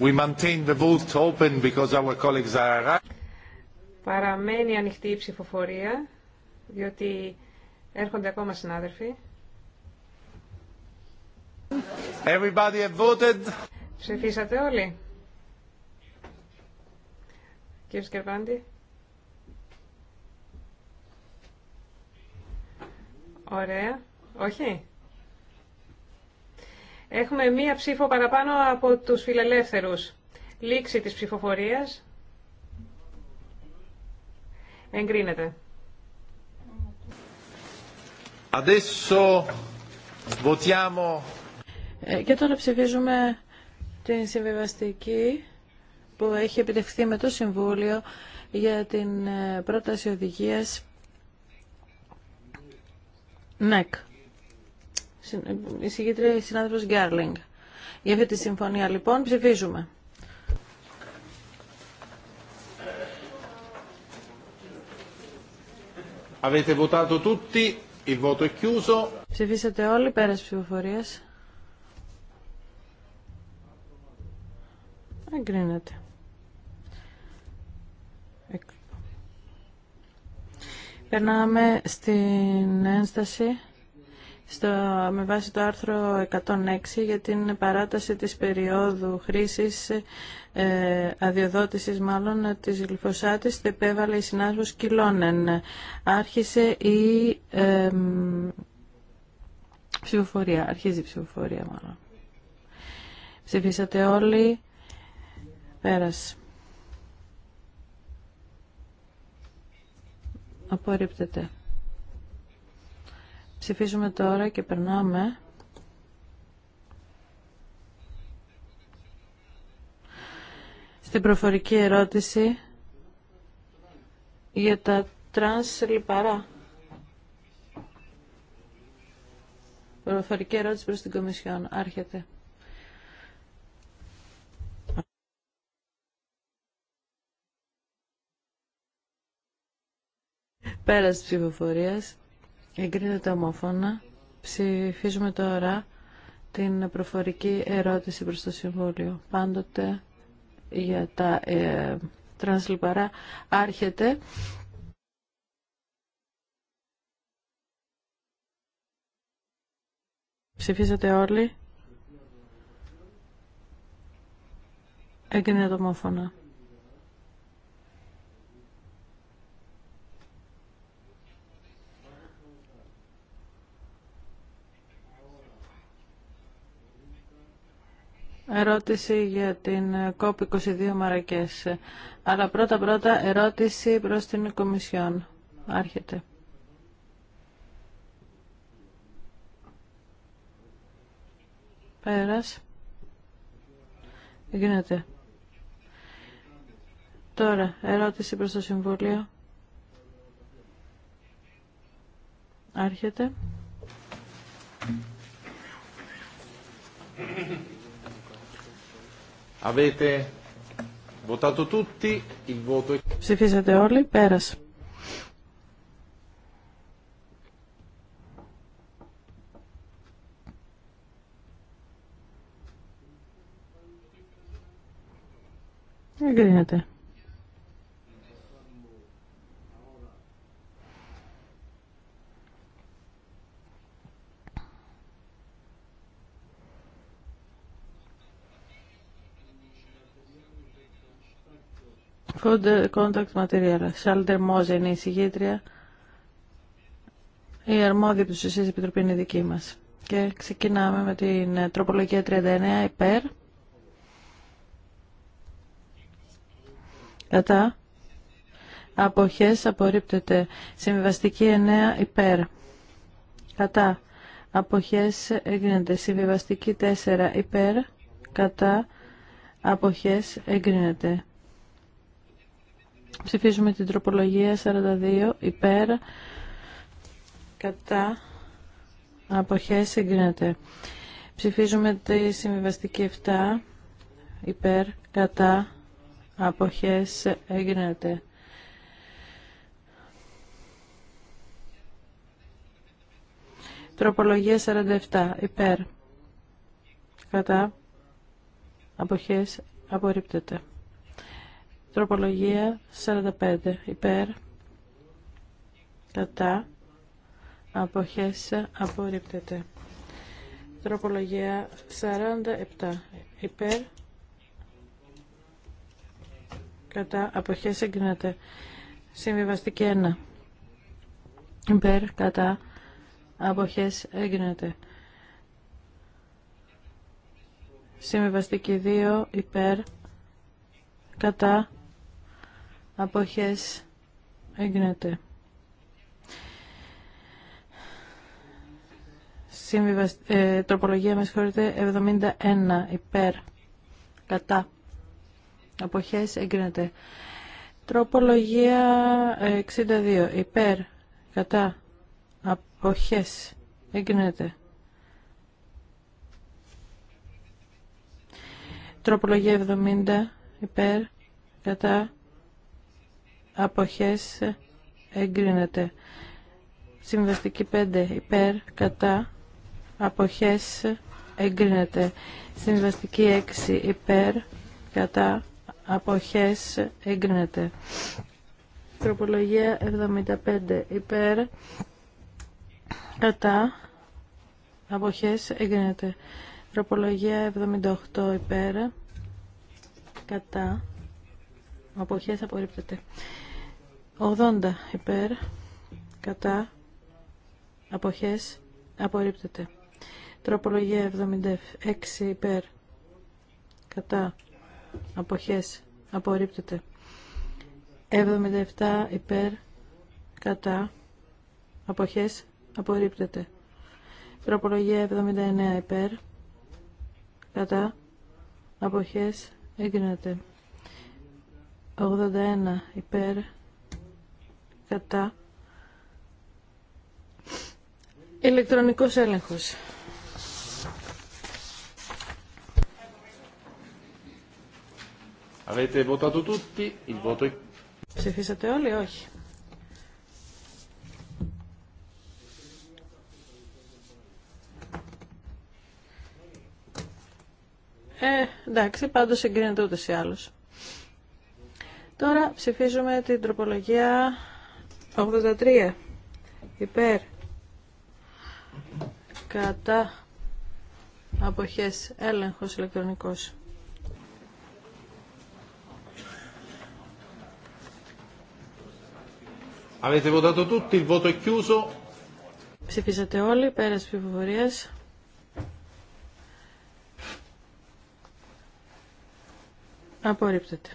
We maintain the vote open because our colleagues are... Παραμένει ανοιχτή η ψηφοφορία, διότι έρχονται ακόμα συνάδελφοι. Everybody have voted. Ψηφίσατε όλοι. Κύριε Σκερβάντη. Ωραία. Όχι. Έχουμε μία ψήφο παραπάνω από τους φιλελεύθερους. Λήξη της ψηφοφορίας. Εγκρίνεται. Adesso votiamo. Ε, και τώρα ψηφίζουμε την συμβιβαστική που έχει επιτευχθεί με το Συμβούλιο για την ε, πρόταση οδηγίας ΝΕΚ η είναι η συνάδελφος Γκέρλινγκ. Για αυτή τη συμφωνία λοιπόν ψηφίζουμε. Avete votato tutti, il voto è chiuso. Ψηφίσατε όλοι πέρας ψηφοφορίας. Εγκρίνεται. Περνάμε στην ένσταση στο, με βάση το άρθρο 106 για την παράταση της περίοδου χρήσης ε, αδειοδότησης μάλλον της γλυφοσάτης το επέβαλε η συνάδελφος Κιλόνεν. Άρχισε η ψηφοφορία, αρχίζει η ψηφοφορία μάλλον. Ψηφίσατε όλοι, πέρασε. Απορρίπτεται. Ψηφίζουμε τώρα και περνάμε στην προφορική ερώτηση για τα τρανς λιπαρά. Προφορική ερώτηση προς την Κομισιόν. Άρχεται. Πέρας ψηφοφορίας. Εγκρίνεται ομόφωνα. Ψηφίζουμε τώρα την προφορική ερώτηση προς το Συμβούλιο. Πάντοτε για τα ε, τρανσλιπαρά άρχεται. Ψηφίζετε όλοι. Εγκρίνεται ομόφωνα. Ερώτηση για την COP22 Μαρακές. Αλλά πρώτα-πρώτα ερώτηση προς την Κομισιόν. Άρχεται. Πέρας. Γίνεται. Τώρα, ερώτηση προς το Συμβούλιο. Άρχεται. Avete votato tutti, il voto è... Ψηφίσατε όλοι, πέρασε. Εγκρίνεται. Food Contact Material. Σάλτερ Μόζε είναι η συγγήτρια. Η αρμόδια του επιτροπή είναι δική μας. Και ξεκινάμε με την ε, τροπολογία 39 υπέρ. Κατά. Αποχές απορρίπτεται. Συμβιβαστική 9 υπέρ. Κατά. Αποχές εγκρίνεται. Συμβιβαστική 4 υπέρ. Κατά. Αποχές εγκρίνεται. Ψηφίζουμε την τροπολογία 42 υπέρ κατά απόχέ συγκρίνεται. Ψηφίζουμε τη συμβιβαστική 7 υπέρ κατά απόχέ, εγκρίνεται. Τροπολογία 47 υπέρ κατά αποχές απορρίπτεται. Τροπολογία 45 υπέρ κατά αποχές απορρίπτεται. Τροπολογία 47 υπέρ κατά αποχές εγκρίνεται. Συμβιβαστική 1 υπέρ κατά αποχές εγκρίνεται. Συμβιβαστική 2 υπέρ κατά αποχές εγκρίνεται. Συμβιβασ... Ε, τροπολογία, με συγχωρείτε, 71 υπέρ, κατά, αποχές εγκρίνεται. Τροπολογία 62 ε, υπέρ, κατά, αποχές εγκρίνεται. Τροπολογία 70 υπέρ, κατά, αποχές εγκρίνεται. Συμβαστική 5 υπέρ κατά αποχές εγκρίνεται. Συμβαστική 6 υπέρ κατά αποχές εγκρίνεται. Τροπολογία 75 υπέρ κατά αποχές εγκρίνεται. Τροπολογία 78 υπέρ κατά αποχές απορρίπτεται. 80 υπέρ κατά αποχές απορρίπτεται. Τροπολογία 76 υπέρ κατά αποχές απορρίπτεται. 77 υπέρ κατά αποχές απορρίπτεται. Τροπολογία 79 υπέρ κατά αποχές εγκρίνεται. 81 υπέρ κατά ηλεκτρονικός έλεγχος. Ψηφίσατε όλοι, όχι. Ε, εντάξει, πάντως συγκρίνεται ούτε ή άλλως. Τώρα ψηφίζουμε την τροπολογία 83 υπέρ κατά αποχές έλεγχος ηλεκτρονικός. Avete Ψηφίσατε όλοι, πέρας ψηφοφορίας. Απορρίπτεται.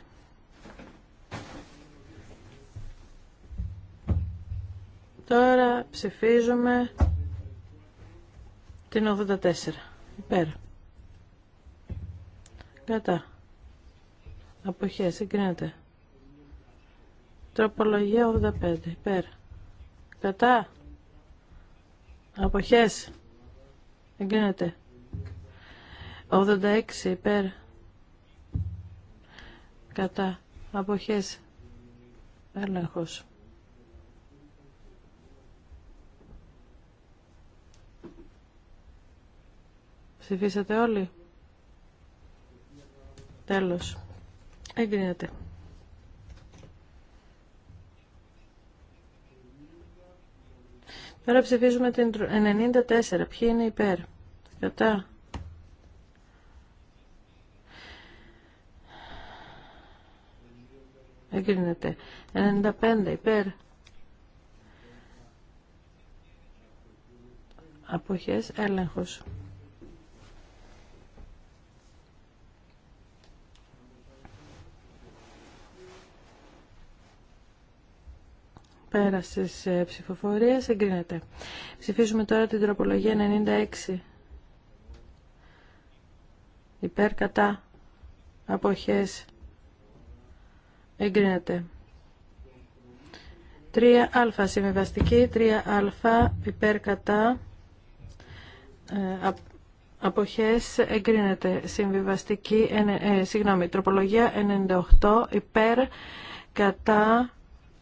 Τώρα ψηφίζουμε την 84. Υπέρ. Κατά. Αποχέ, Συγκρίνεται. Τροπολογία 85. Υπέρ. Κατά. Αποχέ. Εγκρίνεται. 86. Υπέρ. Κατά. Αποχέ. Έλεγχο. Ψηφίσατε όλοι. Τέλος. Εγκρίνεται. Τώρα ψηφίζουμε την 94. Ποιοι είναι υπέρ. Κατά. Εγκρίνεται. 95 υπέρ. Αποχές έλεγχος. στι ψηφοφορίας εγκρίνεται. Ψηφίζουμε τώρα την τροπολογία 96. Υπέρ κατά αποχές εγκρίνεται. 3α συμβιβαστική, 3α υπέρ κατά ε, αποχές εγκρίνεται. Συμβιβαστική, ε, ε, συγγνώμη, τροπολογία 98 υπέρ κατά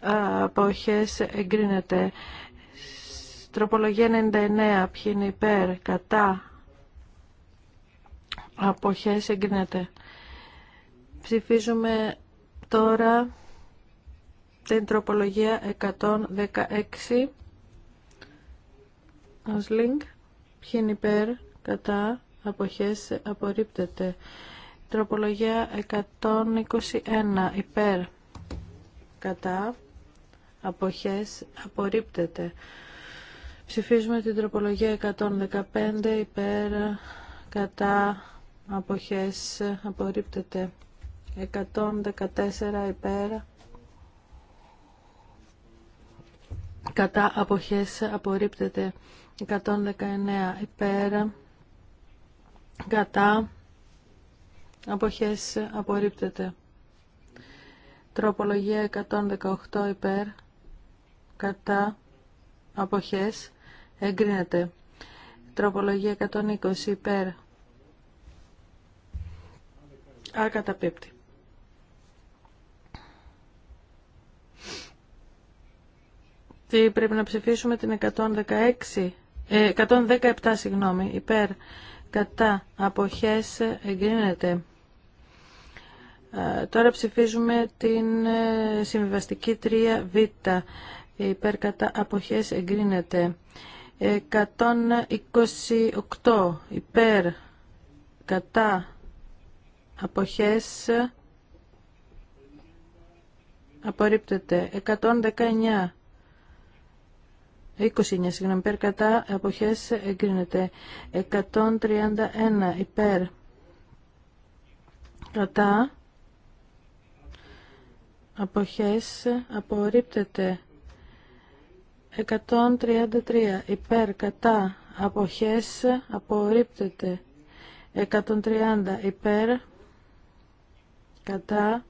αποχές εγκρίνεται. Τροπολογία 99. Ποιοι είναι υπέρ, κατά, αποχές εγκρίνεται. Ψηφίζουμε τώρα την τροπολογία 116. Ως link. Ποιοι είναι υπέρ, κατά, αποχές απορρίπτεται. Τροπολογία 121. Υπέρ, κατά, αποχές απορρίπτεται. Ψηφίζουμε την τροπολογία 115 υπέρ κατά αποχές απορρίπτεται. 114 υπέρ κατά αποχές απορρίπτεται. 119 υπέρ κατά αποχές απορρίπτεται. Τροπολογία 118 υπέρ κατά αποχές εγκρίνεται. Τροπολογία 120 υπέρ. Α, καταπίπτει. Τι πρέπει να ψηφίσουμε την 116, ε, 117 συγγνώμη, υπέρ κατά αποχές εγκρίνεται. Ε, τώρα ψηφίζουμε την ε, συμβιβαστική 3β υπέρ αποχές εγκρίνεται 128 υπέρ κατά αποχές απορρίπτεται 119 29 συγγνώμη υπέρ κατά αποχές εγκρίνεται 131 υπέρ κατά αποχές απορρίπτεται 133 υπέρ κατά αποχές απορρίπτεται 130 υπέρ κατά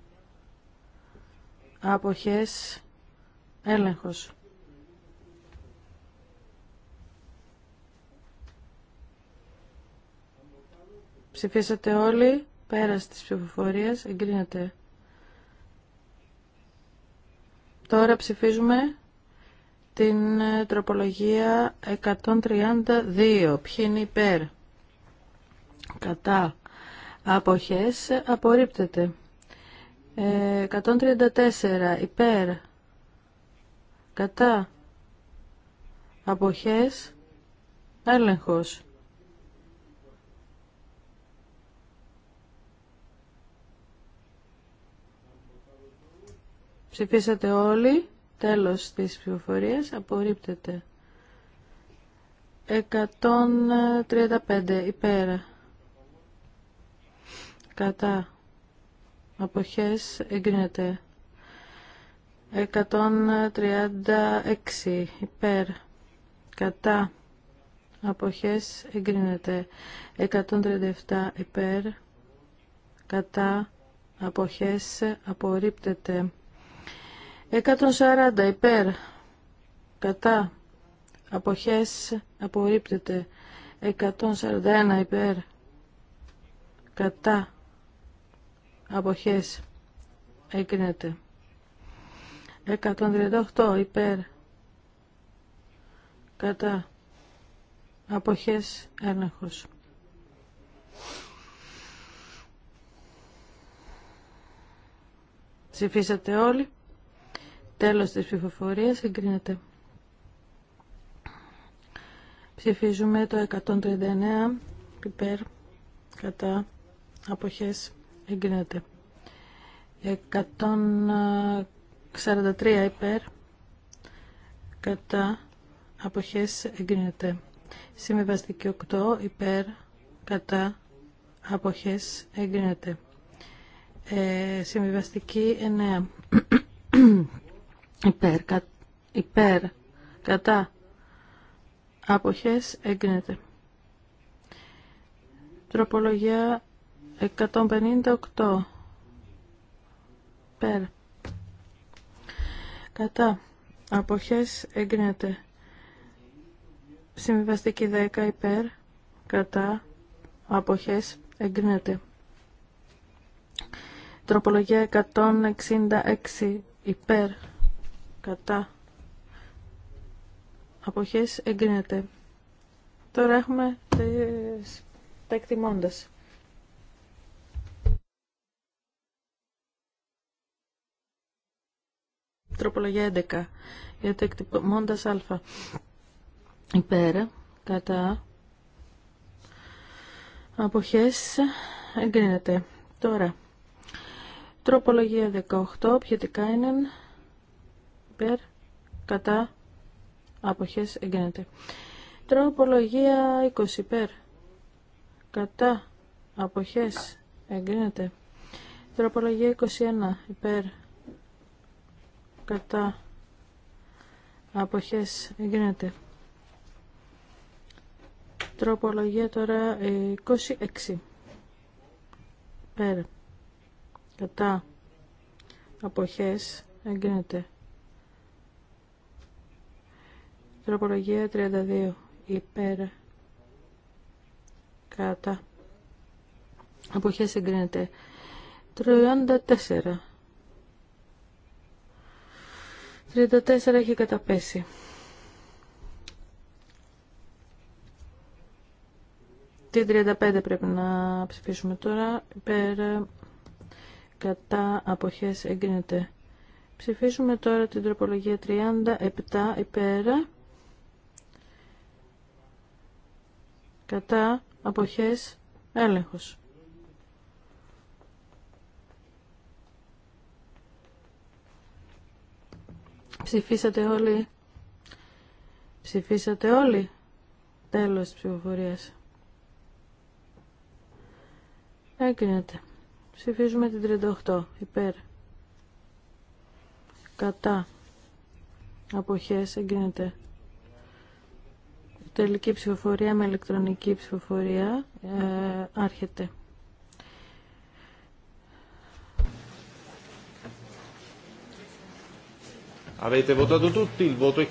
αποχές έλεγχος ψηφίσατε όλοι πέρα της ψηφοφορίας εγκρίνεται τώρα ψηφίζουμε την ε, τροπολογία 132. Ποιοι είναι υπέρ. Κατά. Αποχές ε, απορρίπτεται. 134. Ε, υπέρ. Κατά. Αποχές. Έλεγχος. Ψηφίσατε όλοι. Τέλος της πληροφορια Απορρίπτεται. 135 υπέρ. Κατά. Αποχές εγκρίνεται. 136 υπέρ. Κατά. Αποχές εγκρίνεται. 137 υπέρ. Κατά. Αποχές απορρίπτεται. 140 υπέρ κατά αποχές απορρίπτεται 141 υπέρ κατά αποχές έκρινεται 138 υπέρ κατά αποχές έλεγχος ψηφίσατε όλοι Τέλος της ψηφοφορίας εγκρίνεται. Ψηφίζουμε το 139 πιπέρ κατά αποχές εγκρίνεται. 143 υπέρ κατά αποχές εγκρίνεται. Συμβιβαστική 8 υπέρ κατά αποχές εγκρίνεται. Ε, συμβιβαστική 9 υπέρ, κα, υπέρ κατά αποχές έγκρινεται. Τροπολογία 158 υπέρ κατά αποχές έγκρινεται. Συμβιβαστική 10 υπέρ κατά αποχές εγκρίνεται. Τροπολογία 166 υπέρ κατά αποχές εγκρίνεται. Τώρα έχουμε τις... τα εκτιμώντας. Τροπολογία 11 για τα εκτιμώντας α. Υπέρ, κατά αποχές εγκρίνεται. Τώρα, τροπολογία 18, ποιοτικά είναι υπέρ, κατά, αποχές εγκαίνεται. Τροπολογία 20 υπέρ, κατά, αποχές εγκρίνεται. Τροπολογία 21 υπέρ, κατά, αποχές εγκρίνεται. Τροπολογία τώρα 26 υπέρ, κατά, αποχές εγκρίνεται. Τροπολογία 32. Υπέρ. Κατά. Αποχές εγκρίνεται. 34. 34 έχει καταπέσει. Την 35 πρέπει να ψηφίσουμε τώρα. Υπέρ κατά αποχές εγκρίνεται. Ψηφίσουμε τώρα την τροπολογία 37 υπέρ κατά αποχές έλεγχος. Ψηφίσατε όλοι. Ψηφίσατε όλοι. Τέλος της ψηφοφορίας. Έκρινεται. Ψηφίζουμε την 38. Υπέρ. Κατά. Αποχές εγκρίνεται. Τελική ψηφοφορία με ηλεκτρονική ψηφοφορία ε, άρχεται. Avete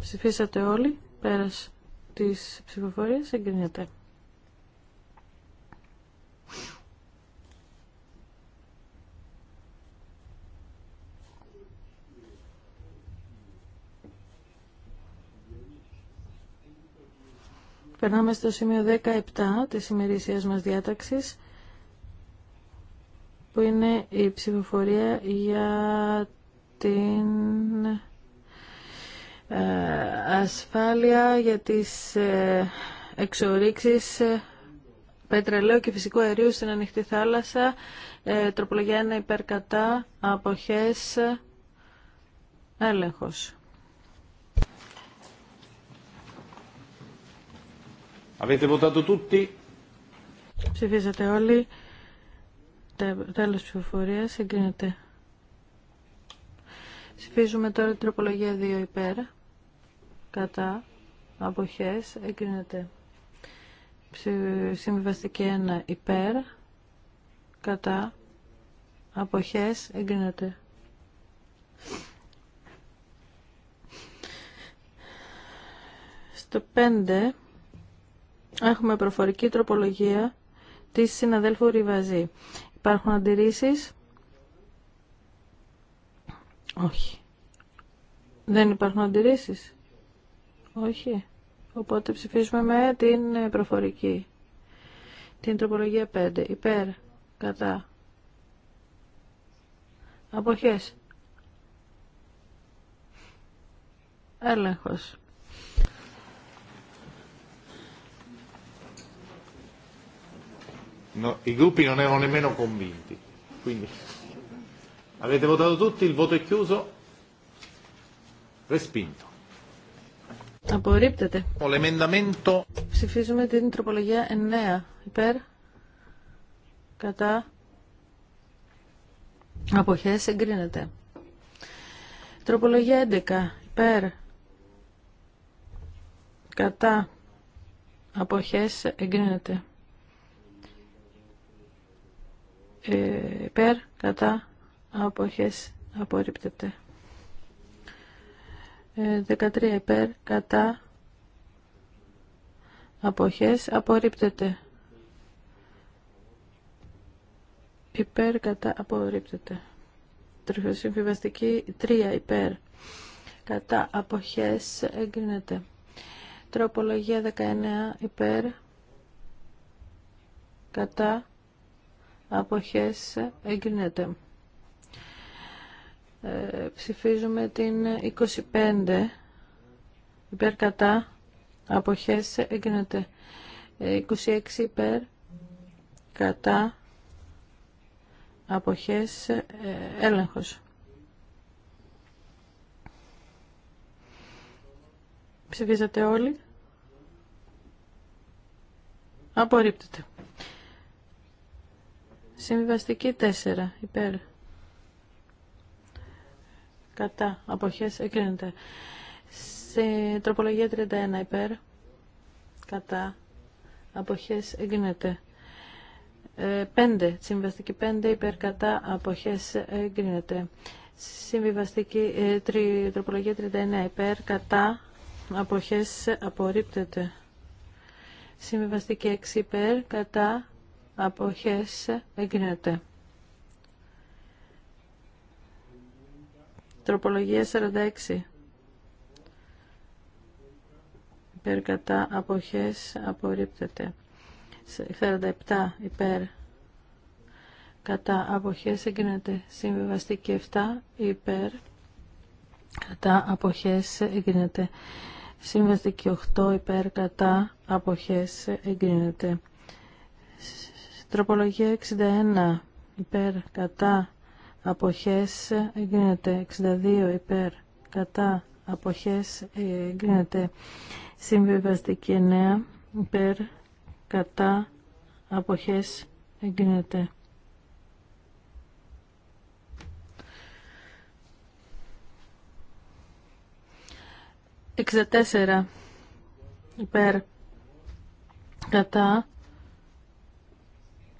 Ψηφίσατε όλοι, πέρας της ψηφοφορίας εγκρίνεται. Περνάμε στο σημείο 17 της ημερησίας μας διάταξης που είναι η ψηφοφορία για την ε, ασφάλεια για τις ε, εξορίξεις ε, πετρελαίου και φυσικού αερίου στην ανοιχτή θάλασσα, τροπολογία 1 υπερκατά, αποχές, έλεγχος. Avete votato tutti? Ψηφίζετε όλοι. Τέλος ψηφοφορίας. Εγκρίνεται. Ψηφίζουμε τώρα την τροπολογία 2 υπέρ. Κατά. Αποχές. Εγκρίνεται. Συμβιβαστική 1 υπέρ. Κατά. Αποχές. Εγκρίνεται. Στο 5 Έχουμε προφορική τροπολογία της συναδέλφου Ριβαζή. Υπάρχουν αντιρρήσεις. Όχι. Δεν υπάρχουν αντιρρήσεις. Όχι. Οπότε ψηφίζουμε με την ε, προφορική. Την τροπολογία 5. Υπέρ. Κατά. Αποχές. Έλεγχος. No, I gruppi non erano nemmeno convinti. Quindi avete votato tutti, il voto è chiuso. Respinto. Απορρίπτεται. Ψηφίζουμε την τροπολογία 9. Υπέρ. Κατά. Αποχές εγκρίνεται. Τροπολογία 11. Υπέρ. Κατά. Αποχές εγκρίνεται. Ε, υπέρ, κατά, αποχές, απορρίπτεται. 13 ε, υπέρ, κατά, αποχές, απορρίπτεται. Υπέρ, κατά, απορρίπτεται. Τριχοσυμφιβαστική 3 υπέρ, κατά, αποχές, εγκρίνεται. Τροπολογία 19 υπέρ, κατά, αποχές εγκρίνεται. Ε, ψηφίζουμε την 25 υπέρ κατά αποχές εγκρίνεται. 26 ε, υπέρ κατά αποχές ε, έλεγχος. Ψηφίζατε όλοι. Απορρίπτεται. Συμβιβαστική 4 υπέρ. Κατά. Αποχές εγκρίνεται. Σε τροπολογία 31 υπέρ. Κατά. Αποχές Ε, 5. Συμβιβαστική 5 υπέρ κατά αποχές εγκρίνεται. Συμβιβαστική ε, τροπολογία 39 υπέρ κατά αποχές απορρίπτεται. Συμβιβαστική 6 υπέρ κατά αποχές εγκρίνεται. Τροπολογία 46. Υπέρ κατά αποχές απορρίπτεται. 47 υπέρ κατά αποχές εγκρίνεται. Συμβιβαστική 7 υπέρ κατά αποχές εγκρίνεται. Συμβαστική 8 υπέρ κατά αποχές εγκρίνεται. Τροπολογία 61 υπέρ κατά αποχές εγκρίνεται. 62 υπέρ κατά αποχές εγκρίνεται. Συμβιβαστική 9 υπέρ κατά αποχές εγκρίνεται. 64 υπέρ κατά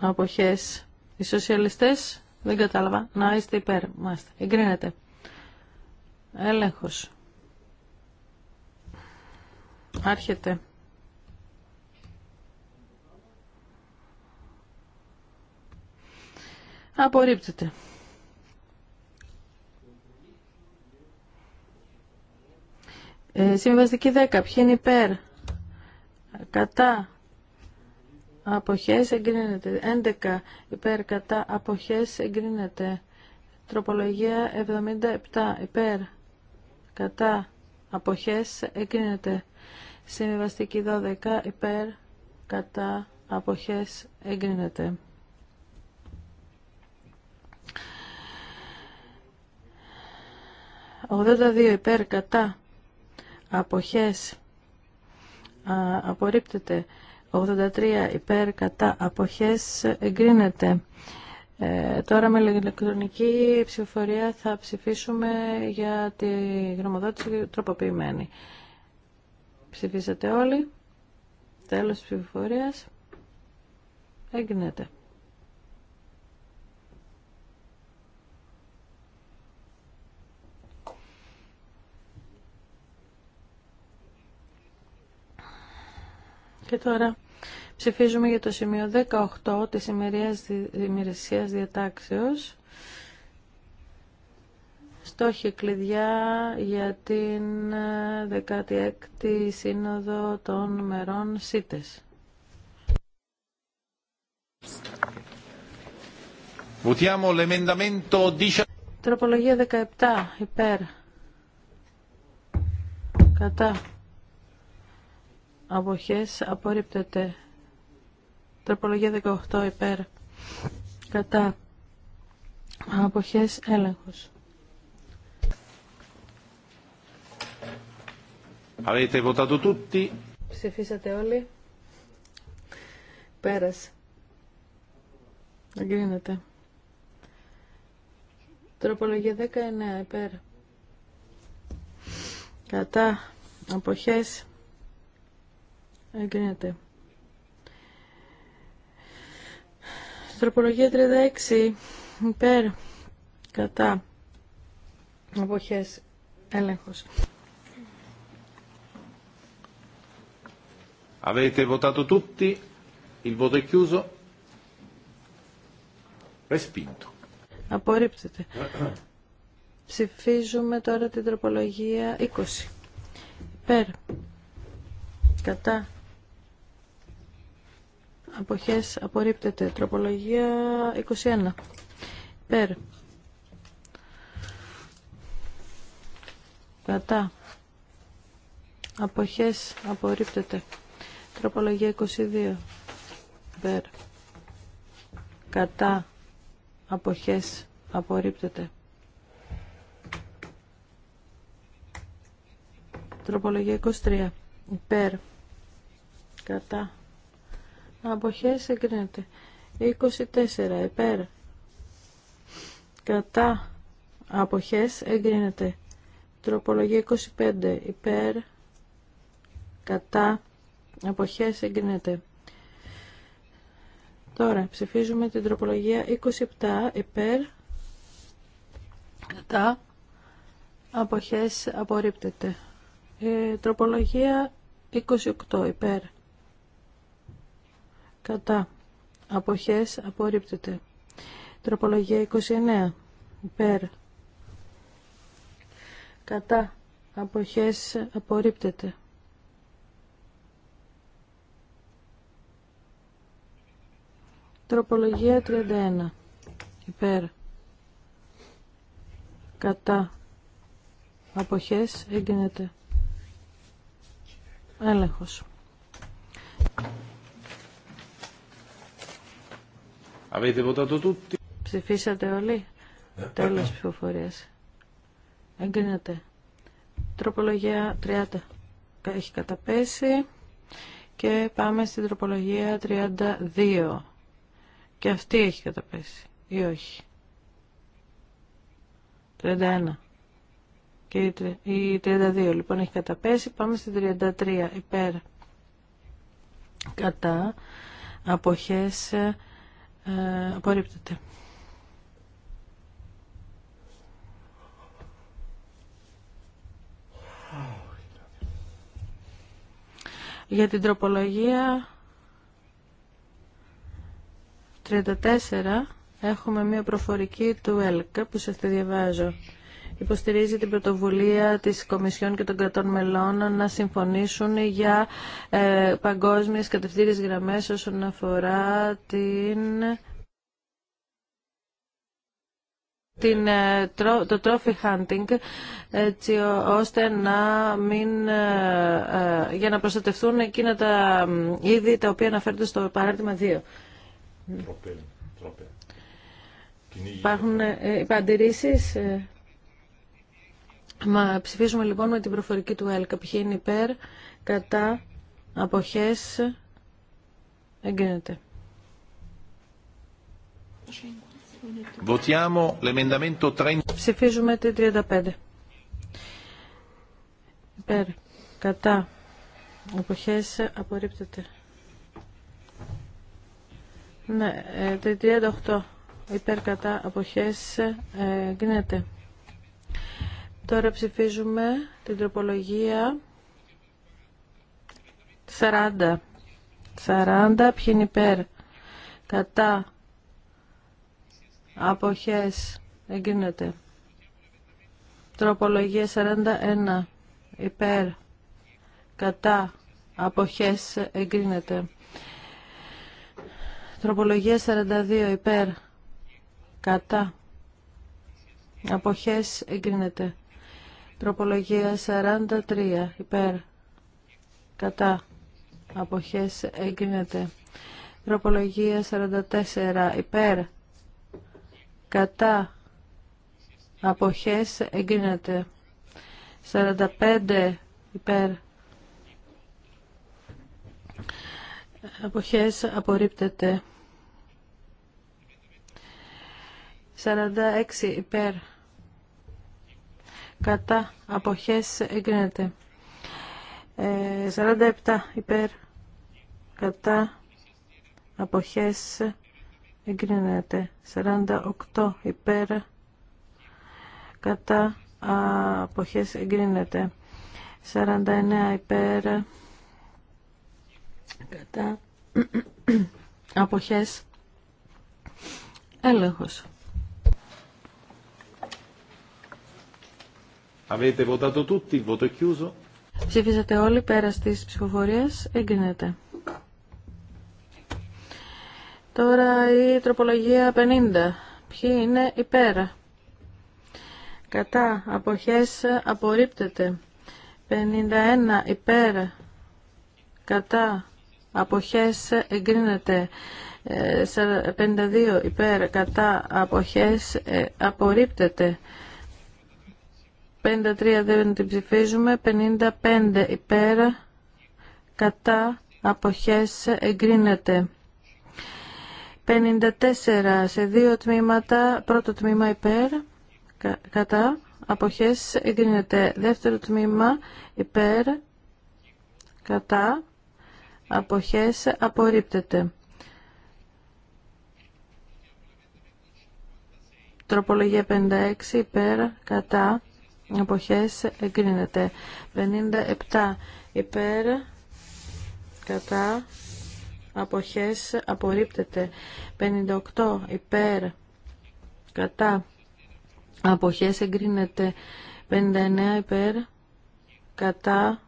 αποχές οι σοσιαλιστές δεν κατάλαβα να είστε υπέρ μάστε εγκρίνεται έλεγχος άρχεται απορρίπτεται ε, συμβαστική 10 ποιοι είναι υπέρ κατά αποχές εγκρίνεται. 11 υπέρ κατά αποχές εγκρίνεται. Τροπολογία 77 υπέρ κατά αποχές εγκρίνεται. Συμβιβαστική 12 υπέρ κατά αποχές εγκρίνεται. «82 υπέρ κατά αποχές απορρίπτεται». 83 υπέρ κατά αποχές εγκρίνεται. Ε, τώρα με ηλεκτρονική ψηφοφορία θα ψηφίσουμε για τη γνωμοδότηση τροποποιημένη. Ψηφίσατε όλοι. Τέλος της ψηφοφορίας. Εγκρίνεται. Και τώρα ψηφίζουμε για το σημείο 18 της ημερησίας διατάξεως. Στόχοι κλειδιά για την 16η ε, Σύνοδο των Μερών ΣΥΤΕΣ. Τροπολογία 17. Υπέρ. Κατά αποχές απορρίπτεται. Τροπολογία 18 υπέρ κατά αποχές έλεγχος. Avete Ψηφίσατε όλοι. Πέρας. Αγκρίνεται. Τροπολογία 19 υπέρ. Κατά αποχές Εγκρίνεται. Τροπολογία 36. Υπέρ. Κατά. Αποχές. Έλεγχος. Avete votato tutti? Il voto è chiuso? Respinto. Απορρίπτεται. Ψηφίζουμε τώρα την τροπολογία 20. Υπέρ. Κατά αποχές απορρίπτεται. Τροπολογία 21. Περ. Κατά. Αποχές απορρίπτεται. Τροπολογία 22. Περ. Κατά. Αποχές απορρίπτεται. Τροπολογία 23. Περ. Κατά. Αποχές εγκρίνεται. 24 υπέρ. Κατά. Αποχές εγκρίνεται. Τροπολογία 25 υπέρ. Κατά. Αποχές εγκρίνεται. Τώρα ψηφίζουμε την τροπολογία 27 υπέρ. Κατά. Αποχές απορρίπτεται. Ε, τροπολογία 28 υπέρ κατά αποχές απορρίπτεται τροπολογία 29 υπέρ κατά αποχές απορρίπτεται τροπολογία 31 υπέρ κατά αποχές έγκαινεται έλεγχος Avete votato tutti? Ψηφίσατε όλοι. Ναι. Τέλο ε. ψηφοφορία. Εγκρίνεται. Τροπολογία 30 έχει καταπέσει και πάμε στην τροπολογία 32. Και αυτή έχει καταπέσει ή όχι. 31. Και η 32 λοιπόν έχει καταπέσει. Πάμε στην 33 υπέρ. Κατά αποχές ε, Για την τροπολογία 34 έχουμε μία προφορική του ΕΛΚΑ που σας τη διαβάζω υποστηρίζει την πρωτοβουλία της Κομισιόν και των κρατών μελών να συμφωνήσουν για ε, παγκόσμιες κατευθύνες γραμμές όσον αφορά την την, ε, το trophy hunting έτσι ώστε να μην ε, ε, για να προστατευτούν εκείνα τα είδη τα οποία αναφέρονται στο παράρτημα 2. Υπάρχουν αντιρρήσεις. Μα ψηφίζουμε λοιπόν με την προφορική του ΕΛΚΑ. Ποιοι είναι υπέρ, κατά, αποχές, εγκρίνεται. Ψηφίζουμε τη 35. Υπέρ, κατά, αποχές, απορρίπτεται. Ναι, 38. Ε, υπέρ, κατά, αποχές, ε, εγκρίνεται. Τώρα ψηφίζουμε την τροπολογία 40. 40 ποιοι είναι υπέρ. Κατά. Αποχές. Εγκρίνεται. Τροπολογία 41. Υπέρ. Κατά. Αποχές. Εγκρίνεται. Τροπολογία 42. Υπέρ. Κατά. Αποχές. Εγκρίνεται. Τροπολογία 43 υπέρ κατά αποχές εγκρίνεται. Τροπολογία 44 υπέρ κατά αποχές εγκρίνεται. 45 υπέρ αποχές απορρίπτεται. 46 υπέρ κατά αποχές εγκρίνεται. 47 ε, υπέρ κατά αποχές εγκρίνεται. 48 υπέρ κατά αποχές εγκρίνεται. 49 υπέρ κατά αποχές έλεγχος. Avete votato tutti, voto è chiuso. Ψήφισατε όλοι πέρα τη ψηφοφορία. Εγκρίνεται. Τώρα η τροπολογία 50. Ποιοι είναι υπέρ. Κατά. Αποχές απορρίπτεται. 51 υπέρ. Κατά. Αποχές εγκρίνεται. 52 ε, υπέρ. Κατά. Αποχές ε, απορρίπτεται. 53 δεν την ψηφίζουμε. 55 υπέρ. Κατά αποχές εγκρίνεται. 54 σε δύο τμήματα. Πρώτο τμήμα υπέρ. Κατά αποχές εγκρίνεται. Δεύτερο τμήμα υπέρ. Κατά αποχές απορρίπτεται. Τροπολογία 56 υπέρ κατά Αποχές εγκρίνεται. 57 υπέρ. Κατά. Αποχές απορρίπτεται. 58 υπέρ. Κατά. Αποχές εγκρίνεται. 59 υπέρ. Κατά.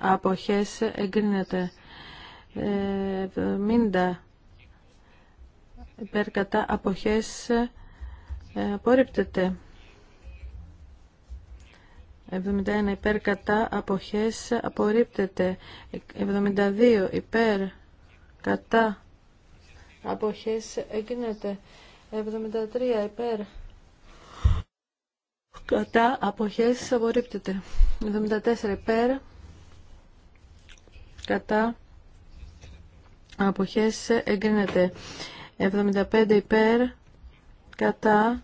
Αποχές εγκρίνεται. 70 υπέρ κατά αποχές ε, απορρίπτεται. 71 υπέρ κατά αποχές απορρίπτεται 72 υπέρ κατά αποχές εγκρίνεται 73 υπέρ κατά αποχές απορρίπτεται 74 υπέρ κατά αποχές εγκρίνεται 75 υπέρ κατά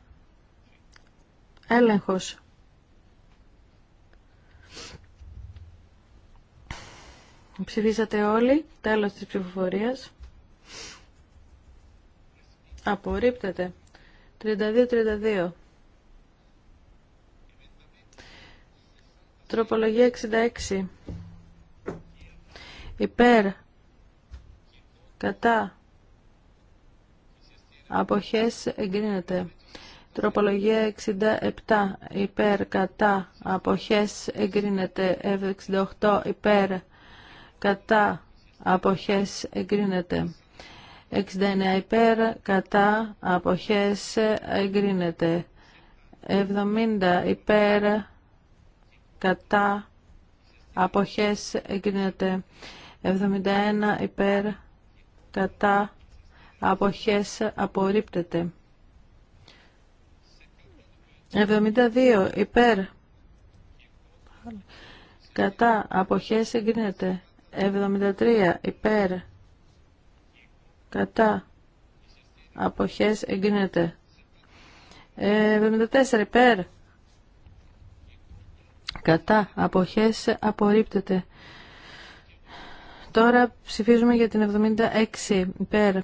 έλεγχος Ψηφίσατε όλοι. Τέλος της ψηφοφορίας. Απορρίπτεται. 32-32. Τροπολογία 66. Υπέρ. Κατά. Αποχές εγκρίνεται. Τροπολογία 67 υπέρ κατά αποχές εγκρίνεται 68 υπέρ κατά αποχές εγκρίνεται. 69 υπέρ κατά αποχές εγκρίνεται. 70 υπέρ κατά αποχές εγκρίνεται. 71 υπέρ κατά αποχές απορρίπτεται. 72 υπέρ κατά αποχές εγκρίνεται. 73 υπέρ κατά αποχές εγκρίνεται 74 υπέρ κατά αποχές απορρίπτεται τώρα ψηφίζουμε για την 76 υπέρ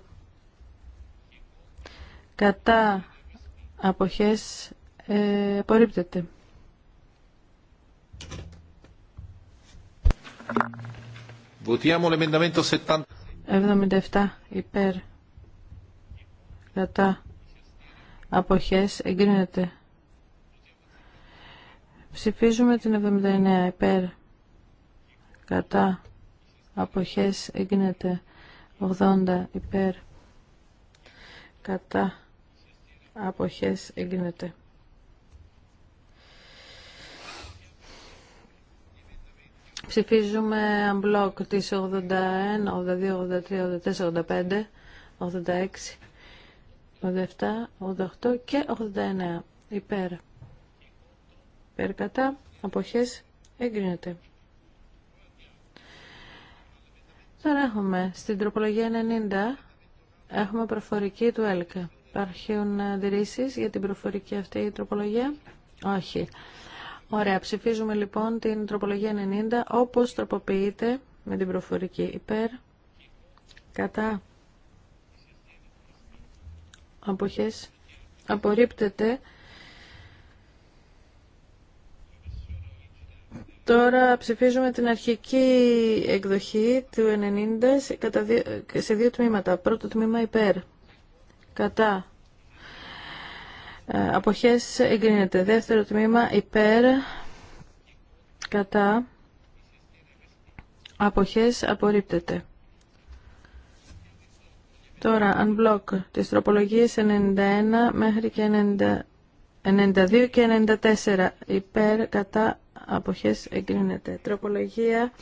κατά αποχές ε, απορρίπτεται 77 υπέρ. Κατά. Αποχές εγκρίνεται. Ψηφίζουμε την 79 υπέρ. Κατά. Αποχές εγκρίνεται. 80 υπέρ. Κατά. Αποχές εγκρίνεται. Ψηφίζουμε unblock τη 81, 82, 83, 84, 85, 86, 87, 88 και 89. Υπέρ. Υπέρ κατά. Αποχές εγκρίνεται. Τώρα έχουμε στην τροπολογία 90 έχουμε προφορική του ΕΛΚΑ. Υπάρχουν αντιρρήσεις για την προφορική αυτή η τροπολογία. Όχι. Ωραία, ψηφίζουμε λοιπόν την τροπολογία 90 όπως τροποποιείται με την προφορική υπέρ, κατά, αποχές, απορρίπτεται. Τώρα ψηφίζουμε την αρχική εκδοχή του 90 σε δύο τμήματα. Πρώτο τμήμα υπέρ, κατά, ε, αποχές εγκρίνεται. Δεύτερο τμήμα υπέρ κατά αποχές απορρίπτεται. Τώρα, unblock τις τροπολογίες 91 μέχρι και 90, 92 και 94 υπέρ κατά αποχές εγκρίνεται. Τροπολογία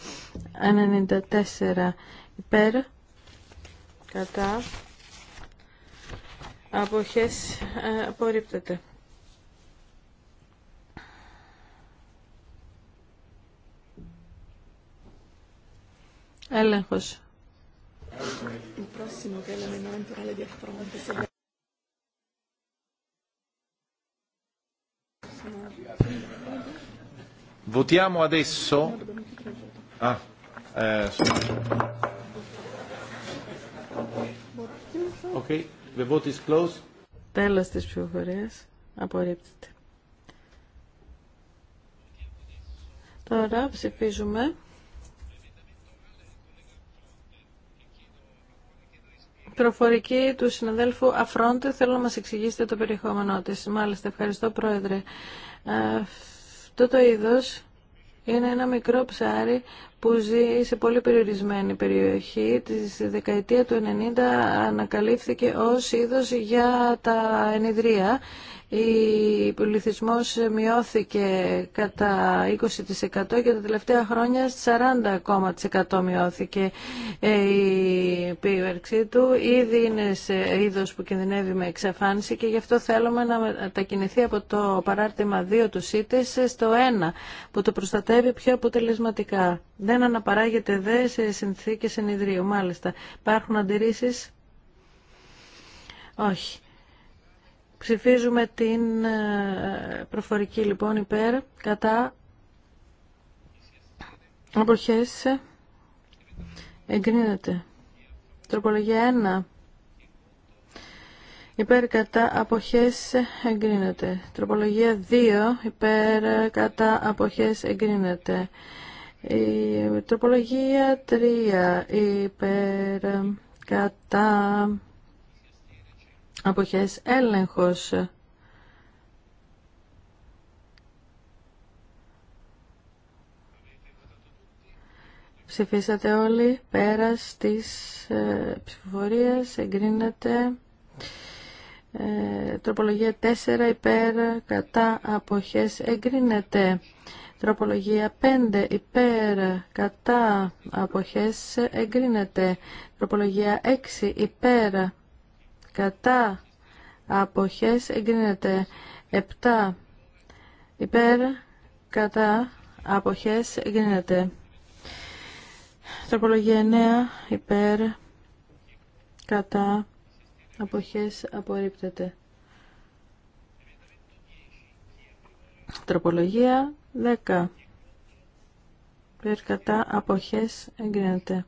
94 υπέρ κατά αποχές ε, απορρίπτεται. Έλεγχος. Votiamo adesso. Ah, eh, ok. The vote is closed. Τέλος της ψηφοφορίας. Απορρίπτεται. Τώρα ψηφίζουμε προφορική του συναδέλφου Αφρόντε. Θέλω να μας εξηγήσετε το περιεχόμενό της. Μάλιστα, ευχαριστώ Πρόεδρε. Αυτό ε, το είδος είναι ένα μικρό ψάρι που ζει σε πολύ περιορισμένη περιοχή. Της δεκαετία του 90 ανακαλύφθηκε ως είδος για τα ενιδρία ο πληθυσμό μειώθηκε κατά 20% και τα τελευταία χρόνια 40% μειώθηκε ε, η πίβερξή του. Ήδη είναι σε είδος που κινδυνεύει με εξαφάνιση και γι' αυτό θέλουμε να μετακινηθεί από το παράρτημα 2 του ΣΥΤΕΣ στο 1 που το προστατεύει πιο αποτελεσματικά. Δεν αναπαράγεται δε σε συνθήκες ενιδρίου. Μάλιστα. Υπάρχουν αντιρρήσεις. Όχι. Ψηφίζουμε την ε, προφορική λοιπόν υπέρ, κατά, αποχέσει, εγκρίνεται. Τροπολογία 1. Υπέρ κατά αποχές εγκρίνεται. Τροπολογία 2. Υπέρ κατά αποχές εγκρίνεται. Η τροπολογία 3. Υπέρ κατά αποχές έλεγχος. Ψηφίσατε όλοι πέρας της ε, ψηφοφορίας, εγκρίνεται ε, τροπολογία 4 υπέρ κατά αποχές εγκρίνεται. Τροπολογία 5 υπέρ κατά αποχές εγκρίνεται. Τροπολογία 6 υπέρ κατά αποχές εγκρίνεται 7 υπέρ κατά αποχές εγκρίνεται τροπολογία 9 υπέρ κατά αποχές απορρίπτεται τροπολογία 10 υπέρ κατά αποχές εγκρίνεται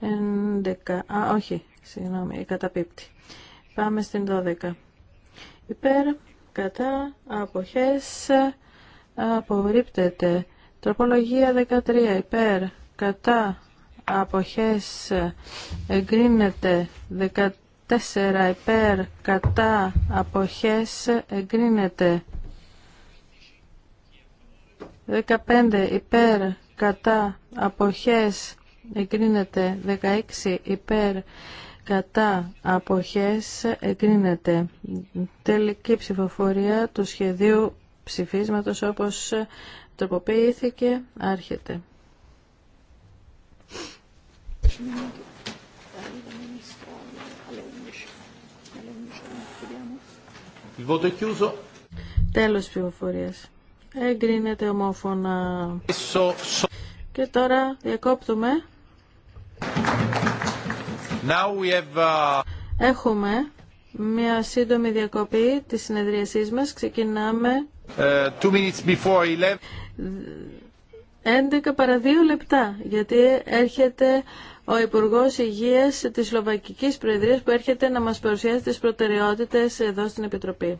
11 α όχι συγγνώμη καταπίπτει Πάμε στην 12. Υπέρ, κατά, αποχές, απορρίπτεται. Τροπολογία 13. Υπέρ, κατά, αποχές, εγκρίνεται. 14. Υπέρ, κατά, αποχές, εγκρίνεται. 15. Υπέρ, κατά, αποχές, εγκρίνεται. 16. Υπέρ, κατά αποχές εγκρίνεται. Τελική ψηφοφορία του σχεδίου ψηφίσματος όπως τροποποιήθηκε άρχεται. Τέλος ψηφοφορίας. Εγκρίνεται ομόφωνα. Και τώρα διακόπτουμε. Uh, Έχουμε μια σύντομη διακοπή της συνέδριασή μας. Ξεκινάμε... Uh, minutes before 11. παρα 2 λεπτά, γιατί έρχεται ο Υπουργό Υγεία τη Σλοβακική Προεδρία που έρχεται να μα παρουσιάσει τι προτεραιότητε εδώ στην Επιτροπή.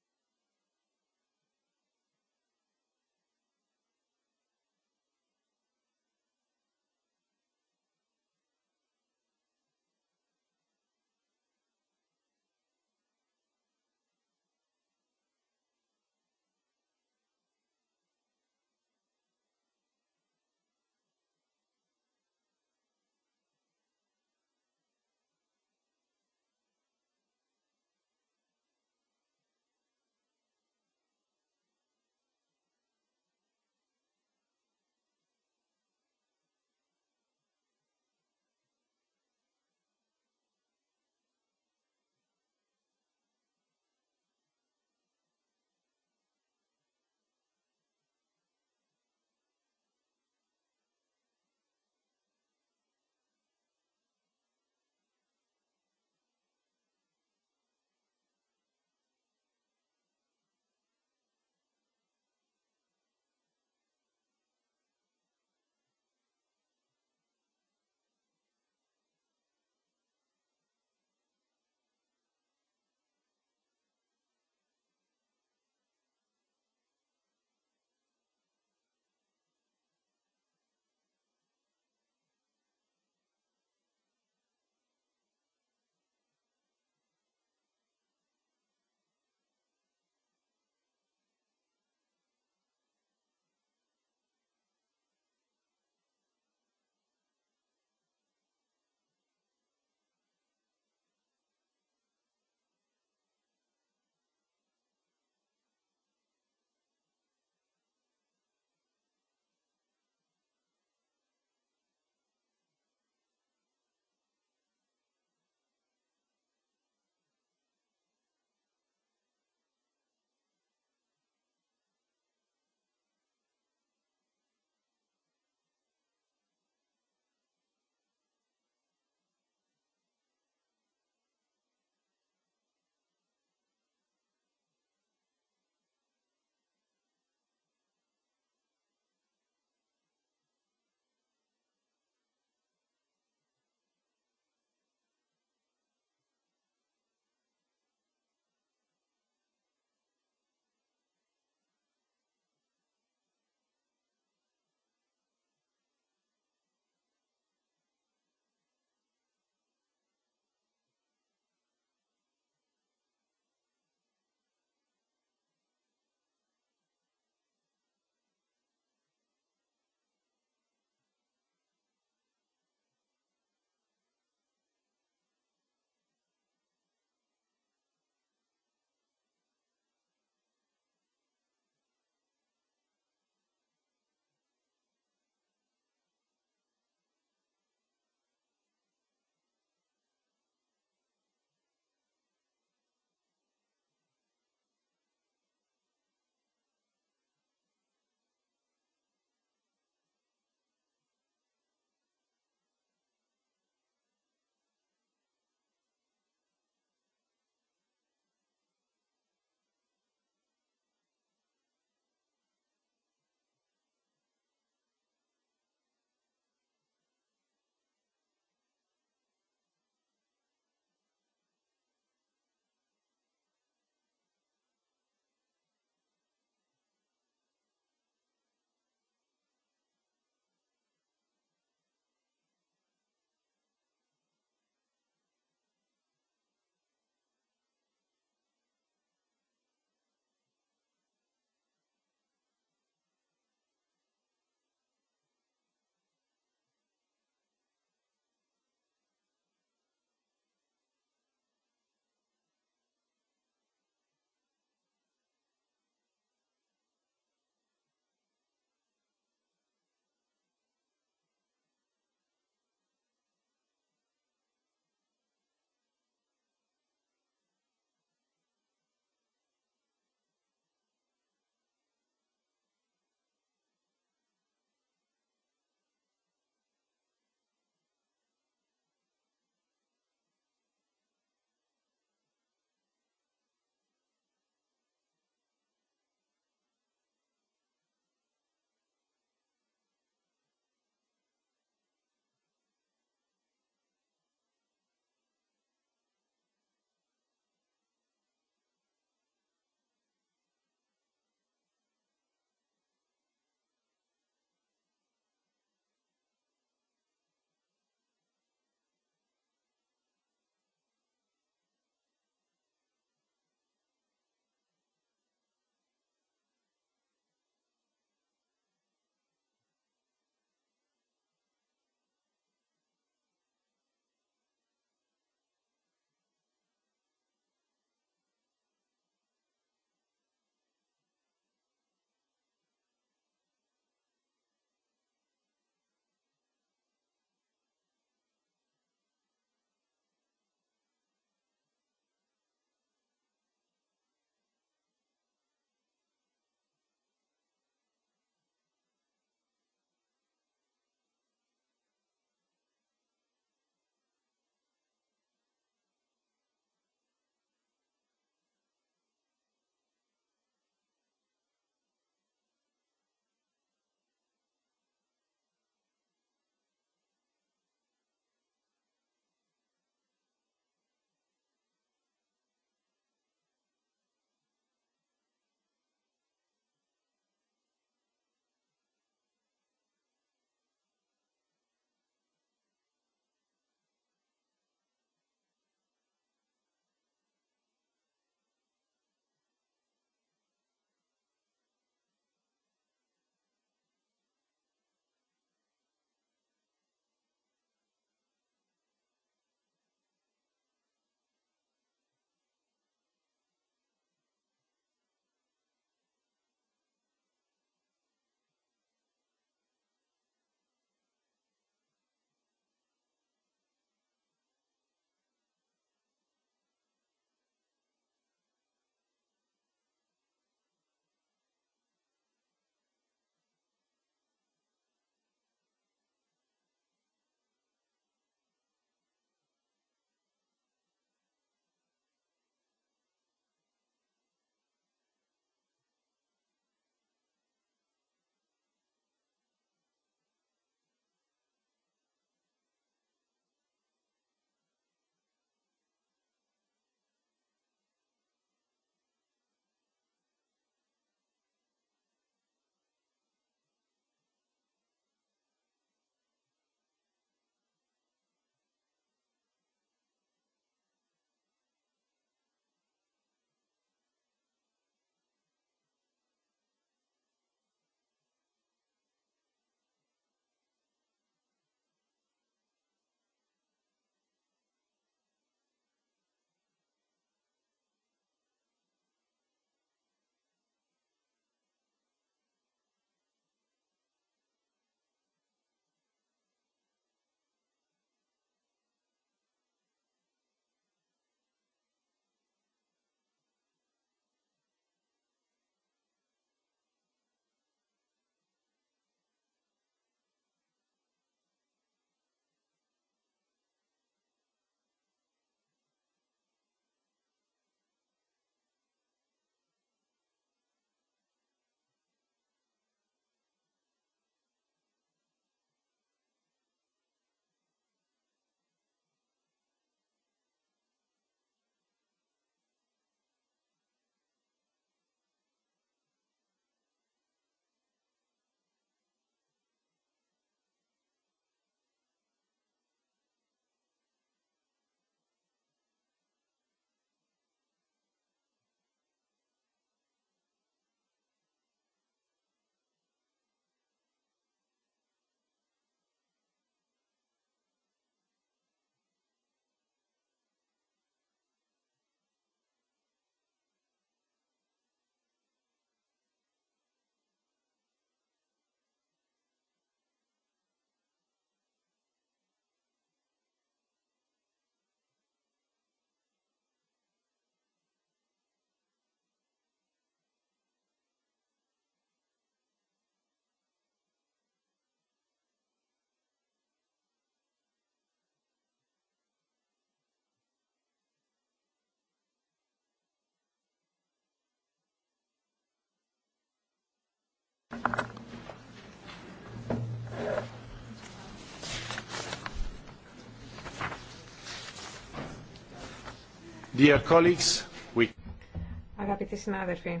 Αγαπητοί συνάδελφοι,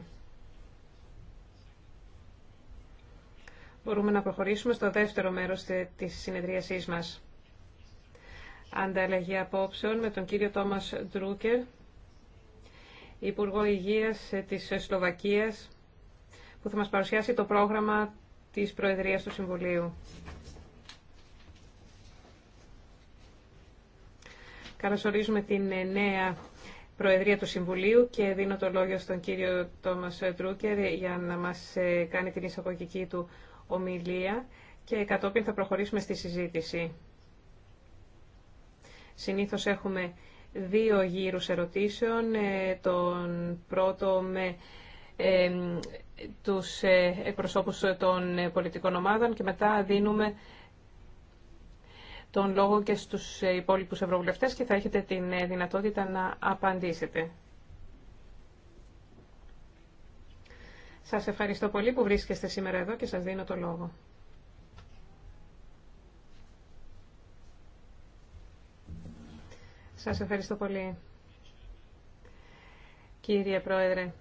μπορούμε να προχωρήσουμε στο δεύτερο μέρος της συνεδρίασής μας. Ανταλλαγή απόψεων με τον κύριο Τόμας Ντρούκερ, Υπουργό Υγείας της Σλοβακίας, που θα μας παρουσιάσει το πρόγραμμα της Προεδρίας του Συμβουλίου. Καλωσορίζουμε την νέα Προεδρία του Συμβουλίου και δίνω το λόγιο στον κύριο Τόμας Τρούκερ για να μας ε, κάνει την εισαγωγική του ομιλία και κατόπιν θα προχωρήσουμε στη συζήτηση. Συνήθως έχουμε δύο γύρους ερωτήσεων, ε, τον πρώτο με ε, τους ε, εκπροσώπους των ε, πολιτικών ομάδων και μετά δίνουμε τον λόγο και στους ε, υπόλοιπους ευρωβουλευτές και θα έχετε την δυνατότητα να απαντήσετε. Σας ευχαριστώ πολύ που βρίσκεστε σήμερα εδώ και σας δίνω το λόγο. Σας ευχαριστώ πολύ, κύριε Πρόεδρε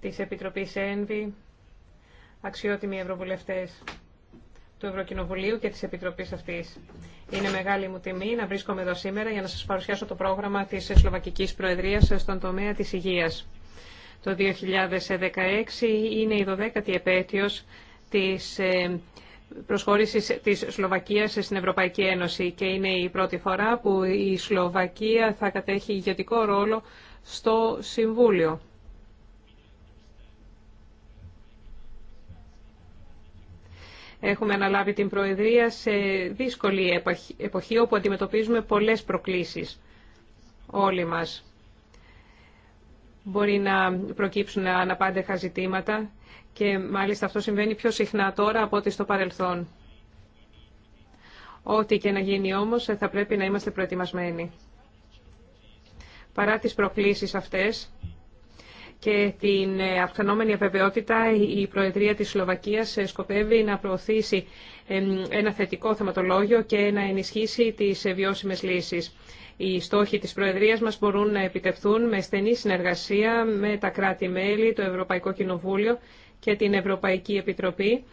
της Επιτροπής ΕΝΒΗ, αξιότιμοι ευρωβουλευτές του Ευρωκοινοβουλίου και της Επιτροπής αυτής. Είναι μεγάλη μου τιμή να βρίσκομαι εδώ σήμερα για να σας παρουσιάσω το πρόγραμμα της Σλοβακικής Προεδρίας στον τομέα της υγείας. Το 2016 είναι η 12η επέτειος της ε, προσχώρησης της Σλοβακίας στην Ευρωπαϊκή Ένωση και είναι η πρώτη φορά που η Σλοβακία θα κατέχει ηγετικό ρόλο στο Συμβούλιο. Έχουμε αναλάβει την Προεδρία σε δύσκολη εποχή όπου αντιμετωπίζουμε πολλές προκλήσεις όλοι μας. Μπορεί να προκύψουν αναπάντεχα ζητήματα και μάλιστα αυτό συμβαίνει πιο συχνά τώρα από ό,τι στο παρελθόν. Ό,τι και να γίνει όμως θα πρέπει να είμαστε προετοιμασμένοι. Παρά τις προκλήσεις αυτές, και την ε, αυξανόμενη αβεβαιότητα, η Προεδρία της Σλοβακίας ε, σκοπεύει να προωθήσει ένα θετικό θεματολόγιο και να ενισχύσει τις ε, βιώσιμες λύσεις. Οι στόχοι της Προεδρίας μας μπορούν να επιτευθούν με στενή συνεργασία με τα κράτη-μέλη, το Ευρωπαϊκό Κοινοβούλιο και την Ευρωπαϊκή Επιτροπή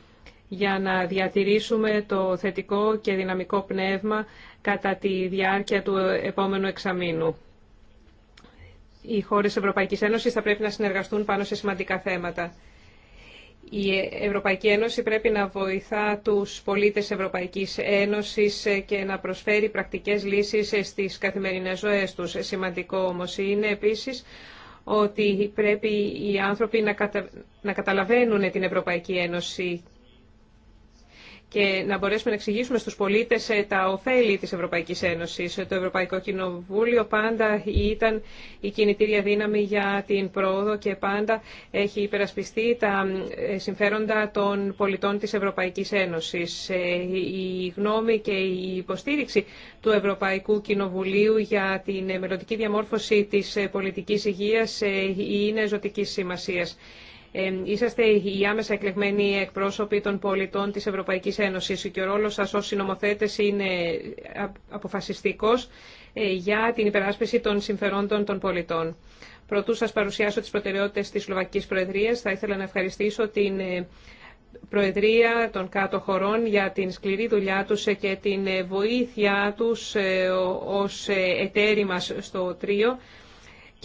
για να διατηρήσουμε το θετικό και δυναμικό πνεύμα κατά τη διάρκεια του επόμενου εξαμήνου οι χώρες Ευρωπαϊκής Ένωσης θα πρέπει να συνεργαστούν πάνω σε σημαντικά θέματα. Η Ευρωπαϊκή Ένωση πρέπει να βοηθά τους πολίτες Ευρωπαϊκής Ένωσης και να προσφέρει πρακτικές λύσεις στις καθημερινές ζωές τους. Σημαντικό όμως είναι επίσης ότι πρέπει οι άνθρωποι να, να καταλαβαίνουν την Ευρωπαϊκή Ένωση και να μπορέσουμε να εξηγήσουμε στους πολίτες ε, τα ωφέλη της Ευρωπαϊκής Ένωσης. Ε, το Ευρωπαϊκό Κοινοβούλιο πάντα ήταν η κινητήρια δύναμη για την πρόοδο και πάντα έχει υπερασπιστεί τα ε, συμφέροντα των πολιτών της Ευρωπαϊκής Ένωσης. Η γνώμη και η υποστήριξη του Ευρωπαϊκού Κοινοβουλίου για την μελλοντική διαμόρφωση της πολιτικής υγείας είναι ζωτικής σημασίας είσαστε οι άμεσα εκλεγμένοι εκπρόσωποι των πολιτών της Ευρωπαϊκής Ένωσης και ο ρόλος σας ως συνομοθέτες είναι αποφασιστικός ε, για την υπεράσπιση των συμφερόντων των πολιτών. Πρωτού σας παρουσιάσω τις προτεραιότητες της Σλοβακικής Προεδρίας, θα ήθελα να ευχαριστήσω την ε, Προεδρία των Κάτω Χωρών για την σκληρή δουλειά τους ε, και την βοήθεια τους ως εταίροι μας στο τρίο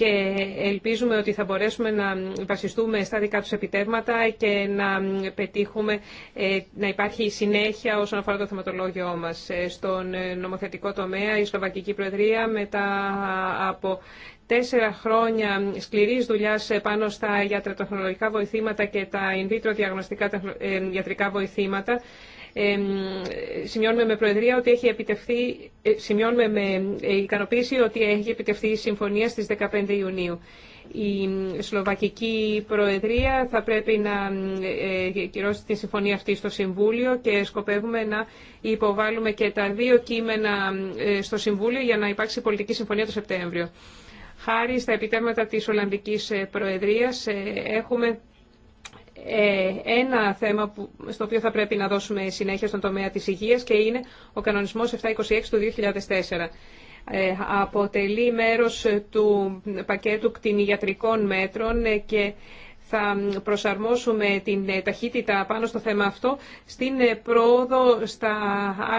και ελπίζουμε ότι θα μπορέσουμε να βασιστούμε στα δικά τους επιτεύγματα και να πετύχουμε ε, να υπάρχει συνέχεια όσον αφορά το θεματολόγιο μας. Ε, στον ε, νομοθετικό τομέα η Σλοβακική Προεδρία μετά από τέσσερα χρόνια σκληρή δουλειά πάνω στα γιατροτεχνολογικά βοηθήματα και τα in vitro διαγνωστικά γιατρικά βοηθήματα σημειώνουμε με προεδρία ότι έχει επιτευχθεί, ε, σημειώνουμε με ε, ικανοποίηση ότι έχει επιτευχθεί η συμφωνία στις 15 Ιουνίου. Η Σλοβακική Προεδρία θα πρέπει να ε, κυρώσει τη συμφωνία αυτή στο Συμβούλιο και σκοπεύουμε να υποβάλουμε και τα δύο κείμενα στο Συμβούλιο για να υπάρξει πολιτική συμφωνία το Σεπτέμβριο. Χάρη στα επιτεύγματα της Ολλανδικής Προεδρίας έχουμε ε, ένα θέμα που, στο οποίο θα πρέπει να δώσουμε συνέχεια στον τομέα της υγείας και είναι ο κανονισμός 726 του 2004. Ε, αποτελεί μέρος του πακέτου κτηνιατρικών μέτρων και θα προσαρμόσουμε την ταχύτητα πάνω στο θέμα αυτό στην πρόοδο στα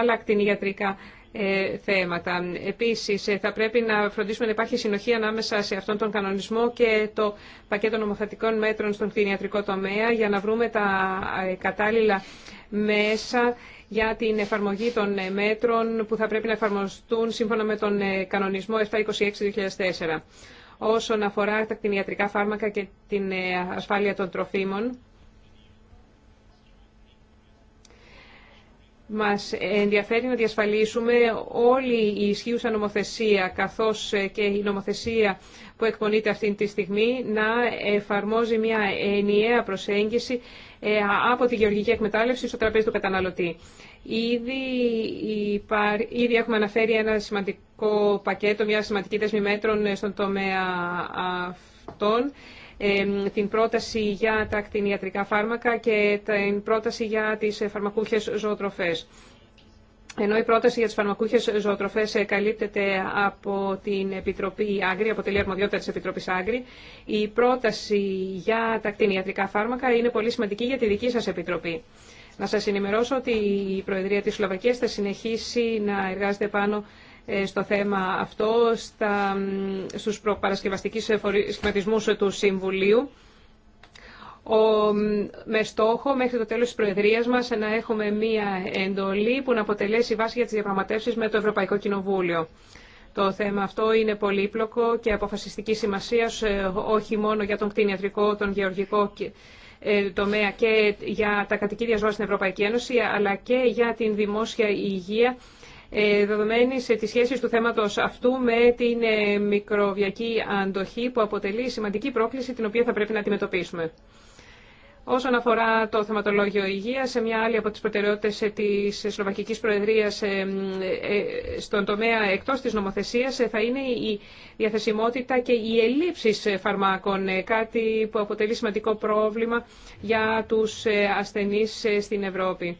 άλλα κτηνιατρικά ε, θέματα. Επίσης, ε, θα πρέπει να φροντίσουμε να υπάρχει συνοχή ανάμεσα σε αυτόν τον κανονισμό και το πακέτο νομοθετικών μέτρων στον κτηνιατρικό τομέα για να βρούμε τα ε, κατάλληλα μέσα για την εφαρμογή των μέτρων που θα πρέπει να εφαρμοστούν σύμφωνα με τον κανονισμό 726-2004. Όσον αφορά τα κτηνιατρικά φάρμακα και την ασφάλεια των τροφίμων, Μας ενδιαφέρει να διασφαλίσουμε όλη η ισχύουσα νομοθεσία, καθώς και η νομοθεσία που εκπονείται αυτή τη στιγμή, να εφαρμόζει μια ενιαία προσέγγιση ε, από τη γεωργική εκμετάλλευση στο τραπέζι του καταναλωτή. Ήδη, υπά... Ήδη έχουμε αναφέρει ένα σημαντικό πακέτο, μια σημαντική δεσμή μέτρων στον τομέα αυτών την πρόταση για τα ακτινιατρικά φάρμακα και την πρόταση για τις φαρμακούχες ζωοτροφές. Ενώ η πρόταση για τις φαρμακούχες ζωοτροφές καλύπτεται από την Επιτροπή Άγκρη, αποτελεί αρμοδιότητα της Επιτροπής Άγκρη, η πρόταση για τα κτηνιατρικά φάρμακα είναι πολύ σημαντική για τη δική σας Επιτροπή. Να σας ενημερώσω ότι η Προεδρία της Σλοβακίας θα συνεχίσει να εργάζεται πάνω ε, στο θέμα αυτό στα, στους προπαρασκευαστικούς σχηματισμούς του Συμβουλίου ο, με στόχο μέχρι το τέλος της Προεδρίας μας να έχουμε μία εντολή που να αποτελέσει βάση για τις διαπραγματεύσεις με το Ευρωπαϊκό Κοινοβούλιο. Το θέμα αυτό είναι πολύπλοκο και αποφασιστική σημασία ε, όχι μόνο για τον κτηνιατρικό, τον γεωργικό ε, τομέα και για τα κατοικίδια ζώα στην Ευρωπαϊκή Ένωση αλλά και για την δημόσια υγεία σε ε, της σχέσης του θέματος αυτού με την ε, μικροβιακή αντοχή που αποτελεί σημαντική πρόκληση την οποία θα πρέπει να αντιμετωπίσουμε. Όσον αφορά το θεματολόγιο υγεία, σε μια άλλη από τι προτεραιότητε ε, τη Σλοβακική Προεδρία στον τομέα εκτό τη νομοθεσία θα είναι η διαθεσιμότητα και η ελλείψει φαρμάκων. Κάτι που αποτελεί σημαντικό πρόβλημα για του ασθενεί στην Ευρώπη.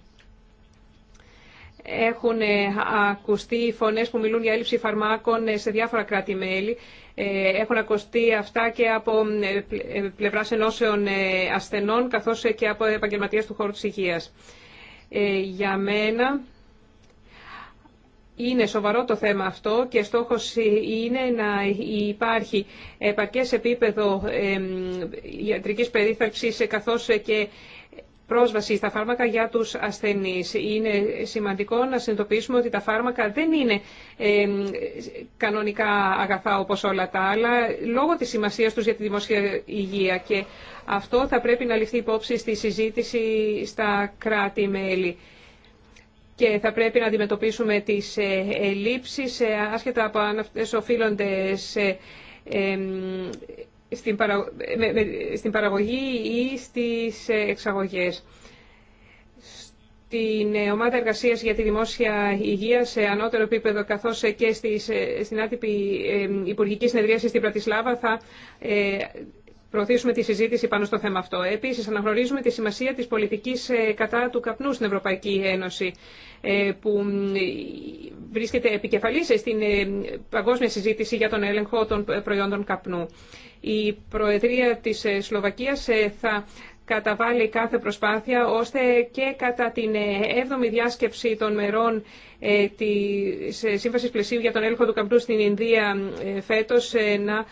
Έχουν ε, ακουστεί φωνές που μιλούν για έλλειψη φαρμάκων ε, σε διάφορα κράτη-μέλη. Ε, έχουν ακουστεί αυτά και από πλευράς ενώσεων ασθενών καθώς και από επαγγελματίες του χώρου της υγείας. Για μένα είναι σοβαρό το θέμα αυτό και στόχος είναι να υπάρχει επαρκές επίπεδο ιατρικής περίθαλψης καθώς και πρόσβαση στα φάρμακα για τους ασθενείς. Είναι σημαντικό να συνειδητοποιήσουμε ότι τα φάρμακα δεν είναι κανονικά αγαθά όπως όλα τα άλλα, λόγω της σημασίας τους για τη δημοσία υγεία και αυτό θα πρέπει να ληφθεί υπόψη στη συζήτηση στα κράτη-μέλη. Και θα πρέπει να αντιμετωπίσουμε τις ε, ελλείψεις, ε, άσχετα από αν αυτές οφείλονται σε στην, με, με, στην παραγωγή ή στις ε, εξαγωγές. Στην ε, ομάδα εργασίας για τη δημόσια υγεία σε ανώτερο επίπεδο καθώς ε, και στις, στην άτυπη υπουργική συνεδρίαση στην Πρατισλάβα θα προωθήσουμε τη συζήτηση πάνω στο θέμα αυτό. Επίσης, αναγνωρίζουμε τη σημασία της πολιτικής κατά του καπνού στην Ευρωπαϊκή Ένωση. Ε, που βρίσκεται επικεφαλής στην ε, παγκόσμια συζήτηση για τον έλεγχο των προϊόντων καπνού. Η Προεδρία της ε, Σλοβακίας θα καταβάλει κάθε προσπάθεια ώστε και κατά την 7η διάσκεψη των μερών της Σύμβασης Πλαισίου για τον έλεγχο του καπνού στην Ινδία φέτος να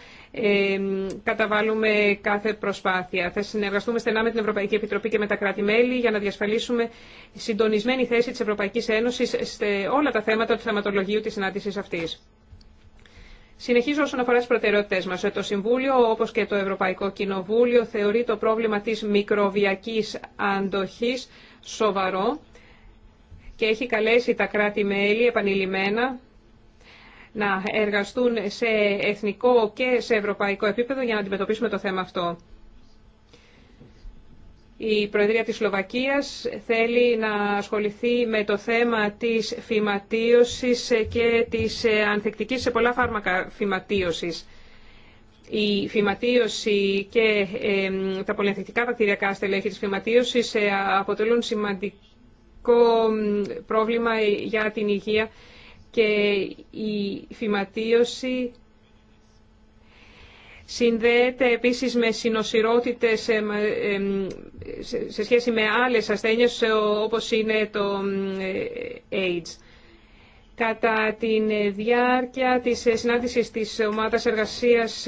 καταβάλουμε κάθε προσπάθεια. Θα συνεργαστούμε στενά με την Ευρωπαϊκή Επιτροπή και με τα κράτη-μέλη για να διασφαλίσουμε συντονισμένη θέση της Ευρωπαϊκής Ένωσης σε όλα τα θέματα του θεματολογίου της συνάντησης αυτής. Συνεχίζω όσον αφορά τι προτεραιότητέ μα. Το Συμβούλιο, όπω και το Ευρωπαϊκό Κοινοβούλιο, θεωρεί το πρόβλημα τη μικροβιακή αντοχή σοβαρό και έχει καλέσει τα κράτη-μέλη επανειλημμένα να εργαστούν σε εθνικό και σε ευρωπαϊκό επίπεδο για να αντιμετωπίσουμε το θέμα αυτό. Η Προεδρία της Σλοβακίας θέλει να ασχοληθεί με το θέμα της φυματίωσης και της ανθεκτικής σε πολλά φάρμακα φυματίωσης. Η φυματίωση και τα πολυανθεκτικά βακτηριακά στελέχη της φυματίωσης ε, αποτελούν σημαντικό πρόβλημα για την υγεία και η φυματίωση συνδέεται επίσης με συνοσυρότητες ε, σε σχέση με άλλες ασθένειες ε, όπως είναι το ε, AIDS. Κατά τη διάρκεια της συνάντησης της ομάδας εργασίας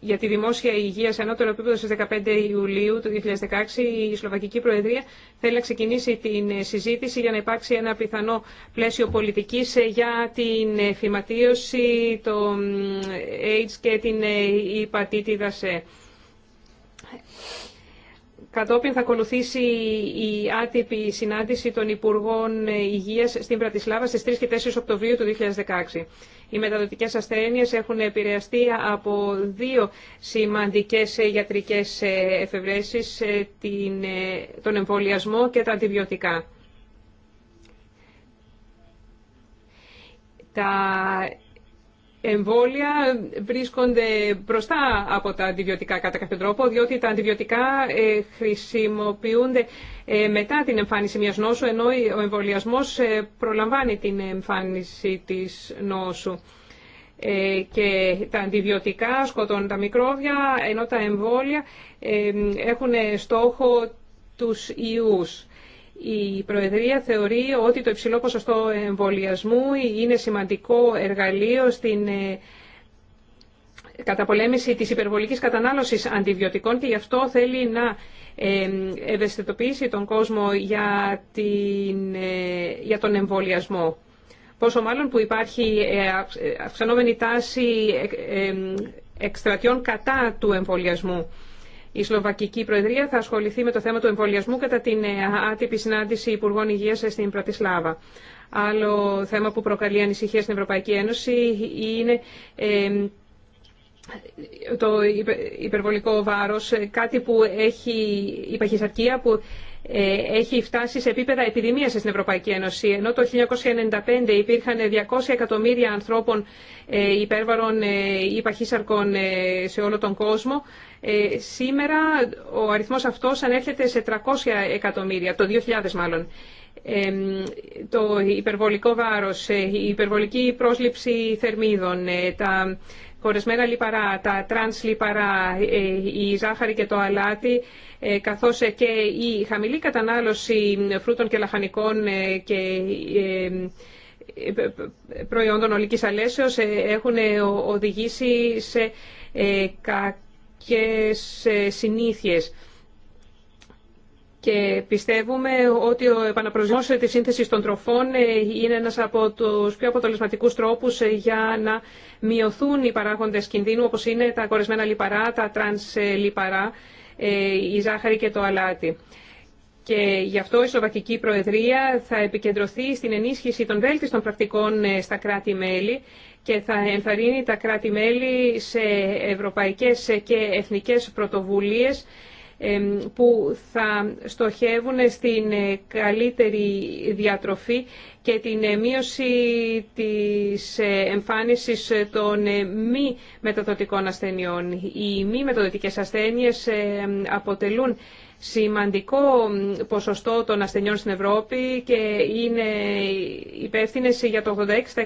για τη δημόσια υγεία σε ανώτερο επίπεδο στις 15 Ιουλίου του 2016 η Σλοβακική Προεδρία θέλει να ξεκινήσει την συζήτηση για να υπάρξει ένα πιθανό πλαίσιο πολιτικής για την φυματίωση, το AIDS και την ε, υπατήτηδα σε. Κατόπιν θα ακολουθήσει η άτυπη συνάντηση των Υπουργών Υγείας στην Πρατισλάβα στις 3 και 4 Οκτωβρίου του 2016. Οι μεταδοτικές ασθένειες έχουν επηρεαστεί από δύο σημαντικές γιατρικές εφευρέσεις, ε, ε, τον εμβολιασμό και τα αντιβιωτικά. Τα εμβόλια βρίσκονται μπροστά από τα αντιβιωτικά κατά κάποιο τρόπο, διότι τα αντιβιωτικά ε, χρησιμοποιούνται ε, μετά την εμφάνιση μιας νόσου, ενώ ο εμβολιασμός ε, προλαμβάνει την εμφάνιση της νόσου. Και τα αντιβιωτικά σκοτώνουν τα μικρόβια, ενώ τα εμβόλια έχουν στόχο τους ιούς. Η Προεδρία θεωρεί ότι το υψηλό ποσοστό εμβολιασμού είναι σημαντικό εργαλείο στην ε, καταπολέμηση της υπερβολικής κατανάλωσης αντιβιωτικών και γι' αυτό θέλει να ε, ευαισθητοποιήσει τον κόσμο ε, για, τον εμβολιασμό. Πόσο μάλλον που υπάρχει αυξανόμενη τάση εκστρατιών κατά του εμβολιασμού. Η Σλοβακική Προεδρία θα ασχοληθεί με το θέμα του εμβολιασμού κατά την ε, άτυπη συνάντηση Υπουργών Υγεία ε, στην Πρατισλάβα. Άλλο θέμα που προκαλεί ανησυχία στην Ευρωπαϊκή Ένωση είναι ε, το υπερβολικό βάρος, κάτι που έχει η παχυσαρκία που έχει φτάσει σε επίπεδα επιδημίας στην Ευρωπαϊκή Ένωση. Ενώ το 1995 υπήρχαν 200 εκατομμύρια ανθρώπων υπέρβαρων ή παχύσαρκων σε όλο τον κόσμο, ε, σήμερα ο αριθμός αυτός ανέρχεται σε 300 εκατομμύρια, το 2000 μάλλον. Ε, το υπερβολικό βάρος, ε, η υπερβολική πρόσληψη θερμίδων, τα χωρισμένα λιπαρά, τα τρανς λιπαρά, η ζάχαρη και το αλάτι, καθώς και η χαμηλή κατανάλωση φρούτων και λαχανικών και προϊόντων ολικής αλέσεως έχουν οδηγήσει σε κακή και σε συνήθειες. Και πιστεύουμε ότι ο επαναπροσδιορισμός της σύνθεσης των τροφών ε, είναι ένας από τους πιο αποτελεσματικούς τρόπους ε, για να μειωθούν οι παράγοντες κινδύνου, όπως είναι τα κορεσμένα λιπαρά, τα τρανς ε, λιπαρά, η ζάχαρη και το αλάτι. Και γι' αυτό η Σλοβακική Προεδρία θα επικεντρωθεί στην ενίσχυση των βέλτιστων πρακτικών στα κράτη-μέλη και θα ενθαρρύνει τα κράτη-μέλη σε ευρωπαϊκές και εθνικές πρωτοβουλίες που θα στοχεύουν στην καλύτερη διατροφή και την μείωση της εμφάνισης των μη μεταδοτικών ασθενειών. Οι μη μεταδοτικές ασθένειες αποτελούν σημαντικό ποσοστό των ασθενειών στην Ευρώπη και είναι υπεύθυνε για το 86%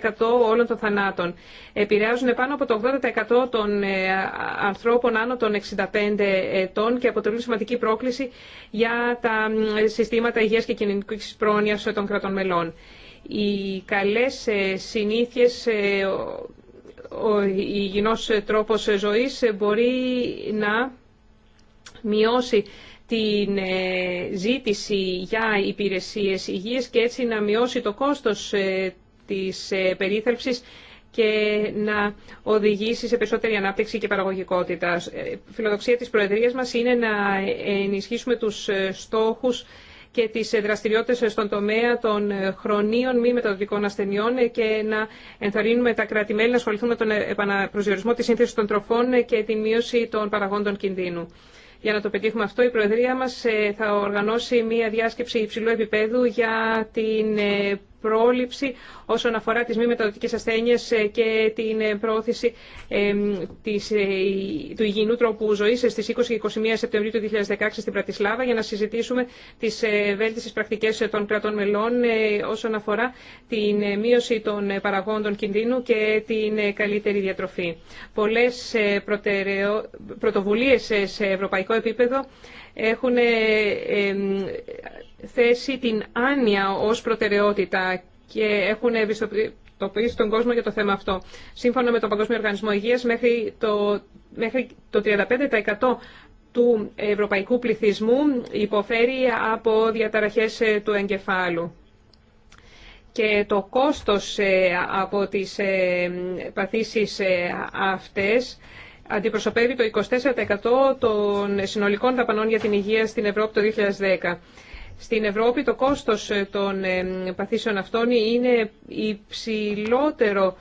όλων των θανάτων. Επηρεάζουν πάνω από το 80% των ε, ανθρώπων άνω των 65 ετών και αποτελούν σημαντική πρόκληση για τα συστήματα υγείας και κοινωνικής πρόνοιας των κρατών μελών. Οι καλές ε, συνήθειες ε, ο υγιεινός τρόπος ζωής μπορεί να μειώσει την ε, ζήτηση για υπηρεσίες υγείας και έτσι να μειώσει το κόστος ε, της ε, περίθαλψης και να οδηγήσει σε περισσότερη ανάπτυξη και παραγωγικότητα. Φιλοδοξία της Προεδρίας μας είναι να ενισχύσουμε τους στόχους και τις δραστηριότητες στον τομέα των χρονίων μη μεταδοτικών ασθενειών και να ενθαρρύνουμε τα κράτη-μέλη να ασχοληθούν με τον επαναπροσδιορισμό της σύνθεσης των τροφών και την μείωση των παραγόντων κινδύνου. Για να το πετύχουμε αυτό, η Προεδρία μας ε, θα οργανώσει μία διάσκεψη υψηλού επίπεδου για την ε, πρόληψη όσον αφορά τις μη μεταδοτικές ασθένειες ε, και την ε, πρόθεση ε, της, του υγιεινού τρόπου ζωής στις 20 και 21 Σεπτεμβρίου του 2016 στην Πρατισλάβα για να συζητήσουμε τις βέλτιστες πρακτικές των κρατών μελών όσον αφορά την μείωση των παραγόντων κινδύνου και την καλύτερη διατροφή. Πολλές πρωτοβουλίες σε ευρωπαϊκό επίπεδο έχουν θέσει την άνοια ως προτεραιότητα και έχουν ευαισθητοποιήσει τον κόσμο για το θέμα αυτό. Σύμφωνα με τον Παγκόσμιο Οργανισμό Υγείας, μέχρι το, μέχρι το 35% του ευρωπαϊκού πληθυσμού υποφέρει από διαταραχές ε, του εγκεφάλου. Και το κόστος ε, από τις ε, παθήσεις αυτές αντιπροσωπεύει το 24% των συνολικών δαπανών για την υγεία στην Ευρώπη το 2010. Στην Ευρώπη το κόστος ε, των ε, παθήσεων αυτών είναι υψηλότερο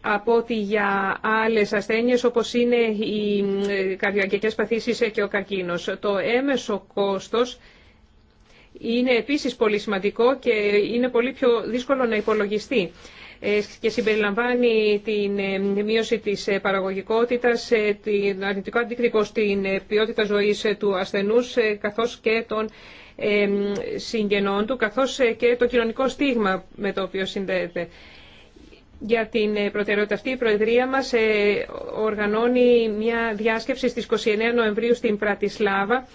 από ότι για άλλες ασθένειες όπως είναι οι ε, καρδιαγγειακές παθήσεις και ο καρκίνος. Το έμεσο κόστος είναι επίσης πολύ σημαντικό και είναι πολύ πιο δύσκολο να υπολογιστεί. Ε, και συμπεριλαμβάνει την ε, μείωση της ε, παραγωγικότητας, την αρνητικό αντίκτυπο στην ποιότητα ζωής του ασθενούς, καθώς και των συγγενών του, καθώς και το κοινωνικό στίγμα με το οποίο συνδέεται. Για την προτεραιότητα αυτή η Προεδρία μας οργανώνει μια διάσκεψη στις 29 Νοεμβρίου στην Πρατισλάβα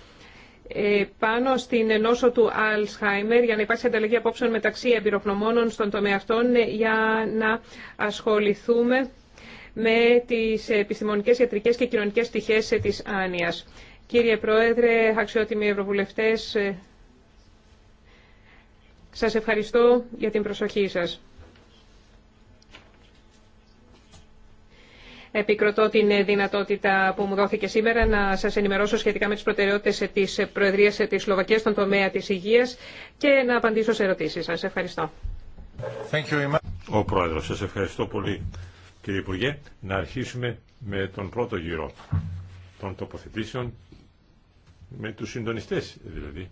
ε, πάνω στην νόσο του Αλσχάιμερ για να υπάρξει ανταλλαγή απόψεων μεταξύ εμπειρογνωμόνων στον τομέα αυτών ε, για να ασχοληθούμε με τις επιστημονικές, ιατρικές και κοινωνικές στοιχείες ε, της άνοιας. Κύριε Πρόεδρε, αξιότιμοι ευρωβουλευτές, σας ευχαριστώ για την προσοχή σας. Επικροτώ την δυνατότητα που μου δόθηκε σήμερα να σα ενημερώσω σχετικά με τις προτεραιότητε της Προεδρίας τη Σλοβακία στον τομέα τη Υγεία και να απαντήσω σε ερωτήσει. Σα Ευχαριστώ. you. Ο Πρόεδρος, σας ευχαριστώ πολύ κύριε Υπουργέ. Να αρχίσουμε με τον πρώτο γύρο των τοποθετήσεων με τους συντονιστές δηλαδή.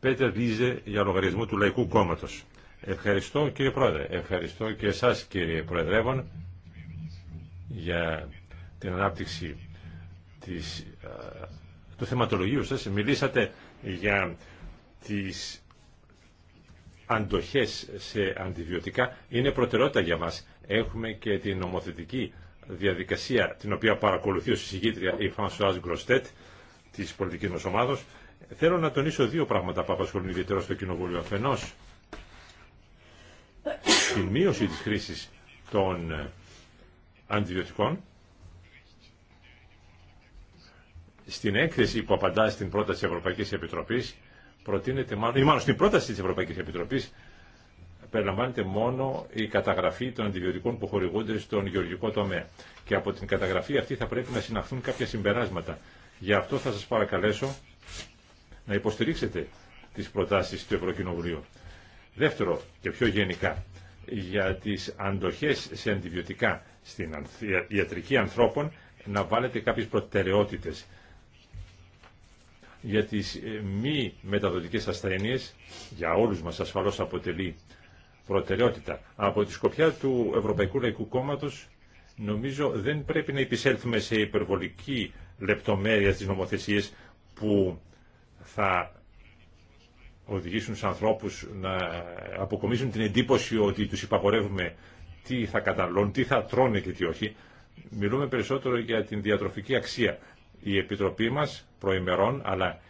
Πέτερ Λίζε για λογαριασμό του Λαϊκού Κόμματος. Ευχαριστώ κύριε Πρόεδρε. Ευχαριστώ και εσά κύριε Προεδρεύον για την ανάπτυξη της, ε, του θεματολογίου σας. Μιλήσατε για τις αντοχές σε αντιβιωτικά. Είναι προτεραιότητα για μας. Έχουμε και την νομοθετική διαδικασία την οποία παρακολουθεί ως εισηγήτρια η Φανσουάζ Γκροστέτ της πολιτικής μας ομάδος. Θέλω να τονίσω δύο πράγματα που απασχολούν ιδιαίτερα στο Κοινοβούλιο. Αφενός, Η μείωση της χρήσης των αντιβιωτικών. Στην έκθεση που απαντά στην πρόταση της Ευρωπαϊκής Επιτροπής προτείνεται μάλλον, ή μάλλον στην πρόταση της Ευρωπαϊκής Επιτροπής περιλαμβάνεται μόνο η στην προταση της ευρωπαικης επιτροπης περιλαμβανεται μονο η καταγραφη των αντιβιωτικών που χορηγούνται στον γεωργικό τομέα. Και από την καταγραφή αυτή θα πρέπει να συναχθούν κάποια συμπεράσματα. Γι' αυτό θα σας παρακαλέσω να υποστηρίξετε τις προτάσεις του Ευρωκοινοβουλίου. Δεύτερο και πιο γενικά, για τις αντοχές σε αντιβιωτικά στην ιατρική ανθρώπων να βάλετε κάποιες προτεραιότητες για τις ε, μη μεταδοτικές ασθένειες, για όλους μας ασφαλώς αποτελεί προτεραιότητα. Από τη σκοπιά του Ευρωπαϊκού Λαϊκού Κόμματος νομίζω δεν πρέπει να επισέλθουμε σε υπερβολική λεπτομέρεια στις νομοθεσίες που θα οδηγήσουν τους ανθρώπους να αποκομίσουν την εντύπωση ότι τους υπαγορεύουμε τι θα καταναλώνουν, τι θα τρώνε και τι όχι. Μιλούμε περισσότερο για την διατροφική αξία. Η Επιτροπή μας προημερών αλλά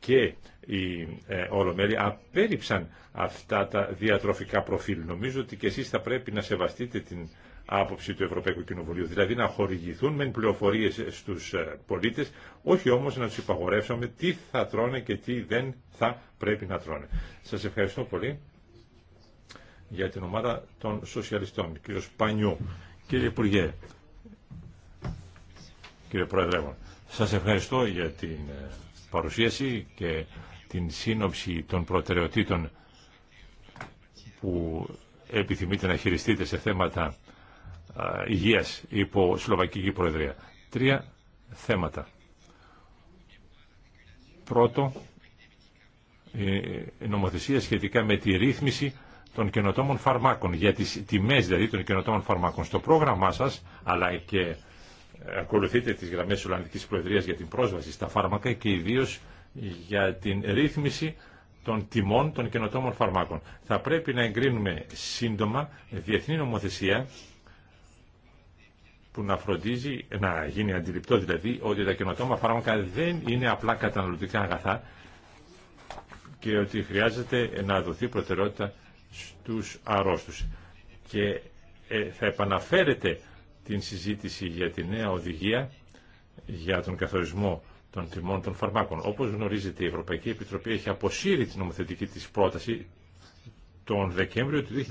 και οι ε, Ολομέλη απέριψαν αυτά τα διατροφικά προφίλ. Νομίζω ότι και εσείς θα πρέπει να σεβαστείτε την άποψη του Ευρωπαϊκού Κοινοβουλίου, δηλαδή να χορηγηθούν με πληροφορίες στους ε, πολίτες, όχι όμως να τους υπαγορεύσουμε τι θα τρώνε και τι δεν θα πρέπει να τρώνε. Σας ευχαριστώ πολύ για την ομάδα των σοσιαλιστών. Κύριο Πανιού, κύριε Υπουργέ, κύριε Πρόεδρε, σας ευχαριστώ για την ε, παρουσίαση και την σύνοψη των προτεραιοτήτων που επιθυμείτε να χειριστείτε σε θέματα υγείας υπό Σλοβακική Προεδρία. Τρία θέματα. Πρώτο, η ε, νομοθεσία σχετικά με τη ρύθμιση των καινοτόμων φαρμάκων, για τις τιμές δηλαδή των καινοτόμων φαρμάκων. Στο πρόγραμμά σας, αλλά και ε, ακολουθείτε τις γραμμές της Ολλανδικής Προεδρίας για την πρόσβαση στα φάρμακα και ιδίω για την ρύθμιση των τιμών των καινοτόμων φαρμάκων. Θα πρέπει να εγκρίνουμε σύντομα διεθνή νομοθεσία που να φροντίζει, να γίνει αντιληπτό δηλαδή, ότι τα καινοτόμα φάρμακα δεν είναι απλά καταναλωτικά αγαθά και ότι χρειάζεται να δοθεί προτεραιότητα στους αρρώστους. Και ε, θα επαναφέρεται την συζήτηση για τη νέα οδηγία για τον καθορισμό των τιμών των φαρμάκων. Όπως γνωρίζετε η Ευρωπαϊκή Επιτροπή έχει αποσύρει την νομοθετική της πρόταση τον Δεκέμβριο του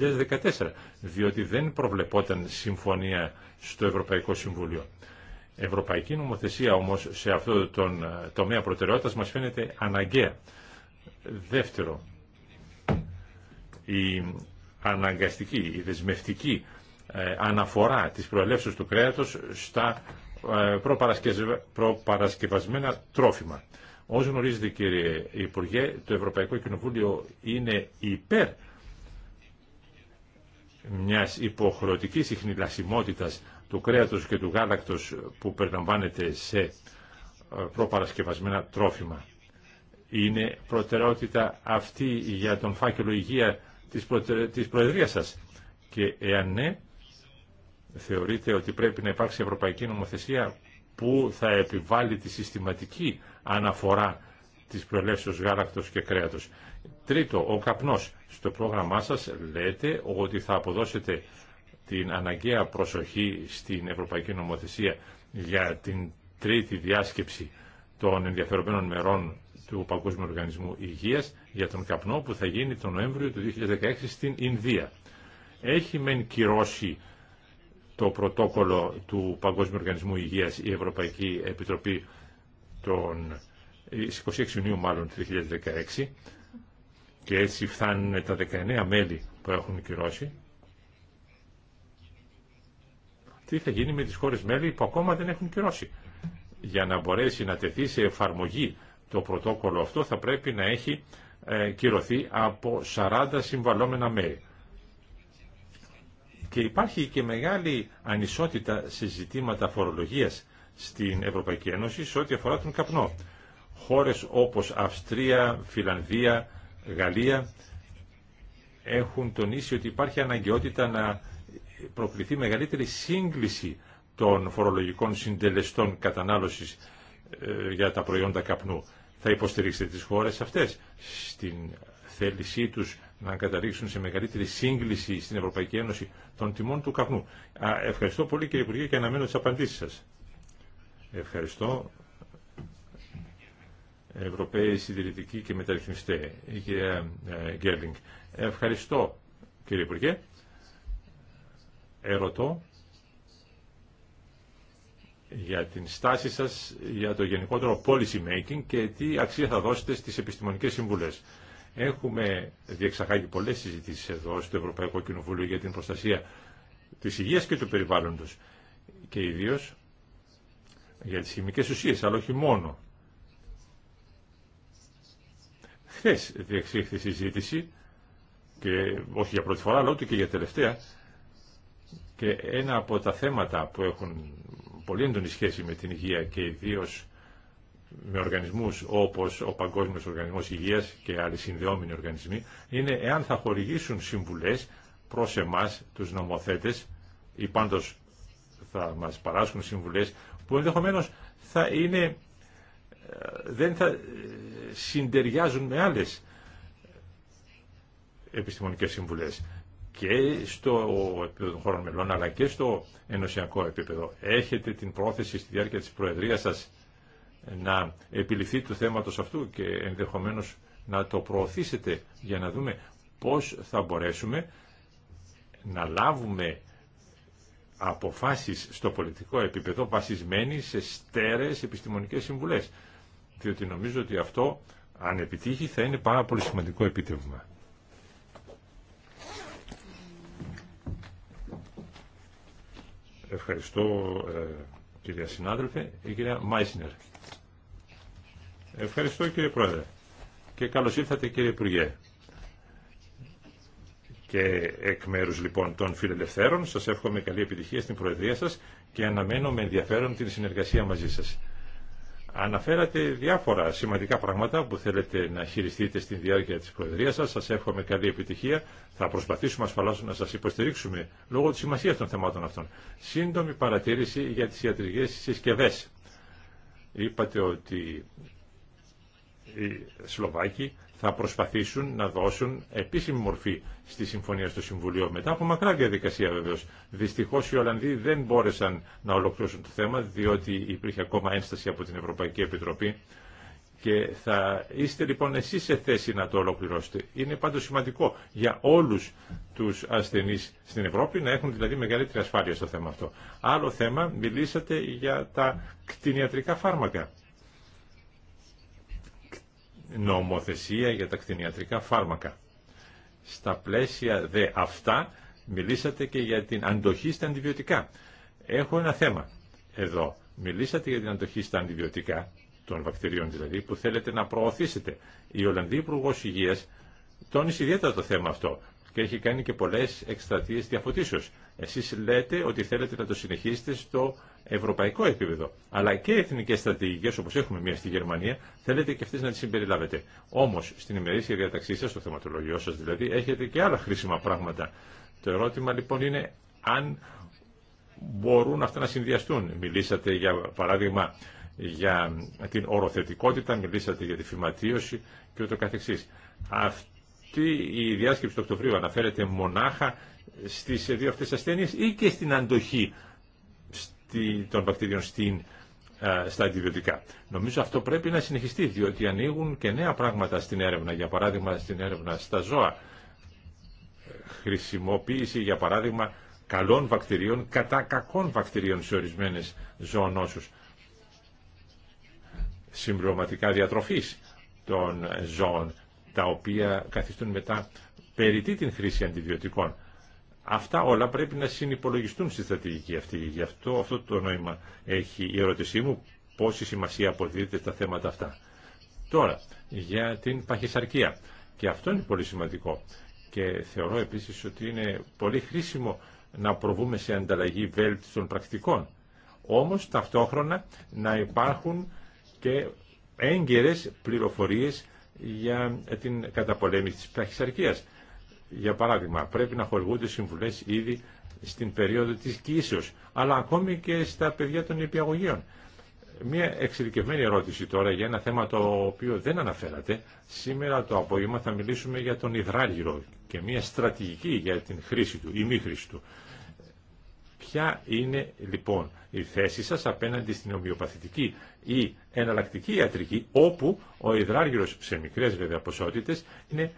2014, διότι δεν προβλεπόταν συμφωνία στο Ευρωπαϊκό Συμβουλίο. Ευρωπαϊκή νομοθεσία όμως σε αυτό το ε, τομέα προτεραιότητας μας φαίνεται αναγκαία. Δεύτερο, η αναγκαστική, η δεσμευτική ε, αναφορά της προελεύσεως του κρέατος στα ε, προπαρασκευασμένα τρόφιμα. Όσο γνωρίζετε κύριε Υπουργέ, το Ευρωπαϊκό Κοινοβούλιο είναι υπέρ μιας υποχρεωτικής ιχνηλασιμότητας του κρέατος και του γάλακτος που περιλαμβάνεται σε ε, προπαρασκευασμένα τρόφιμα. Είναι προτεραιότητα αυτή για τον φάκελο υγεία της, προεδρία της Προεδρίας σας. Και εάν ναι, θεωρείτε ότι πρέπει να υπάρξει ευρωπαϊκή νομοθεσία που θα επιβάλλει τη συστηματική αναφορά της προελεύσεως γάλακτος και κρέατος. Τρίτο, ο καπνός. Στο πρόγραμμά σας λέτε ότι θα αποδώσετε την αναγκαία προσοχή στην Ευρωπαϊκή Νομοθεσία για την τρίτη διάσκεψη των ενδιαφερομένων μερών του Παγκόσμιου Οργανισμού Υγείας για τον καπνό που θα γίνει τον Νοέμβριο του 2016 στην Ινδία. Έχει μεν κυρώσει το πρωτόκολλο του Παγκόσμιου Οργανισμού Υγείας η Ευρωπαϊκή Επιτροπή τον 26 ε, Ιουνίου μάλλον του 2016 και έτσι φτάνουν τα 19 μέλη που έχουν κυρώσει. Τι θα γίνει με τις χώρες μέλη που ακόμα δεν έχουν κυρώσει για να μπορέσει να τεθεί σε εφαρμογή το πρωτόκολλο αυτό θα πρέπει να έχει ε, κυρωθεί από 40 συμβαλόμενα μέρη. Και υπάρχει και μεγάλη ανισότητα σε ζητήματα φορολογίας στην Ευρωπαϊκή Ένωση σε ό,τι αφορά τον καπνό. Χώρες όπως Αυστρία, Φιλανδία, Γαλλία έχουν τονίσει ότι υπάρχει αναγκαιότητα να προκληθεί μεγαλύτερη σύγκληση των φορολογικών συντελεστών κατανάλωσης ε, για τα προϊόντα καπνού θα υποστηρίξετε τις χώρες αυτές στην θέλησή τους να καταλήξουν σε μεγαλύτερη σύγκληση στην Ευρωπαϊκή Ένωση των τιμών του καπνού. Ευχαριστώ πολύ κύριε Υπουργέ και αναμένω τις απαντήσεις σας. Ευχαριστώ. Ευρωπαίοι συντηρητικοί και μεταρρυθμιστέ, η ε, Γκέρλινγκ. Ευχαριστώ κύριε Υπουργέ. Ερωτώ για την στάση σας για το γενικότερο policy making και τι αξία θα δώσετε στις επιστημονικές συμβουλές. Έχουμε διεξαγάγει πολλές συζητήσεις εδώ στο Ευρωπαϊκό Κοινοβούλιο για την προστασία της υγείας και του περιβάλλοντος και ιδίως για τις χημικές ουσίες, αλλά όχι μόνο. Χθε διεξήχθη συζήτηση και όχι για πρώτη φορά αλλά ούτε και για τελευταία και ένα από τα θέματα που έχουν πολύ έντονη σχέση με την υγεία και ιδίω με οργανισμούς όπως ο Παγκόσμιος Οργανισμός Υγείας και άλλοι συνδεόμενοι οργανισμοί, είναι εάν θα χορηγήσουν συμβουλές προς εμάς, τους νομοθέτες, ή πάντως θα μας παράσχουν συμβουλές, που ενδεχομένως θα είναι, ε, δεν θα ε, συντεριάζουν με άλλες επιστημονικές συμβουλές και στο επίπεδο των χώρων μελών αλλά και στο ενωσιακό επίπεδο. Έχετε την πρόθεση στη διάρκεια της Προεδρίας σας να επιληθεί του θέματος αυτού και ενδεχομένως να το προωθήσετε για να δούμε πώς θα μπορέσουμε να λάβουμε αποφάσεις στο πολιτικό επίπεδο βασισμένοι σε στέρεες επιστημονικές συμβουλές. Διότι νομίζω ότι αυτό, αν επιτύχει, θα είναι πάρα πολύ σημαντικό επίτευγμα. Ευχαριστώ ε, κυρία συνάδελφε, η κυρία Μάισνερ. Ευχαριστώ κύριε Πρόεδρε και καλώς ήρθατε κύριε Υπουργέ. Και εκ μέρου λοιπόν των φιλελευθέρων σας εύχομαι καλή επιτυχία στην Προεδρία σας και αναμένω με ενδιαφέρον την συνεργασία μαζί σας. Αναφέρατε διάφορα σημαντικά πράγματα που θέλετε να χειριστείτε στην διάρκεια της Προεδρίας σας. Σας εύχομαι καλή επιτυχία. Θα προσπαθήσουμε ασφαλώς να σας υποστηρίξουμε λόγω της σημασίας των θεμάτων αυτών. Σύντομη παρατήρηση για τις ιατρικές συσκευές. Είπατε ότι οι Σλοβάκοι θα προσπαθήσουν να δώσουν επίσημη μορφή στη συμφωνία στο Συμβουλίο. Μετά από μακρά διαδικασία βεβαίω. Δυστυχώ οι Ολλανδοί δεν μπόρεσαν να ολοκληρώσουν το θέμα, διότι υπήρχε ακόμα ένσταση από την Ευρωπαϊκή Επιτροπή. Και θα είστε λοιπόν εσεί σε θέση να το ολοκληρώσετε. Είναι πάντως σημαντικό για όλου του ασθενεί στην Ευρώπη να έχουν δηλαδή μεγαλύτερη ασφάλεια στο θέμα αυτό. Άλλο θέμα, μιλήσατε για τα κτηνιατρικά φάρμακα νομοθεσία για τα κτηνιατρικά φάρμακα. Στα πλαίσια δε αυτά μιλήσατε και για την αντοχή στα αντιβιωτικά. Έχω ένα θέμα εδώ. Μιλήσατε για την αντοχή στα αντιβιωτικά, των βακτηρίων δηλαδή, που θέλετε να προωθήσετε. Η Ολλανδή Υπουργό Υγεία τόνισε ιδιαίτερα το θέμα αυτό και έχει κάνει και πολλέ εκστρατείε διαφωτίσεως. Εσείς λέτε ότι θέλετε να το συνεχίσετε στο ευρωπαϊκό επίπεδο. Αλλά και εθνικέ στρατηγικέ, όπω έχουμε μία στη Γερμανία, θέλετε και αυτέ να τι συμπεριλάβετε. Όμω, στην ημερήσια διαταξή σα, στο θεματολογιό σα δηλαδή, έχετε και άλλα χρήσιμα πράγματα. Το ερώτημα λοιπόν είναι αν μπορούν αυτά να συνδυαστούν. Μιλήσατε για παράδειγμα για την οροθετικότητα, μιλήσατε για τη φυματίωση και ούτω καθεξής. Αυτή η διάσκεψη του Οκτωβρίου αναφέρεται μονάχα στις δύο αυτές ασθένειες ή και στην αντοχή των βακτηρίων στην, στα αντιβιωτικά. Νομίζω αυτό πρέπει να συνεχιστεί, διότι ανοίγουν και νέα πράγματα στην έρευνα. Για παράδειγμα, στην έρευνα στα ζώα. Χρησιμοποίηση, για παράδειγμα, καλών βακτηρίων κατά κακών βακτηρίων σε ορισμένες ζωονόσους. Συμπληρωματικά διατροφής των ζώων, τα οποία καθιστούν μετά περιττή την χρήση αντιβιωτικών. Αυτά όλα πρέπει να συνυπολογιστούν στη στρατηγική αυτή. Γι' αυτό, αυτό το νόημα έχει η ερώτησή μου, πόση σημασία αποδίδεται στα θέματα αυτά. Τώρα, για την παχυσαρκία. Και αυτό είναι πολύ σημαντικό. Και θεωρώ επίσης ότι είναι πολύ χρήσιμο να προβούμε σε ανταλλαγή βέλτιστων πρακτικών. Όμως ταυτόχρονα να υπάρχουν και έγκαιρες πληροφορίες για την καταπολέμηση της παχυσαρκίας. Για παράδειγμα, πρέπει να χορηγούνται συμβουλές ήδη στην περίοδο της κοίησεως, αλλά ακόμη και στα παιδιά των υπηαγωγείων. Μία εξειδικευμένη ερώτηση τώρα για ένα θέμα το οποίο δεν αναφέρατε. Σήμερα το απόγευμα θα μιλήσουμε για τον υδράργυρο και μία στρατηγική για την χρήση του ή μη χρήση του. Ποια είναι λοιπόν η θέση σας απέναντι στην ομοιοπαθητική ή εναλλακτική ιατρική όπου ο υδράργυρος σε μικρές βέβαια ποσότητες είναι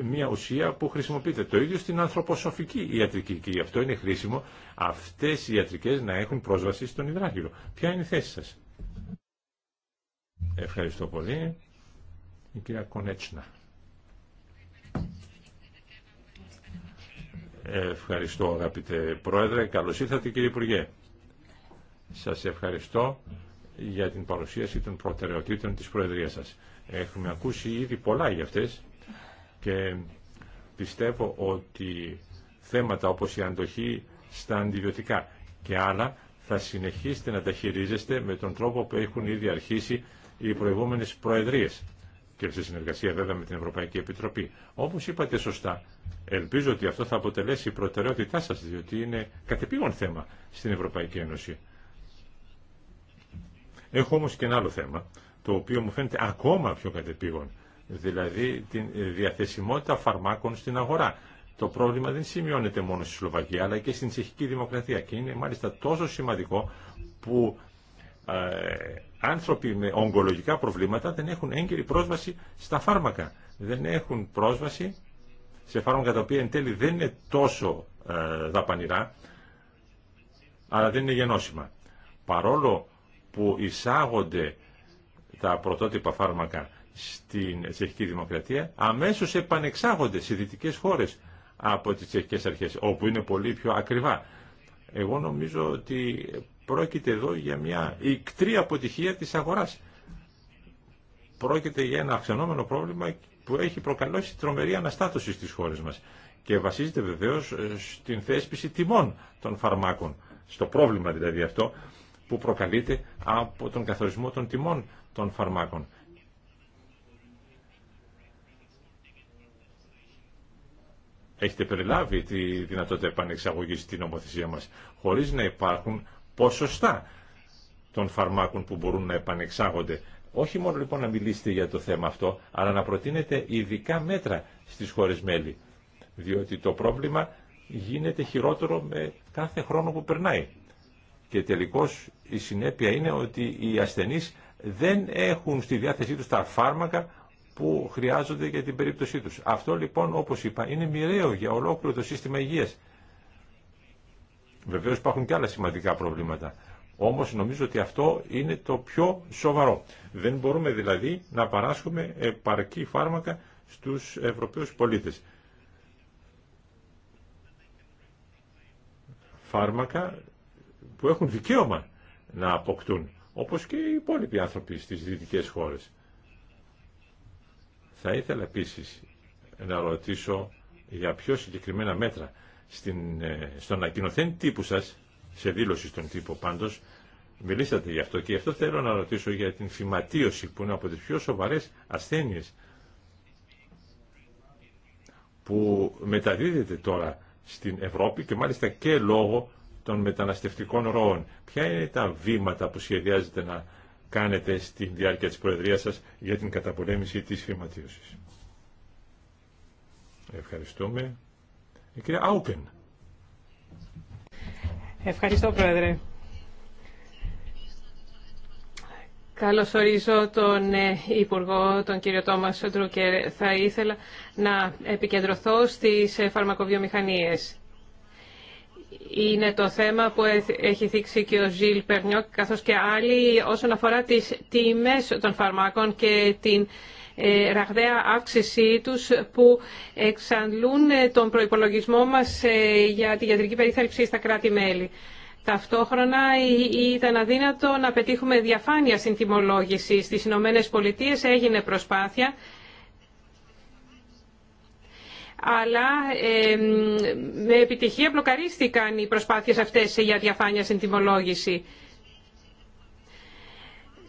μια ουσία που χρησιμοποιείται. Το ίδιο στην ανθρωποσοφική ιατρική και γι' αυτό είναι χρήσιμο αυτές οι ιατρικές να έχουν πρόσβαση στον υδράγυρο. Ποια είναι η θέση σας. Ευχαριστώ πολύ. Η κυρία Κονέτσνα. Ευχαριστώ αγαπητέ Πρόεδρε. Καλώς ήρθατε κύριε Υπουργέ. Σας ευχαριστώ για την παρουσίαση των προτεραιοτήτων της Προεδρίας σας. Έχουμε ακούσει ήδη πολλά για αυτές και πιστεύω ότι θέματα όπως η αντοχή στα αντιβιωτικά και άλλα θα συνεχίσετε να τα χειρίζεστε με τον τρόπο που έχουν ήδη αρχίσει οι προηγούμενες προεδρίες και σε συνεργασία βέβαια με την Ευρωπαϊκή Επιτροπή. Όπως είπατε σωστά, ελπίζω ότι αυτό θα αποτελέσει η προτεραιότητά σας, διότι είναι κατεπήγον θέμα στην Ευρωπαϊκή Ένωση. Έχω όμως και ένα άλλο θέμα, το οποίο μου φαίνεται ακόμα πιο κατεπήγον δηλαδή τη ε, διαθεσιμότητα φαρμάκων στην αγορά. Το πρόβλημα δεν σημειώνεται μόνο στη Σλοβακία αλλά και στην Τσεχική Δημοκρατία και είναι μάλιστα τόσο σημαντικό που ε, άνθρωποι με ογκολογικά προβλήματα δεν έχουν έγκαιρη πρόσβαση στα φάρμακα. Δεν έχουν πρόσβαση σε φάρμακα τα οποία εν τέλει δεν είναι τόσο ε, δαπανηρά αλλά δεν είναι γενώσιμα. Παρόλο που εισάγονται τα πρωτότυπα φάρμακα στην Τσεχική Δημοκρατία αμέσως επανεξάγονται σε δυτικέ χώρες από τις τσεχικές αρχές, όπου είναι πολύ πιο ακριβά. Εγώ νομίζω ότι πρόκειται εδώ για μια ικτρή αποτυχία της αγοράς. Πρόκειται για ένα αυξανόμενο πρόβλημα που έχει προκαλώσει τρομερή αναστάτωση στις χώρες μας και βασίζεται βεβαίως ε, στην θέσπιση τιμών των φαρμάκων, στο πρόβλημα δηλαδή αυτό που προκαλείται από τον καθορισμό των τιμών των φαρμάκων. έχετε περιλάβει τη δυνατότητα επανεξαγωγή στην νομοθεσία μας, χωρίς να υπάρχουν ποσοστά των φαρμάκων που μπορούν να επανεξάγονται. Όχι μόνο λοιπόν να μιλήσετε για το θέμα αυτό, αλλά να προτείνετε ειδικά μέτρα στι χωρέ μέλη. Διότι το πρόβλημα γίνεται χειρότερο με κάθε χρόνο που περνάει. Και τελικώς η συνέπεια είναι ότι οι ασθενείς δεν έχουν στη διάθεσή τους τα φάρμακα που χρειάζονται για την περίπτωσή τους. Αυτό λοιπόν όπως είπα είναι μοιραίο για ολόκληρο το σύστημα υγείας. Βεβαίως υπάρχουν και άλλα σημαντικά προβλήματα. Όμως νομίζω ότι αυτό είναι το πιο σοβαρό. Δεν μπορούμε δηλαδή να παράσχουμε επαρκή φάρμακα στους Ευρωπαίους πολίτες. Φάρμακα που έχουν δικαίωμα να αποκτούν, όπως και οι υπόλοιποι άνθρωποι στις δυτικές χώρες. Θα ήθελα επίσης να ρωτήσω για πιο συγκεκριμένα μέτρα. Στην, ε, στον ανακοινωθέν τύπου σας, σε δήλωση στον τύπο πάντως, μιλήσατε γι' αυτό και γι' αυτό θέλω να ρωτήσω για την φυματίωση που είναι από τις πιο σοβαρές ασθένειες που μεταδίδεται τώρα στην Ευρώπη και μάλιστα και λόγω των μεταναστευτικών ροών. Ποια είναι τα βήματα που σχεδιάζεται να κάνετε στη διάρκεια της Προεδρίας σας για την καταπολέμηση της χρηματίωσης. Ευχαριστούμε. Η κυρία Άουκεν. Ευχαριστώ, Πρόεδρε. Καλωσορίζω τον ε, Υπουργό, τον κύριο Τόμας Ντρούκερ. Θα ήθελα να επικεντρωθώ στις ε, φαρμακοβιομηχανίες είναι το θέμα που έχει θίξει και ο Ζιλ Περνιόκ καθώς και άλλοι όσον αφορά τις τιμές των φαρμάκων και την ε, ραγδαία αύξησή τους που εξαντλούν ε, τον προϋπολογισμό μας ε, για τη γιατρική περίθαλψη στα κράτη-μέλη. Ταυτόχρονα ήταν αδύνατο να πετύχουμε διαφάνεια στην τιμολόγηση. Στις Ηνωμένε Πολιτείες έγινε προσπάθεια αλλά με επιτυχία μπλοκαρίστηκαν οι προσπάθειες αυτές για διαφάνεια στην τιμολόγηση.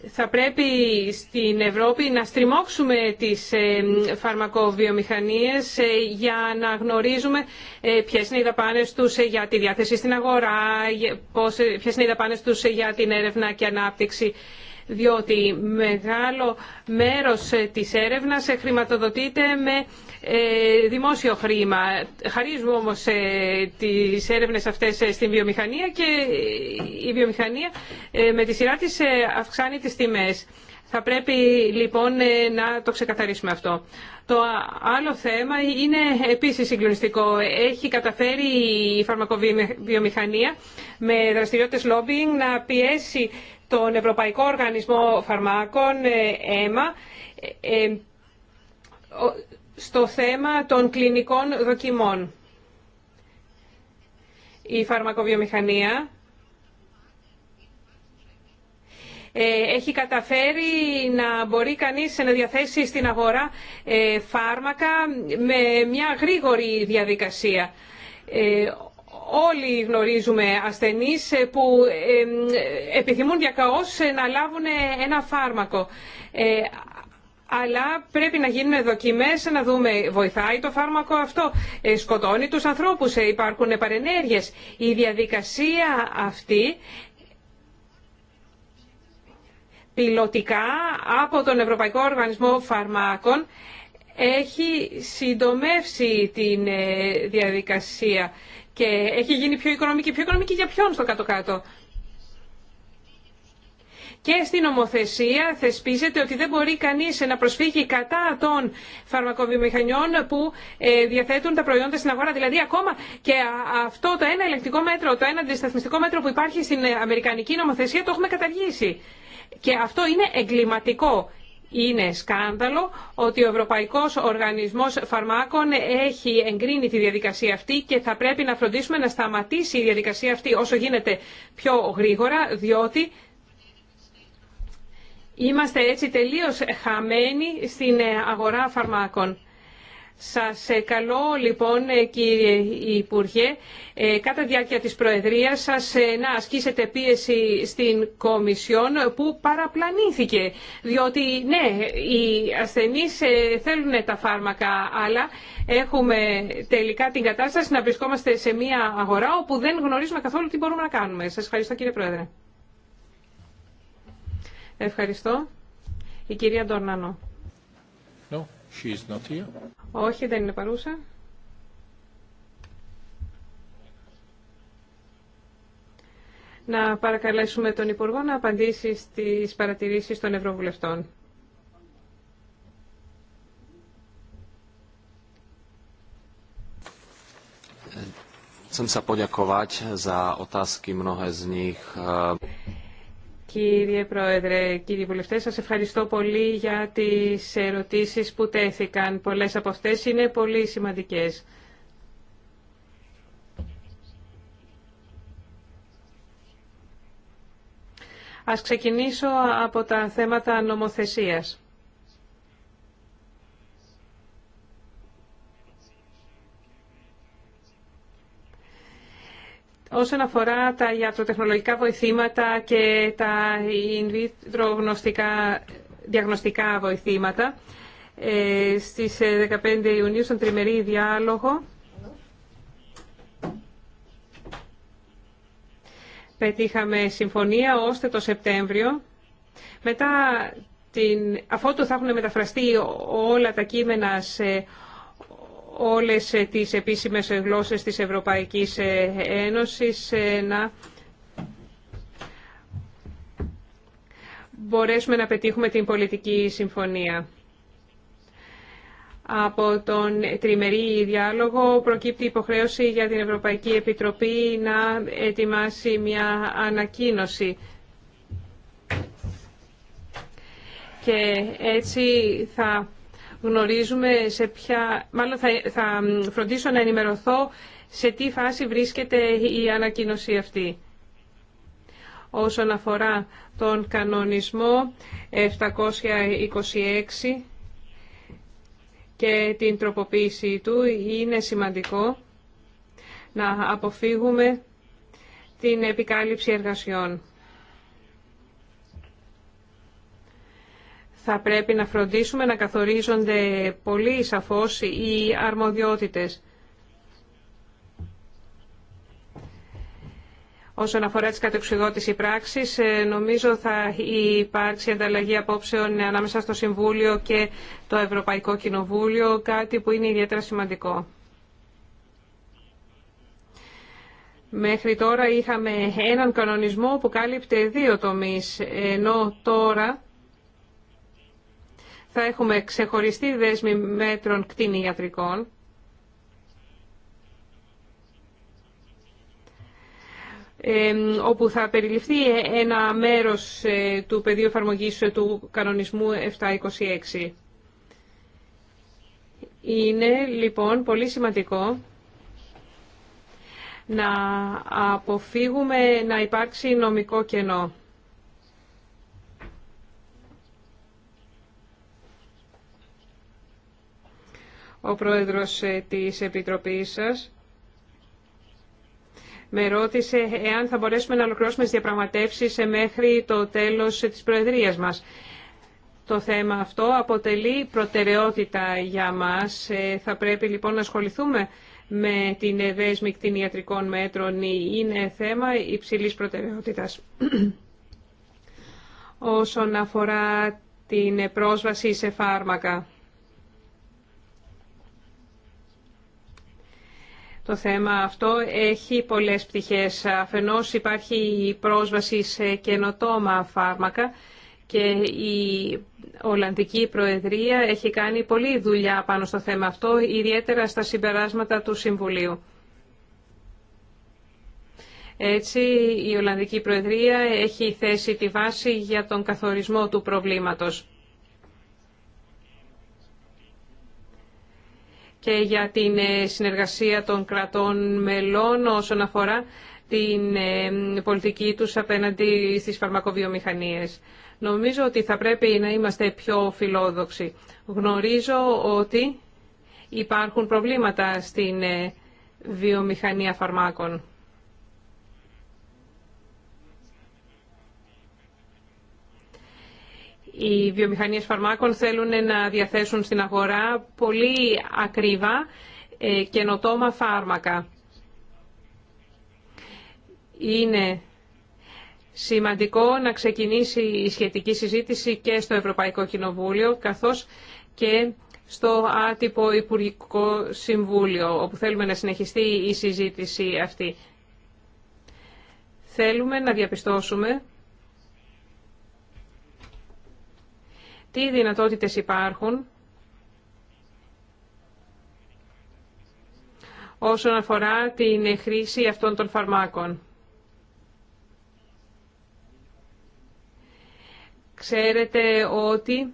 Θα πρέπει στην Ευρώπη να στριμώξουμε τις φαρμακοβιομηχανίες ε, για να γνωρίζουμε ε, ποιες είναι οι δαπάνες τους ε, για τη διάθεση στην αγορά, ποιες είναι οι δαπάνες τους για την έρευνα και ανάπτυξη διότι μεγάλο μέρος της έρευνας χρηματοδοτείται με ε, δημόσιο χρήμα. Χαρίζουμε όμως ε, τις έρευνες αυτές ε, στην βιομηχανία και η βιομηχανία με τη σειρά της αυξάνει τις τιμές. Θα πρέπει λοιπόν να το ξεκαθαρίσουμε αυτό. Το άλλο θέμα είναι επίσης συγκλονιστικό. Έχει καταφέρει η φαρμακοβιομηχανία με δραστηριότητες lobbying να πιέσει τον Ευρωπαϊκό Οργανισμό Φαρμάκων, ε, ΕΜΑ, ε, ε, στο θέμα των κλινικών δοκιμών. Η φαρμακοβιομηχανία έχει καταφέρει να μπορεί κανείς να διαθέσει στην αγορά φάρμακα με μια γρήγορη διαδικασία όλοι γνωρίζουμε ασθενείς ε, που ε, ε, επιθυμούν διακαώς να λάβουν ένα φάρμακο. Αλλά πρέπει να γίνουν δοκιμές να δούμε βοηθάει το φάρμακο αυτό, σκοτώνει τους ανθρώπους, υπάρχουν παρενέργειες. Η διαδικασία αυτή πιλωτικά από τον Ευρωπαϊκό Οργανισμό Φαρμάκων έχει συντομεύσει την διαδικασία και έχει γίνει πιο οικονομική. Πιο οικονομική για ποιον στο κάτω-κάτω. Και στην νομοθεσία θεσπίζεται ότι δεν μπορεί κανείς να προσφύγει κατά των φαρμακοβιομηχανιών που ε, διαθέτουν τα προϊόντα στην αγορά. Δηλαδή ακόμα και αυτό το ένα ελεκτικό μέτρο, το ένα αντισταθμιστικό μέτρο που υπάρχει στην Αμερικανική νομοθεσία το έχουμε καταργήσει. Και αυτό είναι εγκληματικό. Είναι σκάνδαλο ότι ο Ευρωπαϊκός Οργανισμός Φαρμάκων έχει εγκρίνει τη διαδικασία αυτή και θα πρέπει να φροντίσουμε να σταματήσει η διαδικασία αυτή όσο γίνεται πιο γρήγορα, διότι είμαστε έτσι τελείως χαμένοι στην αγορά φαρμάκων. Σας ε, καλώ λοιπόν ε, κύριε Υπουργέ, ε, κατά τη διάρκεια της Προεδρίας σας να ασκήσετε πίεση στην Κομισιόν που παραπλανήθηκε. Διότι ναι, οι ασθενείς θέλουν τα φάρμακα, αλλά έχουμε τελικά την κατάσταση να βρισκόμαστε σε μια αγορά όπου δεν γνωρίζουμε καθόλου τι μπορούμε να κάνουμε. Σας ευχαριστώ κύριε Πρόεδρε. Ευχαριστώ. Η κυρία Ντορνανό. No. She is not here. Όχι, δεν είναι παρούσα. Να παρακαλέσουμε τον Υπουργό να απαντήσει στις παρατηρήσεις των Ευρωβουλευτών. Chcem sa poďakovať za otázky, Κύριε Πρόεδρε, κύριοι βουλευτές, σας ευχαριστώ πολύ για τις ερωτήσεις που τέθηκαν. Πολλές από αυτές είναι πολύ σημαντικές. Ας ξεκινήσω από τα θέματα νομοθεσίας. Όσον αφορά τα ιατροτεχνολογικά βοηθήματα και τα in vitro διαγνωστικά βοηθήματα, ε, στις 15 ε, Ιουνίου στον τριμερή διάλογο πετύχαμε συμφωνία ώστε το Σεπτέμβριο μετά την, αφότου θα έχουν μεταφραστεί όλα τα κείμενα σε όλες ε, τις επίσημες γλώσσες της Ευρωπαϊκής ε, Ένωσης ε, να μπορέσουμε να πετύχουμε την πολιτική συμφωνία. Από τον τριμερή διάλογο προκύπτει υποχρέωση για την Ευρωπαϊκή Επιτροπή να ετοιμάσει μια ανακοίνωση. Και έτσι θα γνωρίζουμε σε ποια... Μάλλον θα, θα φροντίσω να ενημερωθώ σε τι φάση βρίσκεται η ανακοίνωση αυτή. Όσον αφορά τον κανονισμό 726 και την τροποποίησή του, είναι σημαντικό να αποφύγουμε την επικάλυψη εργασιών. θα πρέπει να φροντίσουμε να καθορίζονται πολύ σαφώς οι αρμοδιότητες. Όσον αφορά τις κατεξουδότηση πράξης, ε, νομίζω θα υπάρξει ανταλλαγή απόψεων ανάμεσα στο Συμβούλιο και το Ευρωπαϊκό Κοινοβούλιο, κάτι που είναι ιδιαίτερα σημαντικό. Μέχρι τώρα είχαμε έναν κανονισμό που κάλυπτε δύο τομείς, ενώ τώρα θα έχουμε ξεχωριστή δέσμη μέτρων κτηνιατρικών. όπου θα περιληφθεί ένα μέρος ε, του πεδίου εφαρμογής ε, του κανονισμού 726. Είναι λοιπόν πολύ σημαντικό να αποφύγουμε να υπάρξει νομικό κενό. Ο πρόεδρος ε, της Επιτροπής σας με ρώτησε εάν θα μπορέσουμε να ολοκληρώσουμε τις διαπραγματεύσεις ε, μέχρι το τέλος ε, της Προεδρίας μας. Το θέμα αυτό αποτελεί προτεραιότητα για μας. Θα πρέπει λοιπόν να ασχοληθούμε με την δέσμη ιατρικών μέτρων. Είναι θέμα υψηλής προτεραιότητας. Όσον αφορά την πρόσβαση σε φάρμακα. Το θέμα αυτό έχει πολλές πτυχές. Αφενός υπάρχει η πρόσβαση σε καινοτόμα φάρμακα και η Ολλανδική Προεδρία έχει κάνει πολλή δουλειά πάνω στο θέμα αυτό, ιδιαίτερα στα συμπεράσματα του Συμβουλίου. Έτσι, η Ολλανδική Προεδρία έχει θέσει τη βάση για τον καθορισμό του προβλήματος. και για την ε, συνεργασία των κρατών μελών όσον αφορά την ε, πολιτική τους απέναντι στις φαρμακοβιομηχανίες. Νομίζω ότι θα πρέπει να είμαστε πιο φιλόδοξοι. Γνωρίζω ότι υπάρχουν προβλήματα στην ε, βιομηχανία φαρμάκων. οι βιομηχανίες φαρμάκων θέλουν να διαθέσουν στην αγορά πολύ ακρίβα ε, καινοτόμα φάρμακα. Είναι σημαντικό να ξεκινήσει η σχετική συζήτηση και στο Ευρωπαϊκό Κοινοβούλιο, καθώς και στο άτυπο Υπουργικό Συμβούλιο, όπου θέλουμε να συνεχιστεί η συζήτηση αυτή. Θέλουμε να διαπιστώσουμε τι δυνατότητες υπάρχουν όσον αφορά την χρήση αυτών των φαρμάκων. Ξέρετε ότι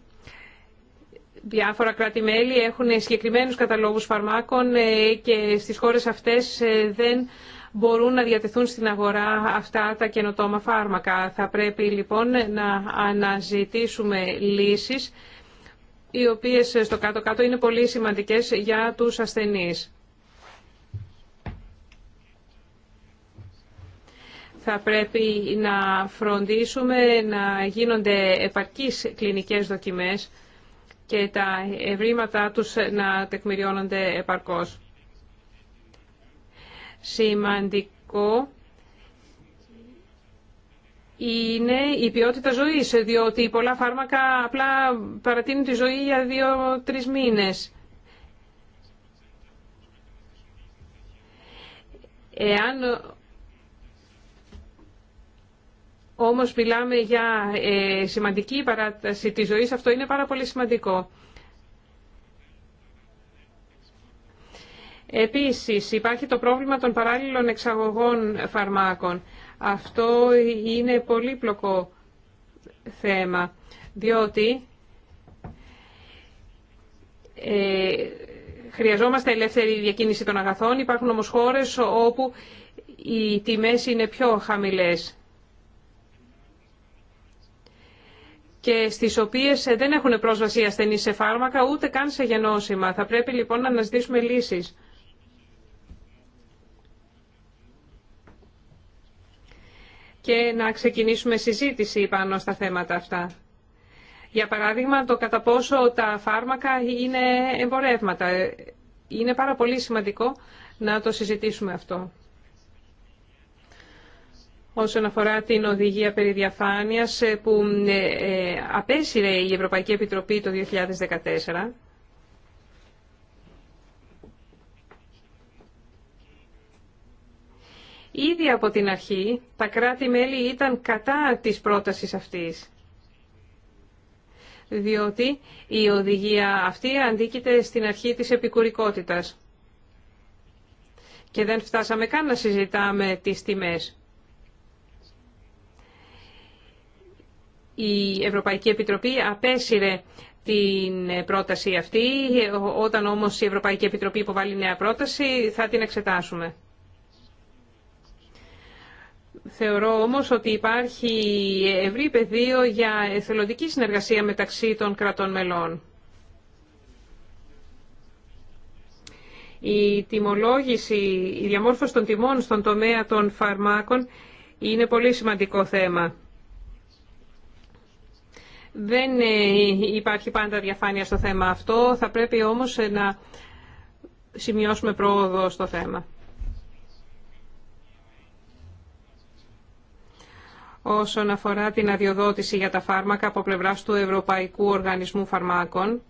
διάφορα κράτη-μέλη έχουν συγκεκριμένους καταλόγους φαρμάκων ε, και στις χώρες αυτές ε, δεν μπορούν να διατεθούν στην αγορά αυτά τα καινοτόμα φάρμακα. Θα πρέπει λοιπόν να αναζητήσουμε λύσεις οι οποίες στο κάτω-κάτω είναι πολύ σημαντικές για τους ασθενείς. θα πρέπει να φροντίσουμε να γίνονται επαρκείς κλινικές δοκιμές και τα ευρήματά τους να τεκμηριώνονται επαρκώς. Σημαντικό είναι η ποιότητα ζωής, διότι πολλά φάρμακα απλά παρατείνουν τη ζωή για δύο-τρεις μήνες. Εάν όμως μιλάμε για ε, σημαντική παράταση της ζωής, αυτό είναι πάρα πολύ σημαντικό. Επίσης, υπάρχει το πρόβλημα των παράλληλων εξαγωγών φαρμάκων. Αυτό είναι πολύπλοκο θέμα, διότι ε, χρειαζόμαστε ελεύθερη διακίνηση των αγαθών. Υπάρχουν όμως χώρες όπου οι τιμές είναι πιο χαμηλές και στις οποίες δεν έχουν πρόσβαση οι ασθενείς σε φάρμακα ούτε καν σε γενώσιμα. Θα πρέπει λοιπόν να αναζητήσουμε λύσεις. και να ξεκινήσουμε συζήτηση πάνω στα θέματα αυτά. Για παράδειγμα, το κατά πόσο τα φάρμακα είναι εμπορεύματα. Είναι πάρα πολύ σημαντικό να το συζητήσουμε αυτό. Όσον αφορά την οδηγία περί διαφάνειας ε, που ε, ε, απέσυρε η Ευρωπαϊκή Επιτροπή το 2014, Ήδη από την αρχή τα κράτη-μέλη ήταν κατά της πρότασης αυτής, διότι η οδηγία αυτή αντίκειται στην αρχή της επικουρικότητας και δεν φτάσαμε καν να συζητάμε τις τιμές. Η Ευρωπαϊκή Επιτροπή απέσυρε την πρόταση αυτή. Όταν όμως η Ευρωπαϊκή Επιτροπή υποβάλει νέα πρόταση θα την εξετάσουμε. Θεωρώ όμως ότι υπάρχει ευρύ πεδίο για εθελοντική συνεργασία μεταξύ των κρατών μελών. Η τιμολόγηση, η διαμόρφωση των τιμών στον τομέα των φαρμάκων είναι πολύ σημαντικό θέμα. Δεν ε, υπάρχει πάντα διαφάνεια στο θέμα αυτό, θα πρέπει όμως να σημειώσουμε πρόοδο στο θέμα. όσον αφορά την αδειοδότηση για τα φάρμακα από πλευράς του Ευρωπαϊκού Οργανισμού Φαρμάκων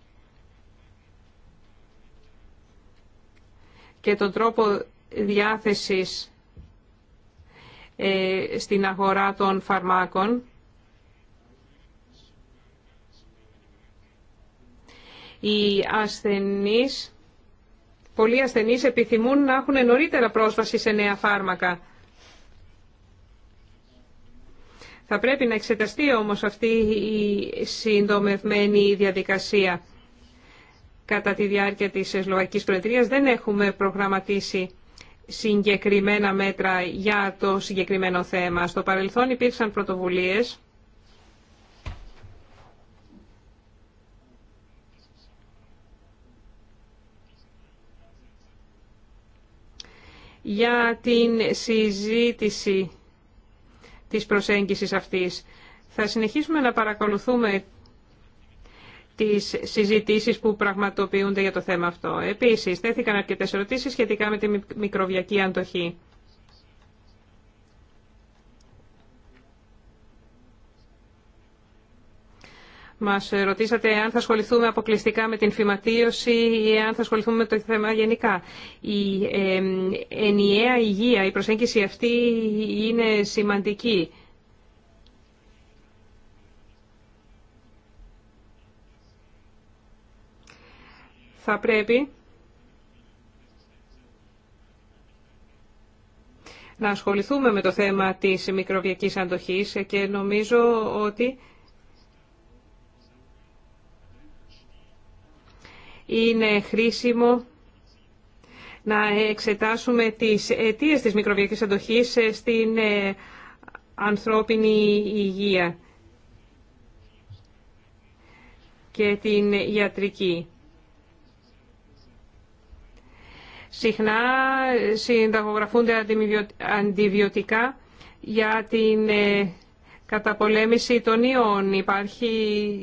και τον τρόπο διάθεσης ε, στην αγορά των φαρμάκων. Οι ασθενείς, πολλοί ασθενείς επιθυμούν να έχουν νωρίτερα πρόσβαση σε νέα φάρμακα. Θα πρέπει να εξεταστεί όμως αυτή η συντομευμένη διαδικασία. Κατά τη διάρκεια της Σλοβακής Προεδρίας δεν έχουμε προγραμματίσει συγκεκριμένα μέτρα για το συγκεκριμένο θέμα. Στο παρελθόν υπήρξαν πρωτοβουλίες για την συζήτηση της προσέγγισης αυτής. Θα συνεχίσουμε να παρακολουθούμε τις συζητήσεις που πραγματοποιούνται για το θέμα αυτό. Επίσης, στέθηκαν αρκετές ερωτήσεις σχετικά με τη μικροβιακή αντοχή. Μας ρωτήσατε αν θα ασχοληθούμε αποκλειστικά με την φυματίωση ή αν θα ασχοληθούμε με το θέμα γενικά. Η ενιαία υγεία, η προσέγγιση αυτή είναι σημαντική. Θα πρέπει να ασχοληθούμε με το θέμα της μικροβιακής αντοχής και νομίζω ότι είναι χρήσιμο να εξετάσουμε τις αιτίες της μικροβιακής αντοχής ε, στην ε, ανθρώπινη υγεία και την ιατρική. Συχνά συνταγογραφούνται αντιβιωτικά για την ε, καταπολέμηση των ιών. Υπάρχει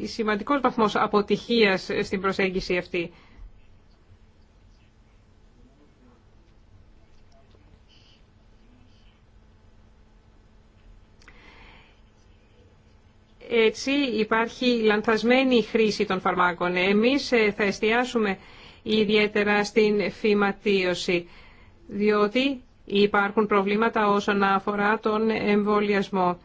σημαντικός βαθμός αποτυχίας στην προσέγγιση αυτή. Έτσι υπάρχει λανθασμένη χρήση των φαρμάκων. Εμείς ε, θα εστιάσουμε ιδιαίτερα στην φυματίωση, διότι υπάρχουν προβλήματα όσον αφορά τον εμβολιασμό.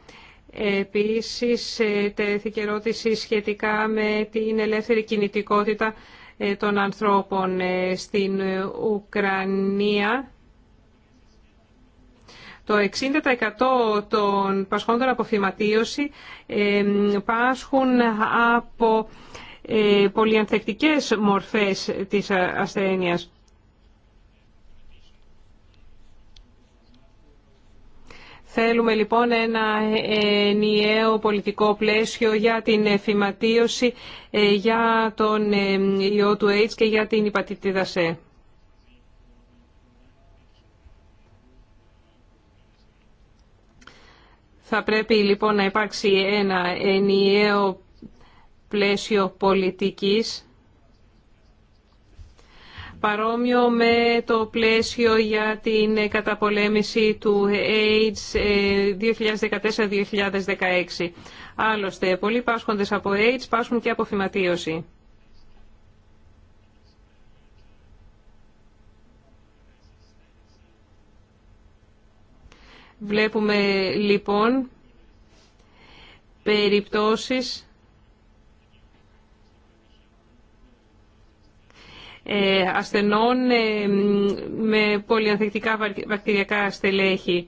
Επίσης, ε, τέθηκε ερώτηση σχετικά με την ελεύθερη κινητικότητα ε, των ανθρώπων ε, στην Ουκρανία. Το 60% των πασχόντων από φυματίωση πάσχουν από πολυανθεκτικές μορφές της ασθένειας. Θέλουμε λοιπόν ένα ενιαίο πολιτικό πλαίσιο για την εφηματίωση ε, για τον ε, ιό του AIDS και για την υπατητή δασέ. Θα πρέπει λοιπόν να υπάρξει ένα ενιαίο πλαίσιο πολιτικής παρόμοιο με το πλαίσιο για την καταπολέμηση του AIDS 2014-2016. Ε, Άλλωστε, πολλοί πάσχοντες από AIDS πάσχουν και από φυματίωση. Βλέπουμε λοιπόν περιπτώσεις Ε, ασθενών ε, με πολυανθεκτικά βακτηριακά στελέχη.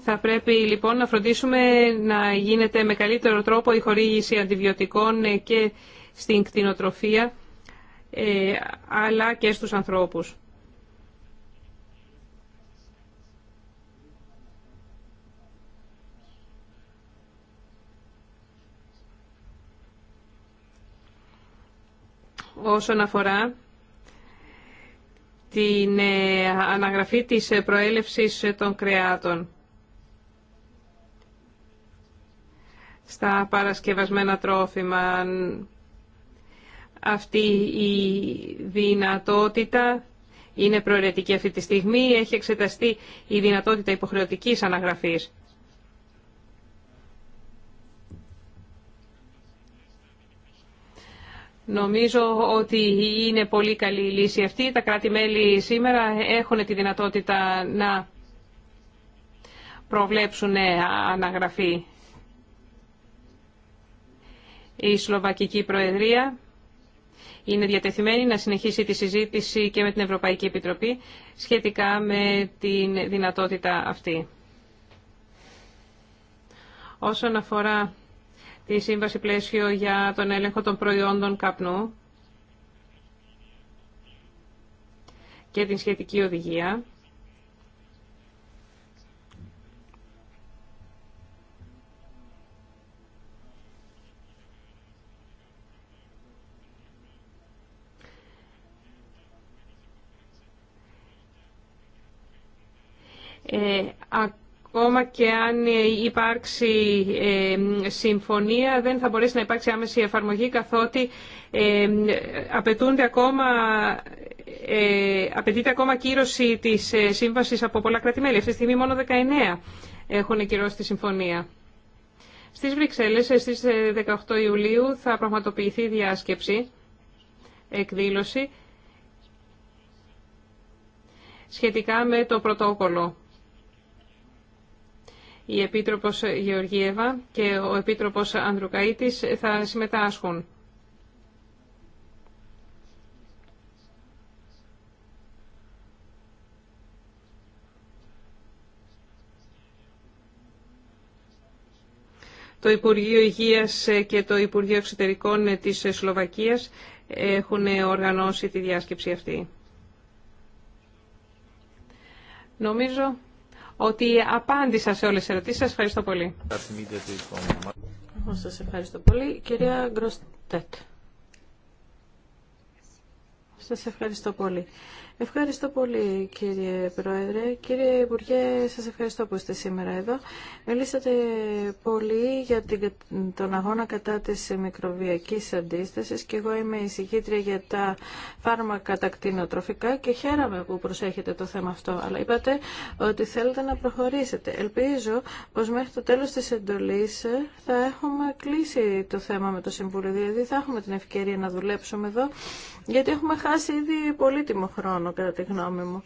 Θα πρέπει λοιπόν να φροντίσουμε να γίνεται με καλύτερο τρόπο η χορήγηση αντιβιωτικών ε, και στην κτηνοτροφία αλλά και στους ανθρώπους. όσον αφορά την ε, αναγραφή της προέλευσης των κρεάτων στα παρασκευασμένα τρόφιμα. Αυτή η δυνατότητα είναι προαιρετική αυτή τη στιγμή. Έχει εξεταστεί η δυνατότητα υποχρεωτικής αναγραφής. Νομίζω ότι είναι πολύ καλή η λύση αυτή. Τα κράτη-μέλη σήμερα έχουν τη δυνατότητα να προβλέψουν αναγραφή. Η Σλοβακική Προεδρία είναι διατεθειμένη να συνεχίσει τη συζήτηση και με την Ευρωπαϊκή Επιτροπή σχετικά με τη δυνατότητα αυτή. Όσον αφορά τη Σύμβαση Πλαίσιο για τον έλεγχο των προϊόντων καπνού και την σχετική οδηγία. Ε, Ακόμα και αν ε, υπάρξει ε, συμφωνία δεν θα μπορέσει να υπάρξει άμεση εφαρμογή καθότι ε, απαιτούνται ακόμα απαιτείται ακόμα κύρωση της σύμβασης από πολλά κράτη-μέλη. Αυτή τη στιγμή μόνο 19 έχουν κυρώσει τη συμφωνία. Στις Βρυξέλλες στις 18 Ιουλίου θα πραγματοποιηθεί διάσκεψη, εκδήλωση σχετικά με το πρωτόκολλο η Επίτροπος Γεωργίευα και ο Επίτροπος Ανδρουκαίτης θα συμμετάσχουν. Το Υπουργείο Υγείας και το Υπουργείο Εξωτερικών της Σλοβακίας έχουν οργανώσει τη διάσκεψη αυτή. Νομίζω ότι απάντησα σε όλες τις ερωτήσεις. Σας ευχαριστώ πολύ. Εγώ σας ευχαριστώ πολύ. Κυρία Γκροστέτ. Σας ευχαριστώ πολύ. Ευχαριστώ πολύ κύριε Πρόεδρε. Κύριε Υπουργέ, σας ευχαριστώ που είστε σήμερα εδώ. Μιλήσατε πολύ για την, τον αγώνα κατά της μικροβιακής αντίστασης και εγώ είμαι η συγκήτρια για τα φάρμακα τα κτηνοτροφικά και χαίρομαι που προσέχετε το θέμα αυτό. Αλλά είπατε ότι θέλετε να προχωρήσετε. Ελπίζω πως μέχρι το τέλος της εντολής θα έχουμε κλείσει το θέμα με το Συμβούλιο, δηλαδή θα έχουμε την ευκαιρία να δουλέψουμε εδώ, γιατί έχουμε χάσει ήδη πολύτιμο χρόνο κατά τη γνώμη μου.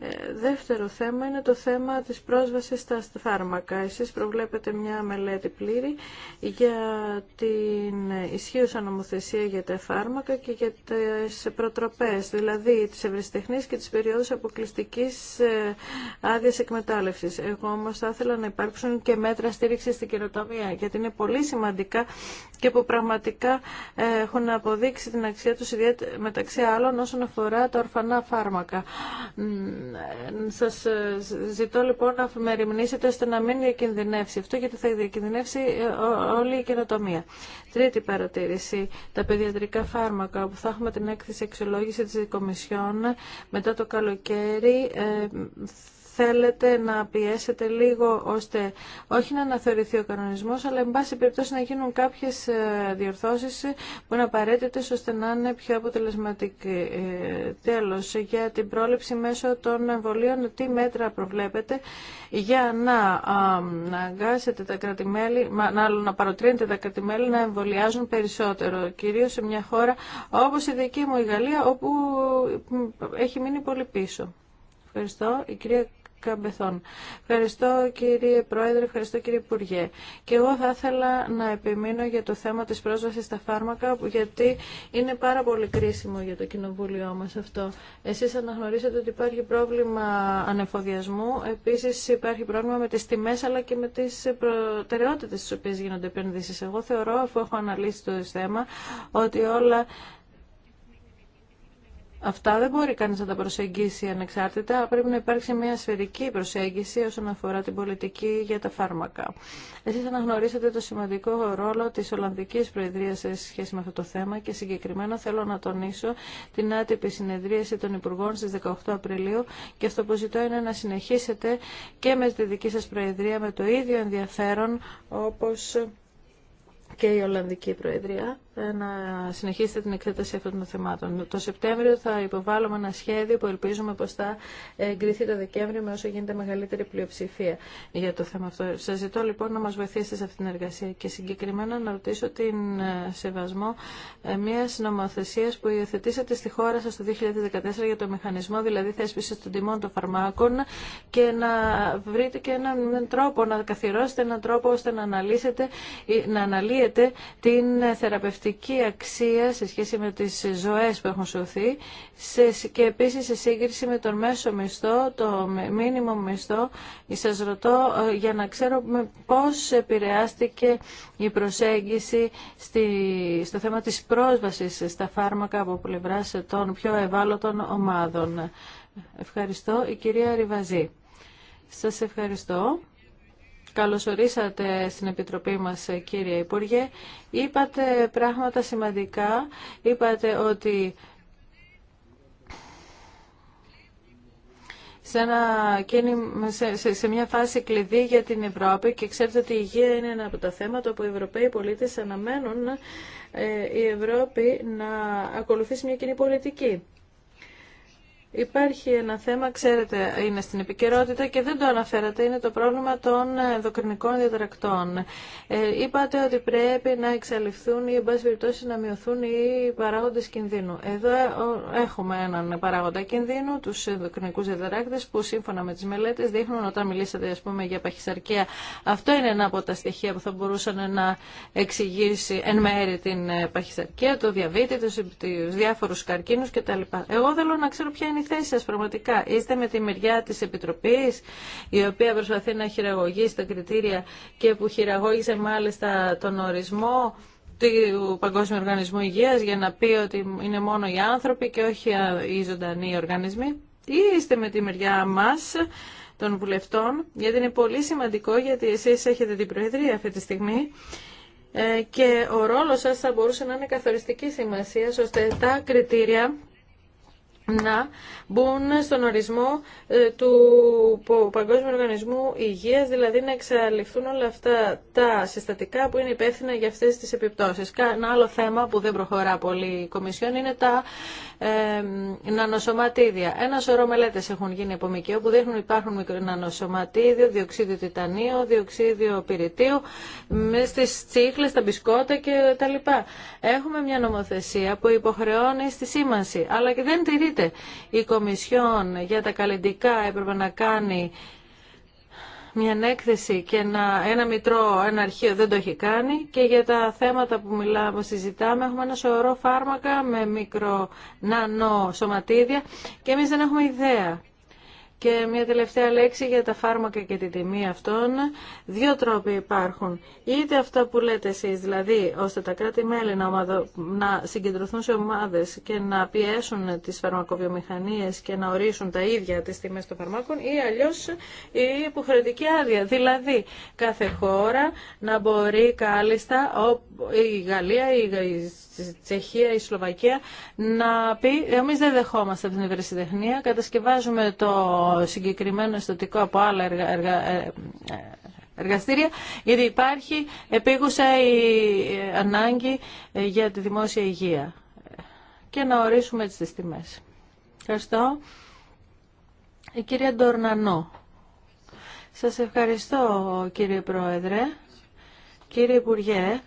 Ε, δεύτερο θέμα είναι το θέμα της πρόσβασης στα φάρμακα. Εσείς προβλέπετε μια μελέτη πλήρη για την ισχύουσα νομοθεσία για τα φάρμακα και για τις προτροπές, δηλαδή τις ευρεσιτεχνίες και τις περιόδους αποκλειστικής ε, άδεια εκμετάλλευσης. Εγώ όμως θα ήθελα να υπάρξουν και μέτρα στήριξης στην καινοτομία, γιατί είναι πολύ σημαντικά και που πραγματικά ε, έχουν αποδείξει την αξία τους μεταξύ άλλων όσον αφορά τα ορφανά φάρμακα φάρμακα. Σας ε, ζητώ λοιπόν να ρημνήσετε ώστε να μην διακινδυνεύσει αυτό γιατί θα διακινδυνεύσει ε, όλη η καινοτομία. Τρίτη παρατήρηση, τα παιδιατρικά φάρμακα όπου θα έχουμε την έκθεση αξιολόγηση της Κομισιόν μετά το καλοκαίρι ε, θέλετε να πιέσετε λίγο ώστε όχι να αναθεωρηθεί ο κανονισμός, αλλά εν πάση περιπτώσει να γίνουν κάποιες ε, διορθώσεις που είναι απαραίτητε ώστε να είναι πιο αποτελεσματικοί. Ε, τέλος, για την πρόληψη μέσω των εμβολίων, τι μέτρα προβλέπετε για να, να τα κρατημέλη, μάλλον να παροτρύνετε τα κρατημέλη να εμβολιάζουν περισσότερο, κυρίως σε μια χώρα όπως η δική μου η Γαλλία, όπου έχει μείνει πολύ πίσω. Ευχαριστώ. Η κυρία Καμπεθών. Ευχαριστώ κύριε Πρόεδρε, ευχαριστώ κύριε Υπουργέ. Και εγώ θα ήθελα να επιμείνω για το θέμα της πρόσβασης στα φάρμακα, γιατί είναι πάρα πολύ κρίσιμο για το κοινοβούλιο μας αυτό. Εσείς αναγνωρίσατε ότι υπάρχει πρόβλημα ανεφοδιασμού, επίσης υπάρχει πρόβλημα με τις τιμές αλλά και με τις προτεραιότητες στις οποίες γίνονται επενδύσεις. Εγώ θεωρώ, αφού έχω αναλύσει το θέμα, ότι όλα Αυτά δεν μπορεί κανείς να τα προσεγγίσει ανεξάρτητα. Πρέπει να υπάρξει μια σφαιρική προσέγγιση όσον αφορά την πολιτική για τα φάρμακα. Εσείς αναγνωρίσατε το σημαντικό ρόλο της Ολλανδικής Προεδρίας σε σχέση με αυτό το θέμα και συγκεκριμένα θέλω να τονίσω την άτυπη συνεδρίαση των Υπουργών στις 18 Απριλίου και αυτό που ζητώ είναι να συνεχίσετε και με τη δική σας Προεδρία με το ίδιο ενδιαφέρον όπως και η Ολλανδική Προεδρία ε, να συνεχίσετε την εκθέταση αυτών των θεμάτων. Το Σεπτέμβριο θα υποβάλλουμε ένα σχέδιο που ελπίζουμε πω θα εγκριθεί το Δεκέμβριο με όσο γίνεται μεγαλύτερη πλειοψηφία για το θέμα αυτό. Σα ζητώ λοιπόν να μα βοηθήσετε σε αυτήν την εργασία και συγκεκριμένα να ρωτήσω την ε, σεβασμό ε, μια νομοθεσία που υιοθετήσατε στη χώρα σα το 2014 για το μηχανισμό, δηλαδή θέσπιση των τιμών των φαρμάκων και να βρείτε και έναν τρόπο, να καθιερώσετε έναν τρόπο ώστε να, αναλύσετε, να αναλύετε την θεραπευτική θρησκευτική αξία σε σχέση με τις ζωές που έχουν σωθεί και επίσης σε σύγκριση με τον μέσο μισθό, το μήνυμο μισθό. σα ρωτώ ε, για να ξέρω πώς επηρεάστηκε η προσέγγιση στη, στο θέμα της πρόσβασης στα φάρμακα από πλευρά των πιο ευάλωτων ομάδων. Ευχαριστώ. Η κυρία Ριβαζή. Σας ευχαριστώ. Καλωσορίσατε στην Επιτροπή μας κύριε Υπουργέ. Είπατε πράγματα σημαντικά. Είπατε ότι σε, σε, μια φάση κλειδί για την Ευρώπη και ξέρετε ότι η υγεία είναι ένα από τα θέματα που οι Ευρωπαίοι πολίτες αναμένουν ε, η Ευρώπη να ακολουθήσει μια κοινή πολιτική. Υπάρχει ένα θέμα, ξέρετε, είναι στην επικαιρότητα και δεν το αναφέρατε, είναι το πρόβλημα των ενδοκρινικών διατρακτών. Ε, είπατε ότι πρέπει να εξαλειφθούν ή, εν πάση περιπτώσει, να μειωθούν οι παράγοντες κινδύνου. Εδώ ε, έχουμε έναν παράγοντα κινδύνου, τους ενδοκρινικούς διατράκτες, που σύμφωνα με τις μελέτες δείχνουν, όταν μιλήσατε, ας πούμε, για παχυσαρκία, αυτό είναι ένα από τα στοιχεία που θα μπορούσαν να εξηγήσει εν μέρη την ε, παχυσαρκία, το διαβήτη, τους διάφορους καρκίνους κτλ. Εγώ θέλω να ξέρω ποια είναι είναι η θέση σας πραγματικά. Είστε με τη μεριά της Επιτροπής, η οποία προσπαθεί να χειραγωγήσει τα κριτήρια και που χειραγώγησε μάλιστα τον ορισμό του Παγκόσμιου Οργανισμού Υγείας για να πει ότι είναι μόνο οι άνθρωποι και όχι οι ζωντανοί οργανισμοί. Ή είστε με τη μεριά μας των βουλευτών, γιατί είναι πολύ σημαντικό γιατί εσείς έχετε την Προεδρία αυτή τη στιγμή ε, και ο ρόλος σας θα μπορούσε να είναι καθοριστική σημασία ώστε τα κριτήρια να μπουν στον ορισμό ε, του Παγκόσμιου Οργανισμού Υγείας, δηλαδή να εξαλειφθούν όλα αυτά τα συστατικά που είναι υπεύθυνα για αυτές τις επιπτώσεις. Ένα άλλο θέμα που δεν προχωρά πολύ η Κομισιόν είναι τα ε, νανοσωματίδια. Ένα σωρό μελέτε έχουν γίνει από ΜΚΟ που δείχνουν υπάρχουν νανοσωματίδιο, διοξίδιο τιτανίου, διοξίδιο πυρητίου, στι τσίχλε, τα μπισκότα και τα λοιπά. Έχουμε μια νομοθεσία που υποχρεώνει στη σήμανση, αλλά και δεν τηρείται. Η Κομισιόν για τα καλλιντικά έπρεπε να κάνει μια έκθεση και ένα, ένα μητρό, ένα αρχείο δεν το έχει κάνει και για τα θέματα που μιλάμε, συζητάμε έχουμε ένα σωρό φάρμακα με μικρο σωματίδια και εμείς δεν έχουμε ιδέα. Και μια τελευταία λέξη για τα φάρμακα και την τιμή αυτών. Δύο τρόποι υπάρχουν. Είτε αυτά που λέτε εσεί, δηλαδή ώστε τα κράτη-μέλη να, ομαδο... να συγκεντρωθούν σε ομάδε και να πιέσουν τι φαρμακοβιομηχανίε και να ορίσουν τα ίδια τι τιμέ των φαρμάκων, ή αλλιώ η υποχρεωτική άδεια. Δηλαδή κάθε χώρα να μπορεί κάλλιστα, η Γαλλία, η στη Τσεχία, η Σλοβακία, να πει εμεί δεν δεχόμαστε την ευρεσιτεχνία, κατασκευάζουμε το συγκεκριμένο αισθητικό από άλλα ε, ε, εργαστήρια, γιατί υπάρχει επίγουσα η ε, ανάγκη για τη δημόσια υγεία και να ορίσουμε έτσι τις τιμές. Ευχαριστώ. Η κυρία Ντορνανό. Σας ευχαριστώ κύριε Πρόεδρε, κύριε Υπουργέ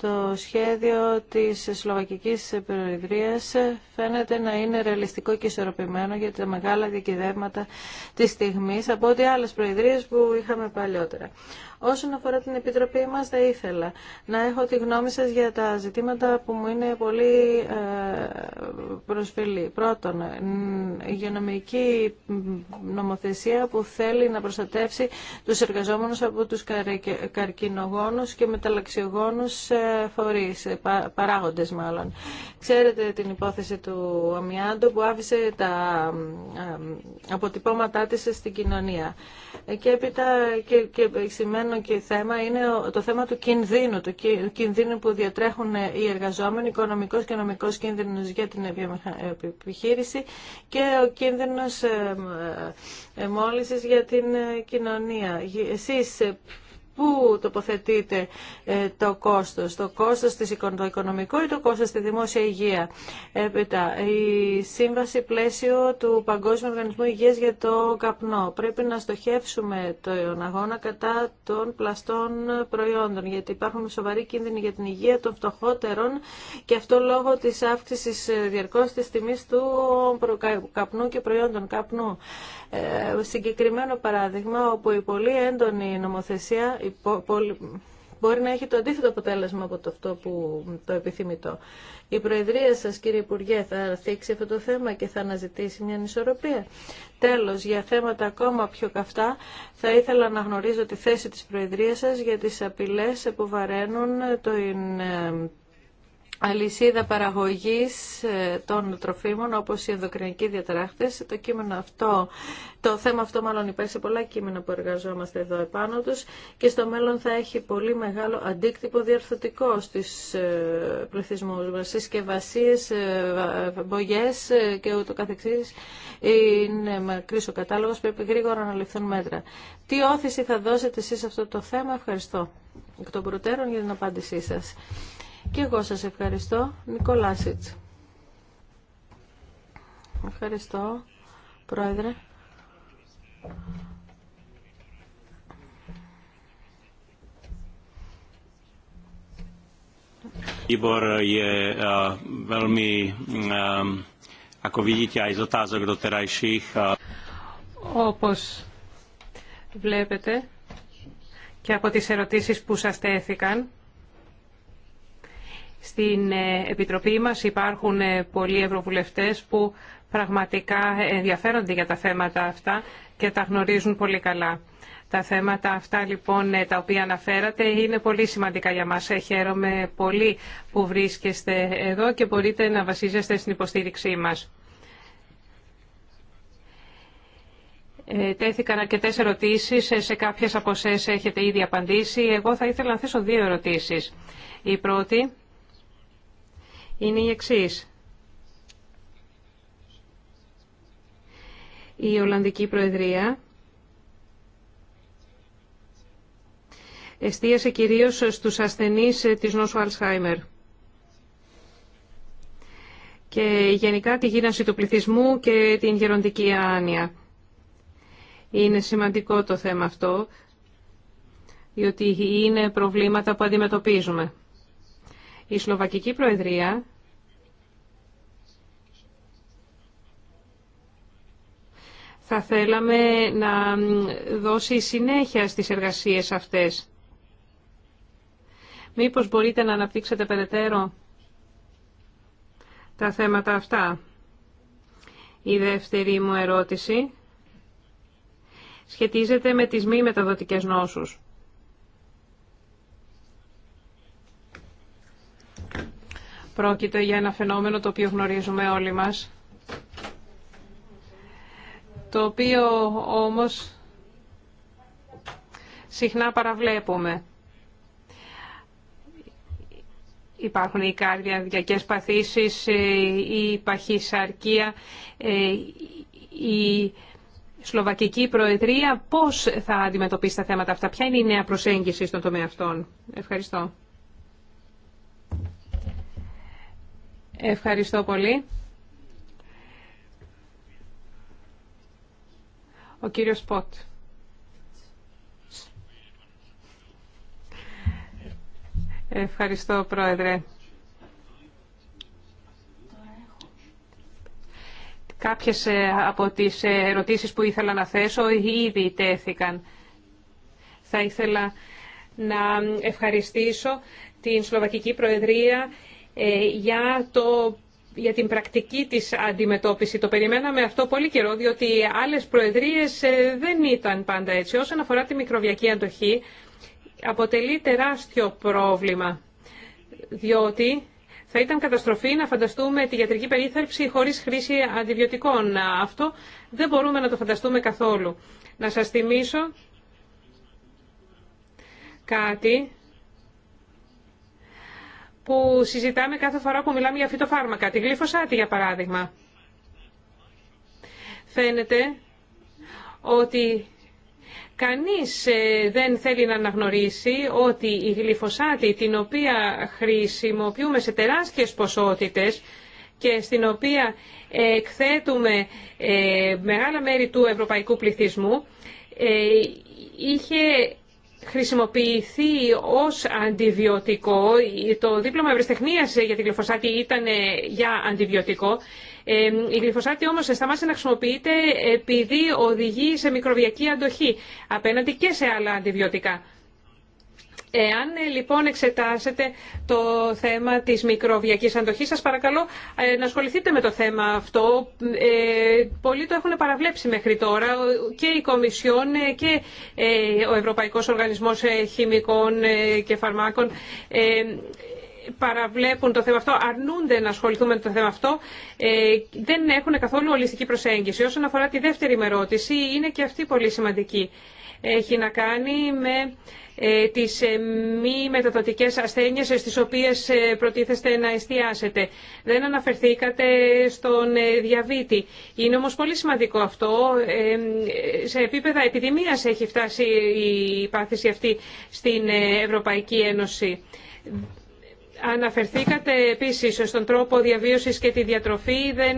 το σχέδιο της Σλοβακικής Προεδρίας φαίνεται να είναι ρεαλιστικό και ισορροπημένο για τα μεγάλα διακυδεύματα της στιγμής από ό,τι άλλες προεδρίες που είχαμε παλιότερα. Όσον αφορά την Επιτροπή μας, θα ήθελα να έχω τη γνώμη σας για τα ζητήματα που μου είναι πολύ ε, προσφυλή. Πρώτον, υγειονομική νομοθεσία που θέλει να προστατεύσει τους εργαζόμενους από τους καρκινογόνους και μεταλλαξιογόνους ε, φορείς, ε, παράγοντες μάλλον. Ξέρετε την υπόθεση του Αμιάντο που άφησε τα αποτυπώματά της στην κοινωνία. Και έπειτα και, και το και θέμα είναι το θέμα του κινδύνου, του κινδύνου που διατρέχουν ε, οι εργαζόμενοι, οικονομικός και νομικός κίνδυνος για την επιχείρηση και ο κίνδυνος ε, μόλισης για την ε, κοινωνία. Εσείς πού τοποθετείται ε, το κόστος. Το κόστος το οικονομικό ή το κόστος στη δημόσια υγεία. Έπειτα, η σύμβαση πλαίσιο του Παγκόσμιου Οργανισμού Υγείας για το καπνό. Πρέπει να στοχεύσουμε τον αγώνα κατά των πλαστών προϊόντων, γιατί υπάρχουν σοβαροί κίνδυνοι για την υγεία των φτωχότερων και αυτό λόγω της αύξησης ε, διαρκώς της τιμής του καπνού και προϊόντων καπνού. Ε, συγκεκριμένο παράδειγμα όπου η πολύ έντονη νομοθεσία μπορεί να έχει το αντίθετο αποτέλεσμα από το αυτό που το επιθυμητό. Η Προεδρία σας, κύριε Υπουργέ, θα θίξει αυτό το θέμα και θα αναζητήσει μια ανισορροπία. Τέλος, για θέματα ακόμα πιο καυτά, θα ήθελα να γνωρίζω τη θέση της Προεδρίας σα για τις απειλέ που βαραίνουν το. Ε, αλυσίδα παραγωγής ε, των τροφίμων όπως οι ενδοκρινικοί διατράχτες. Το κείμενο αυτό, το θέμα αυτό μάλλον υπάρχει σε πολλά κείμενα που εργαζόμαστε εδώ επάνω τους και στο μέλλον θα έχει πολύ μεγάλο αντίκτυπο διαρθωτικό στις ε, πληθυσμούς μας, συσκευασίες, ε, μπογιές και ούτω καθεξής. Είναι μακρύς ο κατάλογος, πρέπει γρήγορα να ληφθούν μέτρα. Τι όθηση θα δώσετε εσείς αυτό το θέμα, ευχαριστώ εκ των προτέρων για την απάντησή σας. Και εγώ σας ευχαριστώ. Νικολάσιτς. Ευχαριστώ, Πρόεδρε. Výbor je eh, veľmi, eh, ako vidíte aj z eh. Όπως βλέπετε και από τις ερωτήσεις που σας τέθηκαν, στην ε, Επιτροπή μας υπάρχουν ε, πολλοί ευρωβουλευτές που πραγματικά ε, ενδιαφέρονται για τα θέματα αυτά και τα γνωρίζουν πολύ καλά. Τα θέματα αυτά λοιπόν τα οποία αναφέρατε είναι πολύ σημαντικά για μας. Χαίρομαι πολύ που βρίσκεστε εδώ και μπορείτε να βασίζεστε στην υποστήριξή μας. Τέθηκαν αρκετέ ερωτήσει. Σε κάποιε από εσέ έχετε ήδη απαντήσει. Εγώ θα ήθελα να θέσω δύο ερωτήσει. Η πρώτη είναι η εξή. Η Ολλανδική Προεδρία εστίασε κυρίως στους ασθενείς της νόσου Αλσχάιμερ και γενικά τη γύρανση του πληθυσμού και την γεροντική άνοια. Είναι σημαντικό το θέμα αυτό, διότι είναι προβλήματα που αντιμετωπίζουμε. Η Σλοβακική Προεδρία θα θέλαμε να δώσει συνέχεια στις εργασίες αυτές. Μήπως μπορείτε να αναπτύξετε περαιτέρω τα θέματα αυτά. Η δεύτερη μου ερώτηση σχετίζεται με τις μη μεταδοτικές νόσους. Πρόκειται για ένα φαινόμενο το οποίο γνωρίζουμε όλοι μας, το οποίο όμως συχνά παραβλέπουμε. Υπάρχουν οι καρδιακές παθήσεις, η παχυσαρκία, η Σλοβακική Προεδρία. Πώς θα αντιμετωπίσει τα θέματα αυτά, ποια είναι η νέα προσέγγιση στον τομέα αυτών. Ευχαριστώ. Ευχαριστώ πολύ. Ο κύριος Πότ. Ευχαριστώ, Πρόεδρε. Κάποιες ε, από τις ε, ερωτήσεις που ήθελα να θέσω ήδη τέθηκαν. Θα ήθελα να ευχαριστήσω την Σλοβακική Προεδρία ε, για, το, για την πρακτική της αντιμετώπιση. Το περιμέναμε αυτό πολύ καιρό, διότι άλλες προεδρίες ε, δεν ήταν πάντα έτσι. Όσον αφορά τη μικροβιακή αντοχή, αποτελεί τεράστιο πρόβλημα, διότι θα ήταν καταστροφή να φανταστούμε τη γιατρική περίθαλψη χωρίς χρήση αντιβιωτικών. Αυτό δεν μπορούμε να το φανταστούμε καθόλου. Να σας θυμίσω κάτι που συζητάμε κάθε φορά που μιλάμε για φυτοφάρμακα, τη γλυφοσάτη για παράδειγμα. Φαίνεται ότι κανείς ε, δεν θέλει να αναγνωρίσει ότι η γλυφοσάτη την οποία χρησιμοποιούμε σε τεράστιες ποσότητες και στην οποία ε, εκθέτουμε ε, μεγάλα μέρη του ευρωπαϊκού πληθυσμού είχε χρησιμοποιηθεί ως αντιβιωτικό. Το δίπλωμα ευρεσιτεχνίας για τη γλυφοσάτη ήταν ε, για αντιβιωτικό. Ε, η γλυφοσάτη όμως σταμάτησε να χρησιμοποιείται επειδή οδηγεί σε μικροβιακή αντοχή απέναντι και σε άλλα αντιβιωτικά. Εάν ε, λοιπόν εξετάσετε το θέμα της μικροβιακής αντοχής, σας παρακαλώ ε, να ασχοληθείτε με το θέμα αυτό. Ε, πολλοί το έχουν παραβλέψει μέχρι τώρα και η Κομισιόν και ο Ευρωπαϊκός Οργανισμός Χημικών και Φαρμάκων παραβλέπουν το θέμα αυτό, αρνούνται να ασχοληθούν με το θέμα αυτό, δεν έχουν καθόλου ολιστική προσέγγιση. Όσον αφορά τη δεύτερη μερώτηση, είναι και αυτή πολύ σημαντική έχει να κάνει με ε, τις ε, μη μεταδοτικές ασθένειες ε, στις οποίες προτίθεστε να εστιάσετε. Δεν αναφερθήκατε στον διαβήτη. Είναι όμως πολύ σημαντικό αυτό. Σε επίπεδα επιδημίας έχει φτάσει η πάθηση αυτή στην Ευρωπαϊκή Ένωση. Αναφερθήκατε επίσης στον τρόπο διαβίωσης και τη διατροφή. Δεν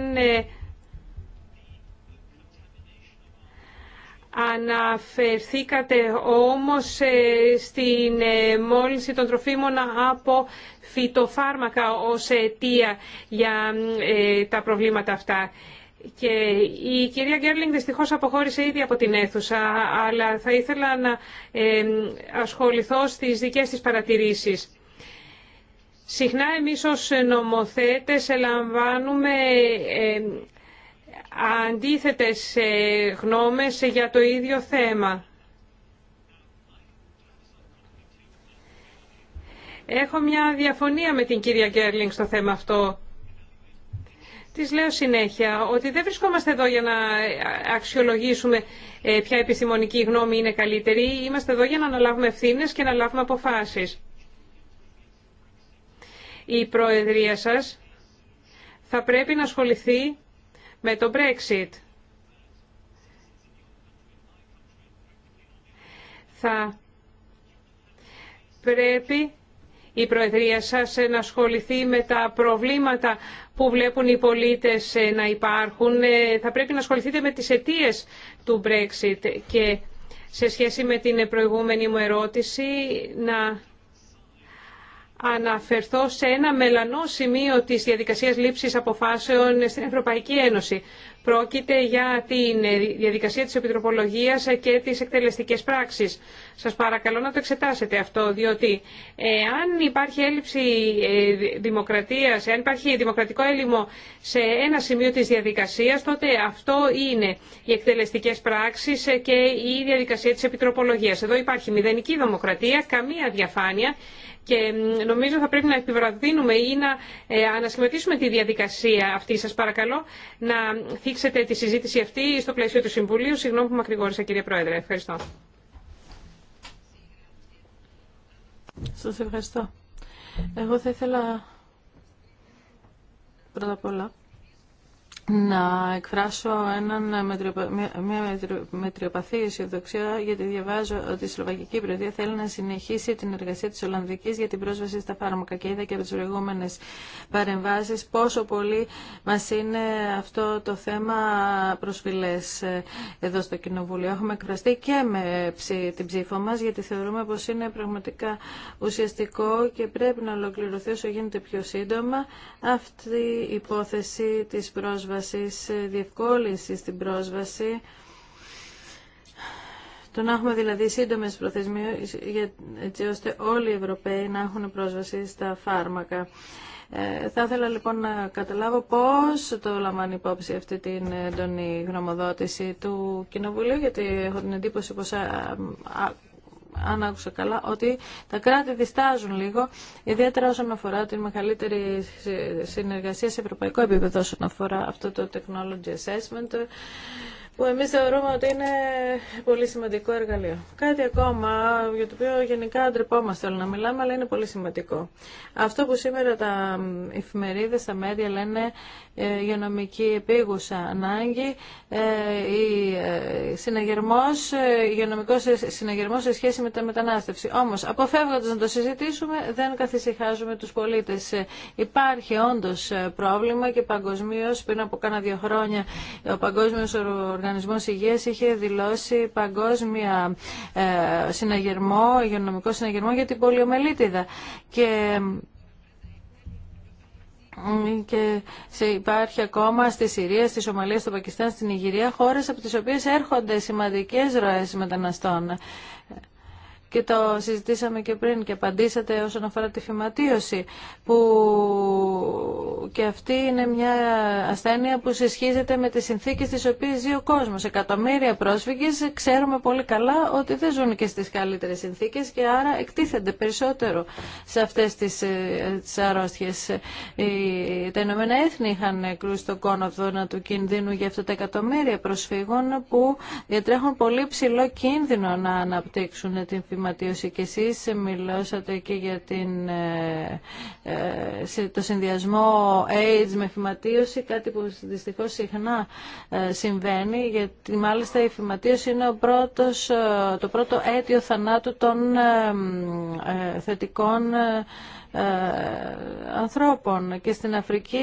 Αναφερθήκατε όμως ε, στην ε, μόλυνση των τροφίμων από φυτοφάρμακα ως αιτία για ε, τα προβλήματα αυτά. Και η κυρία Γκέρλινγκ δυστυχώς αποχώρησε ήδη από την αίθουσα, αλλά θα ήθελα να ασχοληθώ στις δικές της παρατηρήσεις. Συχνά εμείς ως νομοθέτες ελαμβάνουμε αντίθετες ε, γνώμες για το ίδιο θέμα. Έχω μια διαφωνία με την κυρία Γκέρλινγκ στο θέμα αυτό. Της λέω συνέχεια ότι δεν βρισκόμαστε εδώ για να αξιολογήσουμε ε, ποια επιστημονική γνώμη είναι καλύτερη. Είμαστε εδώ για να αναλάβουμε ευθύνε και να λάβουμε αποφάσεις. Η Προεδρία σας θα πρέπει να ασχοληθεί με το Brexit. Θα πρέπει η Προεδρία σας να ασχοληθεί με τα προβλήματα που βλέπουν οι πολίτες ε, να υπάρχουν. Ε, θα πρέπει να ασχοληθείτε με τις αιτίες του Brexit και σε σχέση με την προηγούμενη μου ερώτηση να αναφερθώ σε ένα μελανό σημείο της διαδικασίας λήψης αποφάσεων στην Ευρωπαϊκή Ένωση. Πρόκειται για τη διαδικασία της επιτροπολογίας και τις εκτελεστικές πράξεις. Σας παρακαλώ να το εξετάσετε αυτό, διότι ε, αν υπάρχει έλλειψη ε, δημοκρατίας, αν υπάρχει δημοκρατικό έλλειμμα σε ένα σημείο της διαδικασίας, τότε αυτό είναι οι εκτελεστικές πράξεις και η διαδικασία της επιτροπολογίας. Εδώ υπάρχει μηδενική δημοκρατία, καμία διαφάνεια και νομίζω θα πρέπει να επιβραδύνουμε ή να ε, ανασχηματίσουμε τη διαδικασία αυτή. Σας παρακαλώ να θίξετε τη συζήτηση αυτή στο πλαίσιο του Συμβουλίου. Συγγνώμη που μακρηγόρησα κύριε Πρόεδρε. Ευχαριστώ. Σας ευχαριστώ. Εγώ θα ήθελα πρώτα απ' όλα να εκφράσω έναν μετριοπα... μια μετριοπαθή αισιοδοξία γιατί διαβάζω ότι η Σλοβακική Προεδρία θέλει να συνεχίσει την εργασία της Ολλανδικής για την πρόσβαση στα φάρμακα και είδα και από τις προηγούμενες παρεμβάσεις πόσο πολύ μας είναι αυτό το θέμα προσφυλές ε, εδώ στο Κοινοβούλιο. Έχουμε εκφραστεί και με την ψήφο μας γιατί θεωρούμε πως είναι πραγματικά ουσιαστικό και πρέπει να ολοκληρωθεί όσο γίνεται πιο σύντομα αυτή η υπόθεση της πρόσβασης πρόσβασης, ε, διευκόλυνση στην πρόσβαση, το να έχουμε δηλαδή σύντομες προθεσμίες έτσι ώστε όλοι οι Ευρωπαίοι να έχουν πρόσβαση στα φάρμακα. Ε, θα ήθελα λοιπόν να καταλάβω πώς το λαμβάνει υπόψη αυτή την έντονη γνωμοδότηση του Κοινοβουλίου, γιατί έχω την εντύπωση πως αν άκουσα καλά, ότι τα κράτη διστάζουν λίγο, ιδιαίτερα όσον αφορά την μεγαλύτερη συνεργασία σε ευρωπαϊκό επίπεδο όσον αφορά αυτό το technology assessment που εμείς θεωρούμε ότι είναι πολύ σημαντικό εργαλείο. Κάτι ακόμα για το οποίο γενικά ντρεπόμαστε όλοι να μιλάμε, αλλά είναι πολύ σημαντικό. Αυτό που σήμερα τα εφημερίδες, τα μέδια λένε ε, υγειονομική επίγουσα ανάγκη, ε, η ε, συναγερμός, υγειονομικός συναγερμός σε σχέση με τα μετανάστευση. Όμως, αποφεύγοντας να το συζητήσουμε, δεν καθησυχάζουμε τους πολίτες. Υπάρχει όντως πρόβλημα και παγκοσμίω πριν από κάνα δύο χρόνια ο Παγκόσμιος Οργανισμός Υγείας είχε δηλώσει παγκόσμια συναγερμό, υγειονομικό συναγερμό για την πολιομελίτιδα. Και και σε υπάρχει ακόμα στη Συρία, στη Σομαλία, στο Πακιστάν, στην Ιγυρία, χώρες από τις οποίες έρχονται σημαντικές ροές μεταναστών και το συζητήσαμε και πριν και απαντήσατε όσον αφορά τη φυματίωση που και αυτή είναι μια ασθένεια που συσχίζεται με τις συνθήκες τις οποίες ζει ο κόσμος. Εκατομμύρια πρόσφυγες ξέρουμε πολύ καλά ότι δεν ζουν και στις καλύτερες συνθήκες και άρα εκτίθενται περισσότερο σε αυτές τις, ε, τις αρρώστιες. Τα Ηνωμένα Έθνη είχαν κρούσει το κόνοδο του κινδύνου για αυτά τα εκατομμύρια προσφύγων που διατρέχουν πολύ ψηλό κίνδυνο να αναπτύξουν την φυματίωση και εσείς μιλώσατε και για την, ε, ε, το συνδυασμό AIDS με φυματίωση, κάτι που δυστυχώς συχνά ε, συμβαίνει, γιατί μάλιστα η φυματίωση είναι ο πρώτος, το πρώτο αίτιο θανάτου των θετικών ε, ανθρώπων και στην Αφρική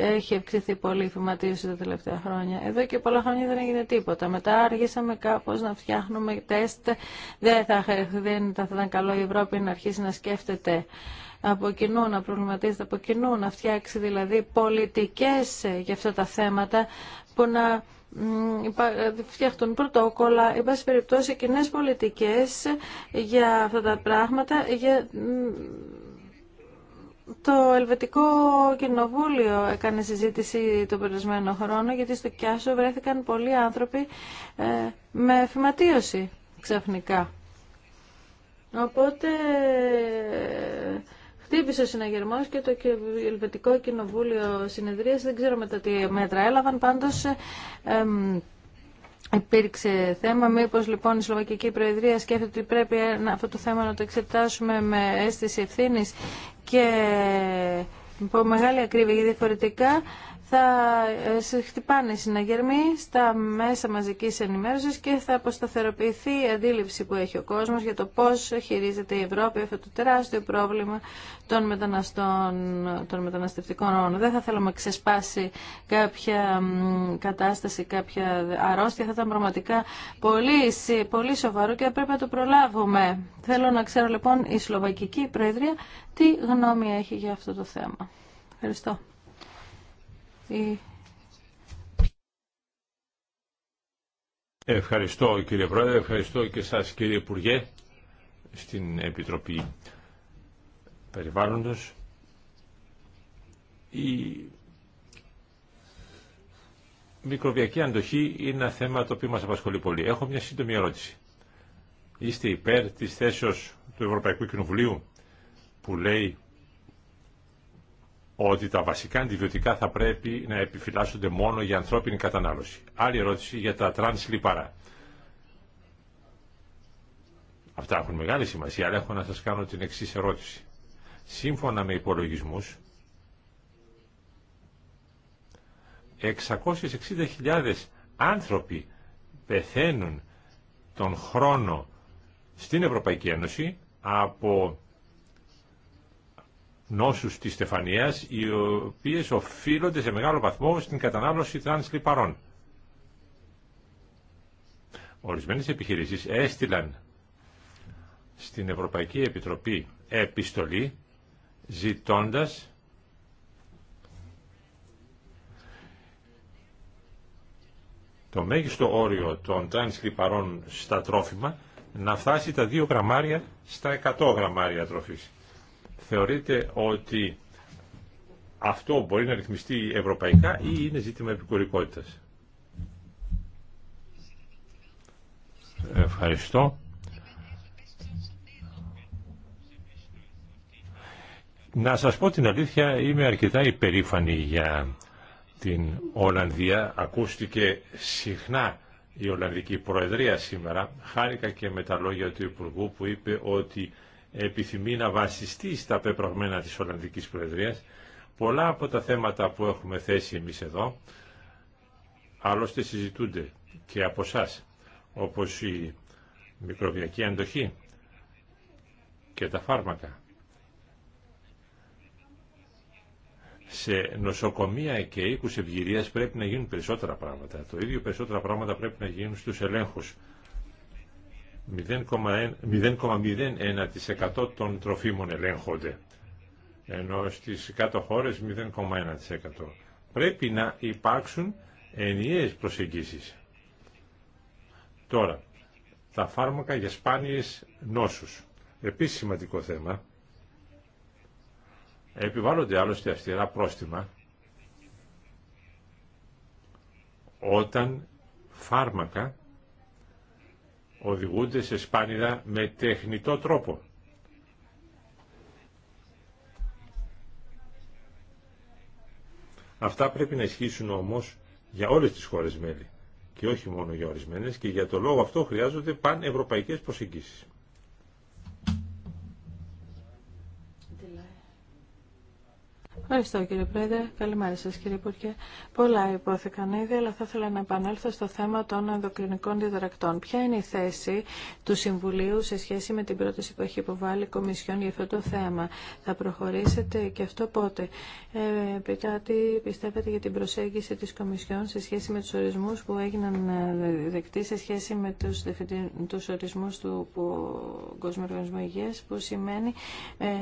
έχει αυξηθεί πολύ η φυματίωση τα τελευταία χρόνια. Εδώ και πολλά χρόνια δεν έγινε τίποτα. Μετά αργήσαμε κάπως να φτιάχνουμε τεστ. Δεν θα, δεν θα ήταν καλό η Ευρώπη να αρχίσει να σκέφτεται από κοινού, να προβληματίζεται από κοινού, να φτιάξει δηλαδή πολιτικές για αυτά τα θέματα που να φτιάχνουν πρωτόκολλα, εν πάση περιπτώσει κοινέ πολιτικές για αυτά τα πράγματα, για το Ελβετικό Κοινοβούλιο έκανε συζήτηση τον περασμένο χρόνο γιατί στο Κιάσο βρέθηκαν πολλοί άνθρωποι ε, με φυματίωση ξαφνικά. Οπότε χτύπησε ο συναγερμός και το Ελβετικό Κοινοβούλιο συνεδρίασε. Δεν ξέρω μετά τι μέτρα έλαβαν. Ε, Υπήρξε θέμα. Μήπω λοιπόν η Σλοβακική Προεδρία σκέφτεται ότι πρέπει αυτό το θέμα να το εξετάσουμε με αίσθηση ευθύνη και με μεγάλη ακρίβεια, γιατί διαφορετικά θα ε, χτυπάνε οι συναγερμοί στα μέσα μαζικής ενημέρωσης και θα αποσταθεροποιηθεί η αντίληψη που έχει ο κόσμος για το πώς χειρίζεται η Ευρώπη αυτό το τεράστιο πρόβλημα των, μεταναστών, των μεταναστευτικών όρων. Δεν θα θέλαμε να ξεσπάσει κάποια κατάσταση, κάποια αρρώστια. Θα ήταν πραγματικά πολύ, πολύ σοβαρό και πρέπει να το προλάβουμε. Θέλω να ξέρω λοιπόν η Σλοβακική Προεδρία τι γνώμη έχει για αυτό το θέμα. Ευχαριστώ. Ευχαριστώ κύριε Πρόεδρε, ευχαριστώ και σας κύριε Υπουργέ στην Επιτροπή Περιβάλλοντος. Η μικροβιακή αντοχή είναι ένα θέμα το οποίο μας απασχολεί πολύ. Έχω μια σύντομη ερώτηση. Είστε υπέρ της θέσεως του Ευρωπαϊκού Κοινοβουλίου που λέει ότι τα βασικά αντιβιωτικά θα πρέπει να επιφυλάσσονται μόνο για ανθρώπινη κατανάλωση. Άλλη ερώτηση για τα τρανς λιπαρά. Αυτά έχουν μεγάλη σημασία, αλλά έχω να σας κάνω την εξής ερώτηση. Σύμφωνα με υπολογισμούς, 660.000 άνθρωποι πεθαίνουν τον χρόνο στην Ευρωπαϊκή Ένωση από νόσους της στεφανίας, οι οποίες οφείλονται σε μεγάλο βαθμό στην κατανάλωση τρανς λιπαρών. Ορισμένες επιχειρήσεις έστειλαν στην Ευρωπαϊκή Επιτροπή επιστολή ζητώντας το μέγιστο όριο των τρανς λιπαρών στα τρόφιμα να φτάσει τα 2 γραμμάρια στα 100 γραμμάρια τροφής θεωρείτε ότι αυτό μπορεί να ρυθμιστεί ευρωπαϊκά ή είναι ζήτημα επικουρικότητας. Ευχαριστώ. Να σας πω την αλήθεια, είμαι αρκετά υπερήφανη για την Ολλανδία. Ακούστηκε συχνά η Ολλανδική Προεδρία σήμερα. Χάρηκα και με τα λόγια του Υπουργού που είπε ότι επιθυμεί να βασιστεί στα πεπραγμένα της Ολλανδικής Προεδρίας. Πολλά από τα θέματα που έχουμε θέσει εμείς εδώ, άλλωστε συζητούνται και από εσά, όπως η μικροβιακή αντοχή και τα φάρμακα. σε νοσοκομεία και οίκους ευγυρία πρέπει να γίνουν περισσότερα πράγματα. Το ίδιο περισσότερα πράγματα πρέπει να γίνουν στους ελέγχους... 0,01% των τροφίμων ελέγχονται, ενώ στις κάτω χώρες 0,1%. Πρέπει να υπάρξουν ενιαίες προσεγγίσεις. Τώρα, τα φάρμακα για σπάνιες νόσους. Επίσης σημαντικό θέμα. Επιβάλλονται άλλωστε αυστηρά πρόστιμα όταν φάρμακα οδηγούνται σε σπάνιδα με τεχνητό τρόπο. Αυτά πρέπει να ισχύσουν όμως για όλες τις χώρες μέλη και όχι μόνο για ορισμένες και για το λόγο αυτό χρειάζονται πανευρωπαϊκές προσεγγίσεις. Ευχαριστώ κύριε Πρόεδρε. Καλημέρα σα, κύριε Υπουργέ. Πολλά υπόθηκαν ήδη, αλλά θα ήθελα να επανέλθω στο θέμα των ενδοκρινικών διδρακτών. Ποια είναι η θέση του Συμβουλίου σε σχέση με την πρόταση που έχει υποβάλει η Κομισιόν για αυτό το θέμα. Θα προχωρήσετε και αυτό πότε. Ε, Πείτε τι πιστεύετε για την προσέγγιση τη Κομισιόν σε σχέση με του ορισμού που έγιναν ε, δεκτοί σε σχέση με τους, τους ορισμούς του Παγκόσμιου Οργανισμού που σημαίνει ε,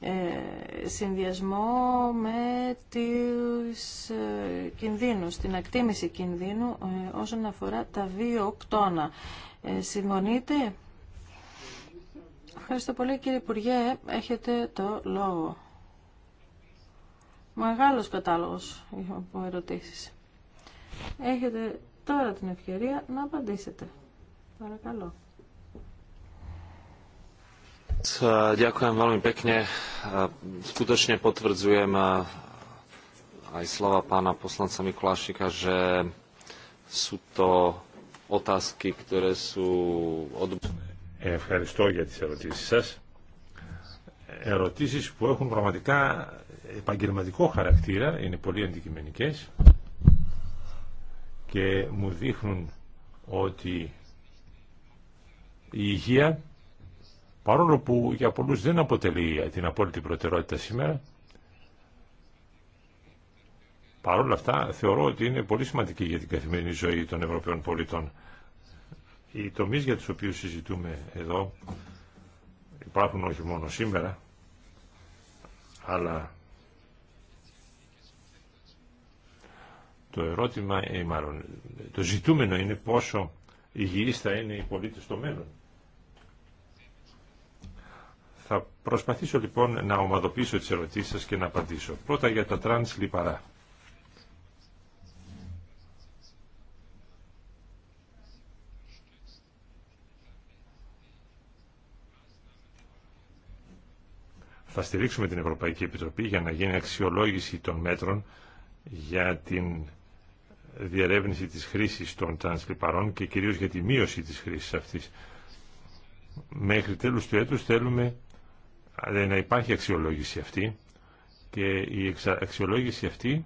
ε, συνδυασμό με τις ε, κινδύνους, την ακτίμηση κινδύνου ε, όσον αφορά τα βιοκτώνα. συμφωνείτε? Ευχαριστώ πολύ κύριε Υπουργέ. Έχετε το λόγο. Μεγάλος κατάλογος από ερωτήσεις. Έχετε τώρα την ευκαιρία να απαντήσετε. Παρακαλώ. Ďakujem Ευχαριστώ για τις ερωτήσεις σας. Ερωτήσεις που έχουν πραγματικά επαγγελματικό χαρακτήρα, είναι πολύ αντικειμενικές και μου δείχνουν ότι η υγεία παρόλο που για πολλούς δεν αποτελεί την απόλυτη προτεραιότητα σήμερα, παρόλα αυτά θεωρώ ότι είναι πολύ σημαντική για την καθημερινή ζωή των Ευρωπαίων πολιτών. Οι τομείς για τους οποίους συζητούμε εδώ υπάρχουν όχι μόνο σήμερα, αλλά το ερώτημα, το ζητούμενο είναι πόσο υγιείς θα είναι οι πολίτες στο μέλλον. Θα προσπαθήσω λοιπόν να ομαδοποιήσω τις ερωτήσεις σας και να απαντήσω. Πρώτα για τα τρανς λιπαρά. Θα στηρίξουμε την Ευρωπαϊκή Επιτροπή για να γίνει αξιολόγηση των μέτρων για την διερεύνηση της χρήσης των λιπαρών και κυρίως για τη μείωση της χρήσης αυτής. Μέχρι τέλους του έτους θέλουμε ε, να υπάρχει αξιολόγηση αυτή και η αξιολόγηση αυτή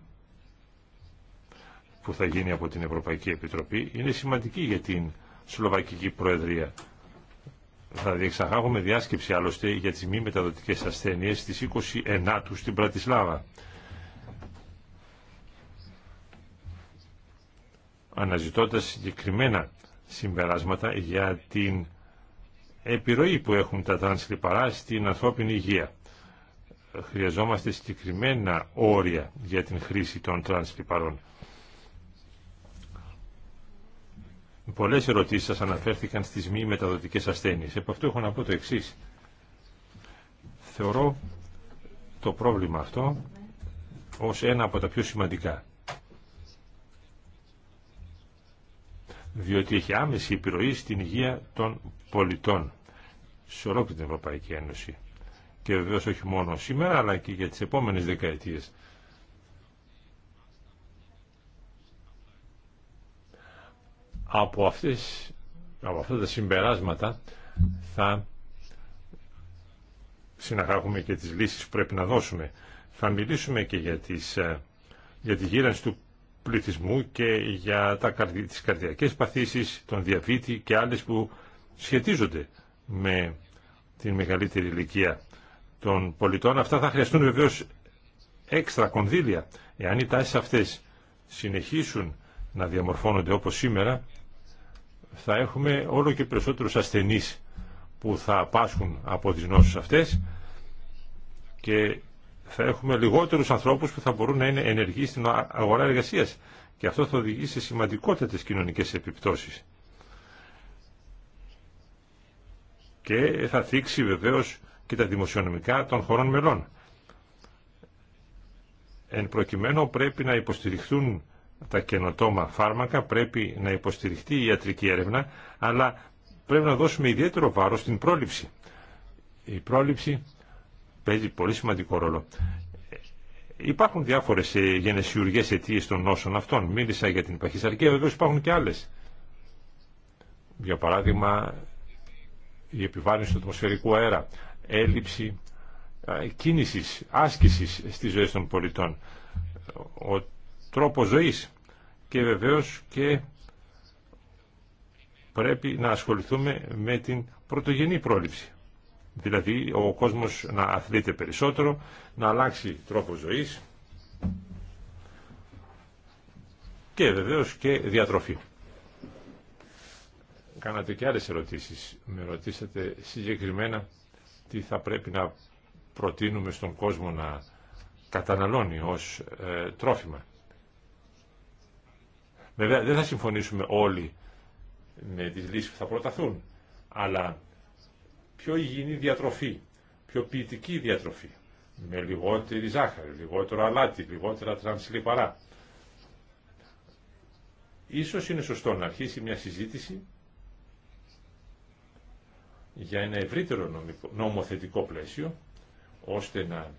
που θα γίνει από την Ευρωπαϊκή Επιτροπή είναι σημαντική για την Σλοβακική Προεδρία. Θα διεξαγάγουμε διάσκεψη άλλωστε για τις μη μεταδοτικές ασθένειες στις 29 του στην Πρατισλάβα. Αναζητώντας συγκεκριμένα συμπεράσματα για την επιρροή που έχουν τα λιπαρά στην ανθρώπινη υγεία. Χρειαζόμαστε συγκεκριμένα όρια για την χρήση των λιπαρών. Πολλές ερωτήσεις σας αναφέρθηκαν στις μη μεταδοτικές ασθένειες. Επ' αυτού έχω να πω το εξή. Θεωρώ το πρόβλημα αυτό ως ένα από τα πιο σημαντικά. διότι έχει άμεση επιρροή στην υγεία των πολιτών σε ολόκληρη την Ευρωπαϊκή Ένωση. Και βεβαίω όχι μόνο σήμερα, αλλά και για τις επόμενες δεκαετίες. Από, αυτές, από αυτά τα συμπεράσματα θα συναγάγουμε και τις λύσεις που πρέπει να δώσουμε. Θα μιλήσουμε και για, τις, ε, για τη γύρανση του πληθυσμού και για τα, τις καρδιακές παθήσεις, τον διαβήτη και άλλες που σχετίζονται με την μεγαλύτερη ηλικία των πολιτών. Αυτά θα χρειαστούν βεβαίω έξτρα κονδύλια. Εάν οι τάσει αυτές συνεχίσουν να διαμορφώνονται όπως σήμερα, θα έχουμε όλο και περισσότερους ασθενείς που θα πάσχουν από τι νόσους αυτές και θα έχουμε λιγότερους ανθρώπους που θα μπορούν να είναι ενεργοί στην αγορά εργασία. Και αυτό θα οδηγήσει σε σημαντικότερε κοινωνικέ επιπτώσει. και θα θίξει βεβαίως και τα δημοσιονομικά των χωρών μελών. Εν προκειμένου πρέπει να υποστηριχθούν τα καινοτόμα φάρμακα, πρέπει να υποστηριχτεί η ιατρική έρευνα, αλλά πρέπει να δώσουμε ιδιαίτερο βάρος στην πρόληψη. Η πρόληψη παίζει πολύ σημαντικό ρόλο. Υπάρχουν διάφορες ε, γενεσιουργές αιτίε των νόσων αυτών. Μίλησα για την παχυσαρκία, βεβαίως υπάρχουν και άλλες. Για παράδειγμα, η επιβάρυνση του ατμοσφαιρικού αέρα, έλλειψη κίνησης, άσκησης στις ζωές των πολιτών, ο τρόπος ζωής και βεβαίως και πρέπει να ασχοληθούμε με την πρωτογενή πρόληψη. Δηλαδή ο κόσμος να αθλείται περισσότερο, να αλλάξει τρόπο ζωής και βεβαίως και διατροφή κάνατε και άλλες ερωτήσεις. Με ρωτήσατε συγκεκριμένα τι θα πρέπει να προτείνουμε στον κόσμο να καταναλώνει ως ε, τρόφιμα. Βέβαια δεν θα συμφωνήσουμε όλοι με τις λύσεις που θα προταθούν, αλλά πιο υγιεινή διατροφή, πιο ποιητική διατροφή, με λιγότερη ζάχαρη, λιγότερο αλάτι, λιγότερα τρανσλιπαρά. Ίσως είναι σωστό να αρχίσει μια συζήτηση για ένα ευρύτερο νομοθετικό πλαίσιο, ώστε να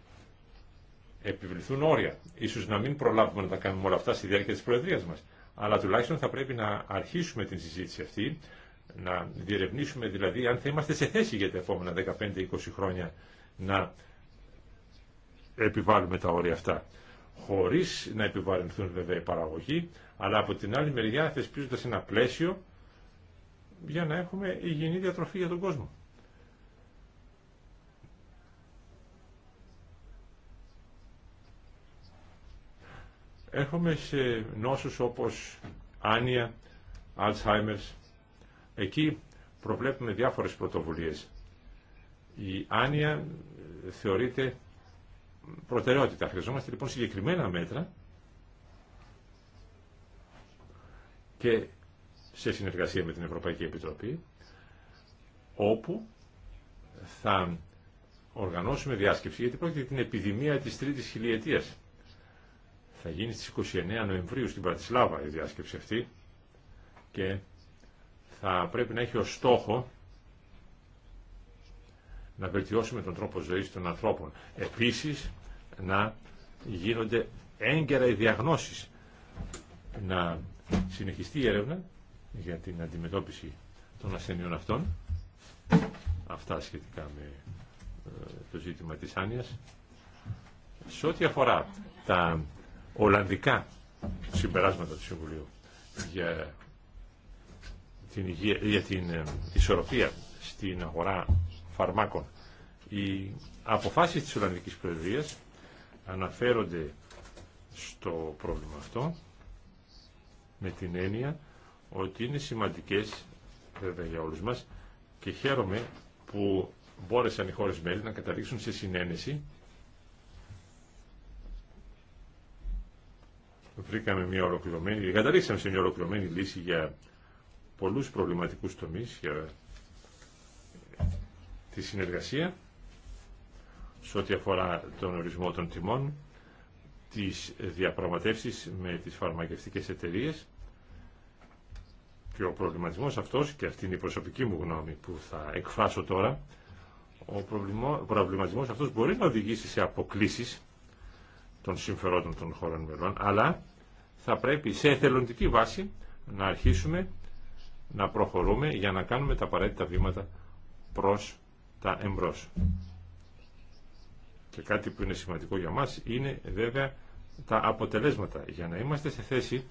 επιβληθούν όρια. Ίσως να μην προλάβουμε να τα κάνουμε όλα αυτά στη διάρκεια της Προεδρίας μας, αλλά τουλάχιστον θα πρέπει να αρχίσουμε την συζήτηση αυτή, να διερευνήσουμε δηλαδή αν θα είμαστε σε θέση για τα επόμενα 15-20 χρόνια να επιβάλλουμε τα όρια αυτά. Χωρίς να επιβαρυνθούν βέβαια οι παραγωγοί, αλλά από την άλλη μεριά θεσπίζοντας ένα πλαίσιο για να έχουμε υγιεινή διατροφή για τον κόσμο. Έρχομαι σε νόσους όπως άνοια, Alzheimer's. Εκεί προβλέπουμε διάφορες πρωτοβουλίες. Η άνοια θεωρείται προτεραιότητα. Χρειαζόμαστε λοιπόν συγκεκριμένα μέτρα και σε συνεργασία με την Ευρωπαϊκή Επιτροπή, όπου θα οργανώσουμε διάσκεψη, γιατί πρόκειται για την επιδημία της τρίτης χιλιετίας. Θα γίνει στις 29 Νοεμβρίου στην Πρατισλάβα η διάσκεψη αυτή και θα πρέπει να έχει ως στόχο να βελτιώσουμε τον τρόπο ζωής των ανθρώπων. Επίσης, να γίνονται έγκαιρα οι διαγνώσεις, να συνεχιστεί η έρευνα για την αντιμετώπιση των ασθενειών αυτών. Αυτά σχετικά με ε, το ζήτημα της άνοιας. Σε ό,τι αφορά τα Ολλανδικά συμπεράσματα του Συμβουλίου για την, για την ε, ισορροπία στην αγορά φαρμάκων, οι αποφάσεις της Ολλανδικής Προεδρίας αναφέρονται στο πρόβλημα αυτό με την έννοια ότι είναι σημαντικές βέβαια για όλους μας και χαίρομαι που μπόρεσαν οι χώρες μέλη να καταλήξουν σε συνένεση. Βρήκαμε μια ολοκληρωμένη, καταλήξαμε σε μια ολοκληρωμένη λύση για πολλούς προβληματικούς τομείς για τη συνεργασία σε ό,τι αφορά τον ορισμό των τιμών, τις διαπραγματεύσεις με τις φαρμακευτικές εταιρείες, και ο προβληματισμός αυτός, και αυτή είναι η προσωπική μου γνώμη που θα εκφράσω τώρα, ο προβληματισμός αυτός μπορεί να οδηγήσει σε αποκλήσεις των συμφερόντων των χωρών μελών, αλλά θα πρέπει σε εθελοντική βάση να αρχίσουμε να προχωρούμε για να κάνουμε τα απαραίτητα βήματα προς τα εμπρός. Και κάτι που είναι σημαντικό για μας είναι βέβαια τα αποτελέσματα για να είμαστε σε θέση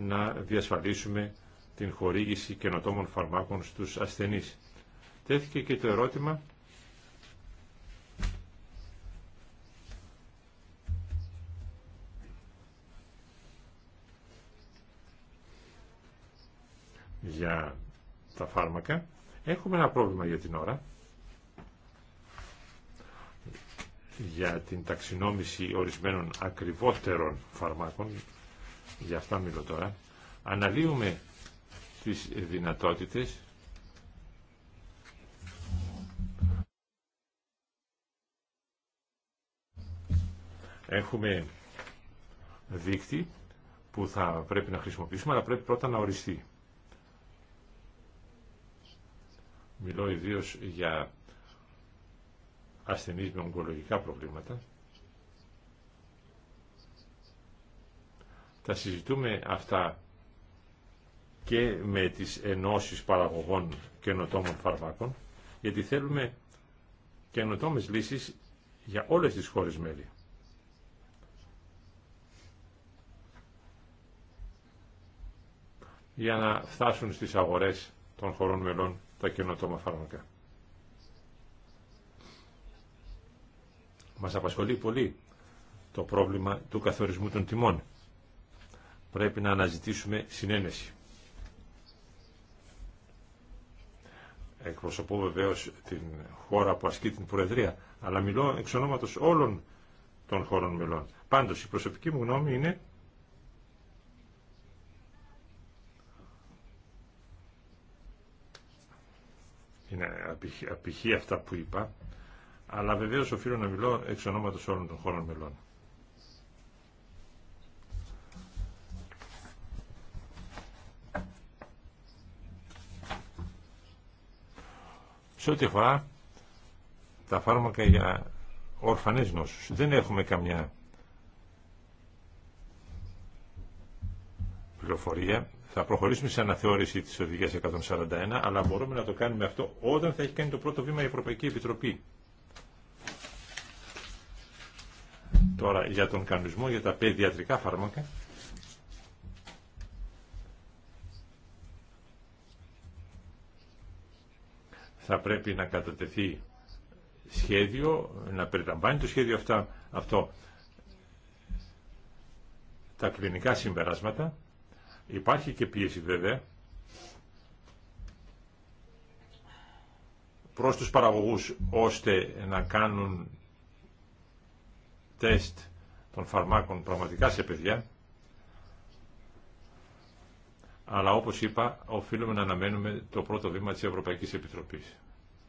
να διασφαλίσουμε την χορήγηση καινοτόμων φαρμάκων στους ασθενείς. Τέθηκε και το ερώτημα για τα φάρμακα. Έχουμε ένα πρόβλημα για την ώρα για την ταξινόμηση ορισμένων ακριβότερων φαρμάκων για αυτά μιλώ τώρα, αναλύουμε τις δυνατότητες Έχουμε δίκτυ που θα πρέπει να χρησιμοποιήσουμε, αλλά πρέπει πρώτα να οριστεί. Μιλώ ιδίως για ασθενείς με ογκολογικά προβλήματα, τα συζητούμε αυτά και με τις ενώσεις παραγωγών καινοτόμων φαρμάκων, γιατί θέλουμε καινοτόμες λύσεις για όλες τις χώρες μέλη. για να φτάσουν στις αγορές των χωρών μελών τα καινοτόμα φάρμακα. Μας απασχολεί πολύ το πρόβλημα του καθορισμού των τιμών πρέπει να αναζητήσουμε συνένεση. Εκπροσωπώ βεβαίως την χώρα που ασκεί την Προεδρία, αλλά μιλώ εξ ονόματος όλων των χώρων μελών. Πάντως, η προσωπική μου γνώμη είναι είναι απηχή αυτά που είπα, αλλά βεβαίως οφείλω να μιλώ εξ ονόματος όλων των χώρων μελών. Σε ό,τι αφορά τα φάρμακα για ορφανές νόσους, δεν έχουμε καμιά πληροφορία. Θα προχωρήσουμε σε αναθεώρηση της οδηγίας 141, αλλά μπορούμε να το κάνουμε αυτό όταν θα έχει κάνει το πρώτο βήμα η Ευρωπαϊκή Επιτροπή. Τώρα για τον κανονισμό για τα παιδιατρικά φάρμακα, θα πρέπει να κατατεθεί σχέδιο, να περιλαμβάνει το σχέδιο αυτά, αυτό τα κλινικά συμπεράσματα. Υπάρχει και πίεση βέβαια προς τους παραγωγούς ώστε να κάνουν τεστ των φαρμάκων πραγματικά σε παιδιά. Αλλά όπως είπα, οφείλουμε να αναμένουμε το πρώτο βήμα της Ευρωπαϊκής Επιτροπής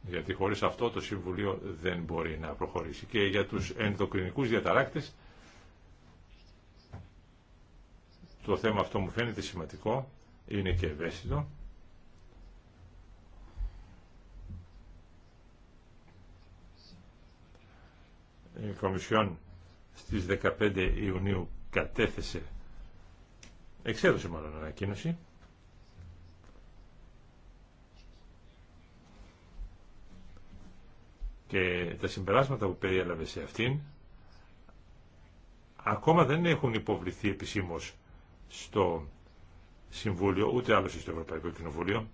γιατί χωρίς αυτό το Συμβουλίο δεν μπορεί να προχωρήσει. Και για τους ενδοκρινικούς διαταράκτες το θέμα αυτό μου φαίνεται σημαντικό, είναι και ευαίσθητο. Η Κομισιόν στις 15 Ιουνίου κατέθεσε, εξέδωσε μάλλον ανακοίνωση, και τα συμπεράσματα που περιέλαβε σε αυτήν ακόμα δεν έχουν υποβληθεί επισήμως στο Συμβούλιο, ούτε άλλως στο Ευρωπαϊκό Κοινοβούλιο.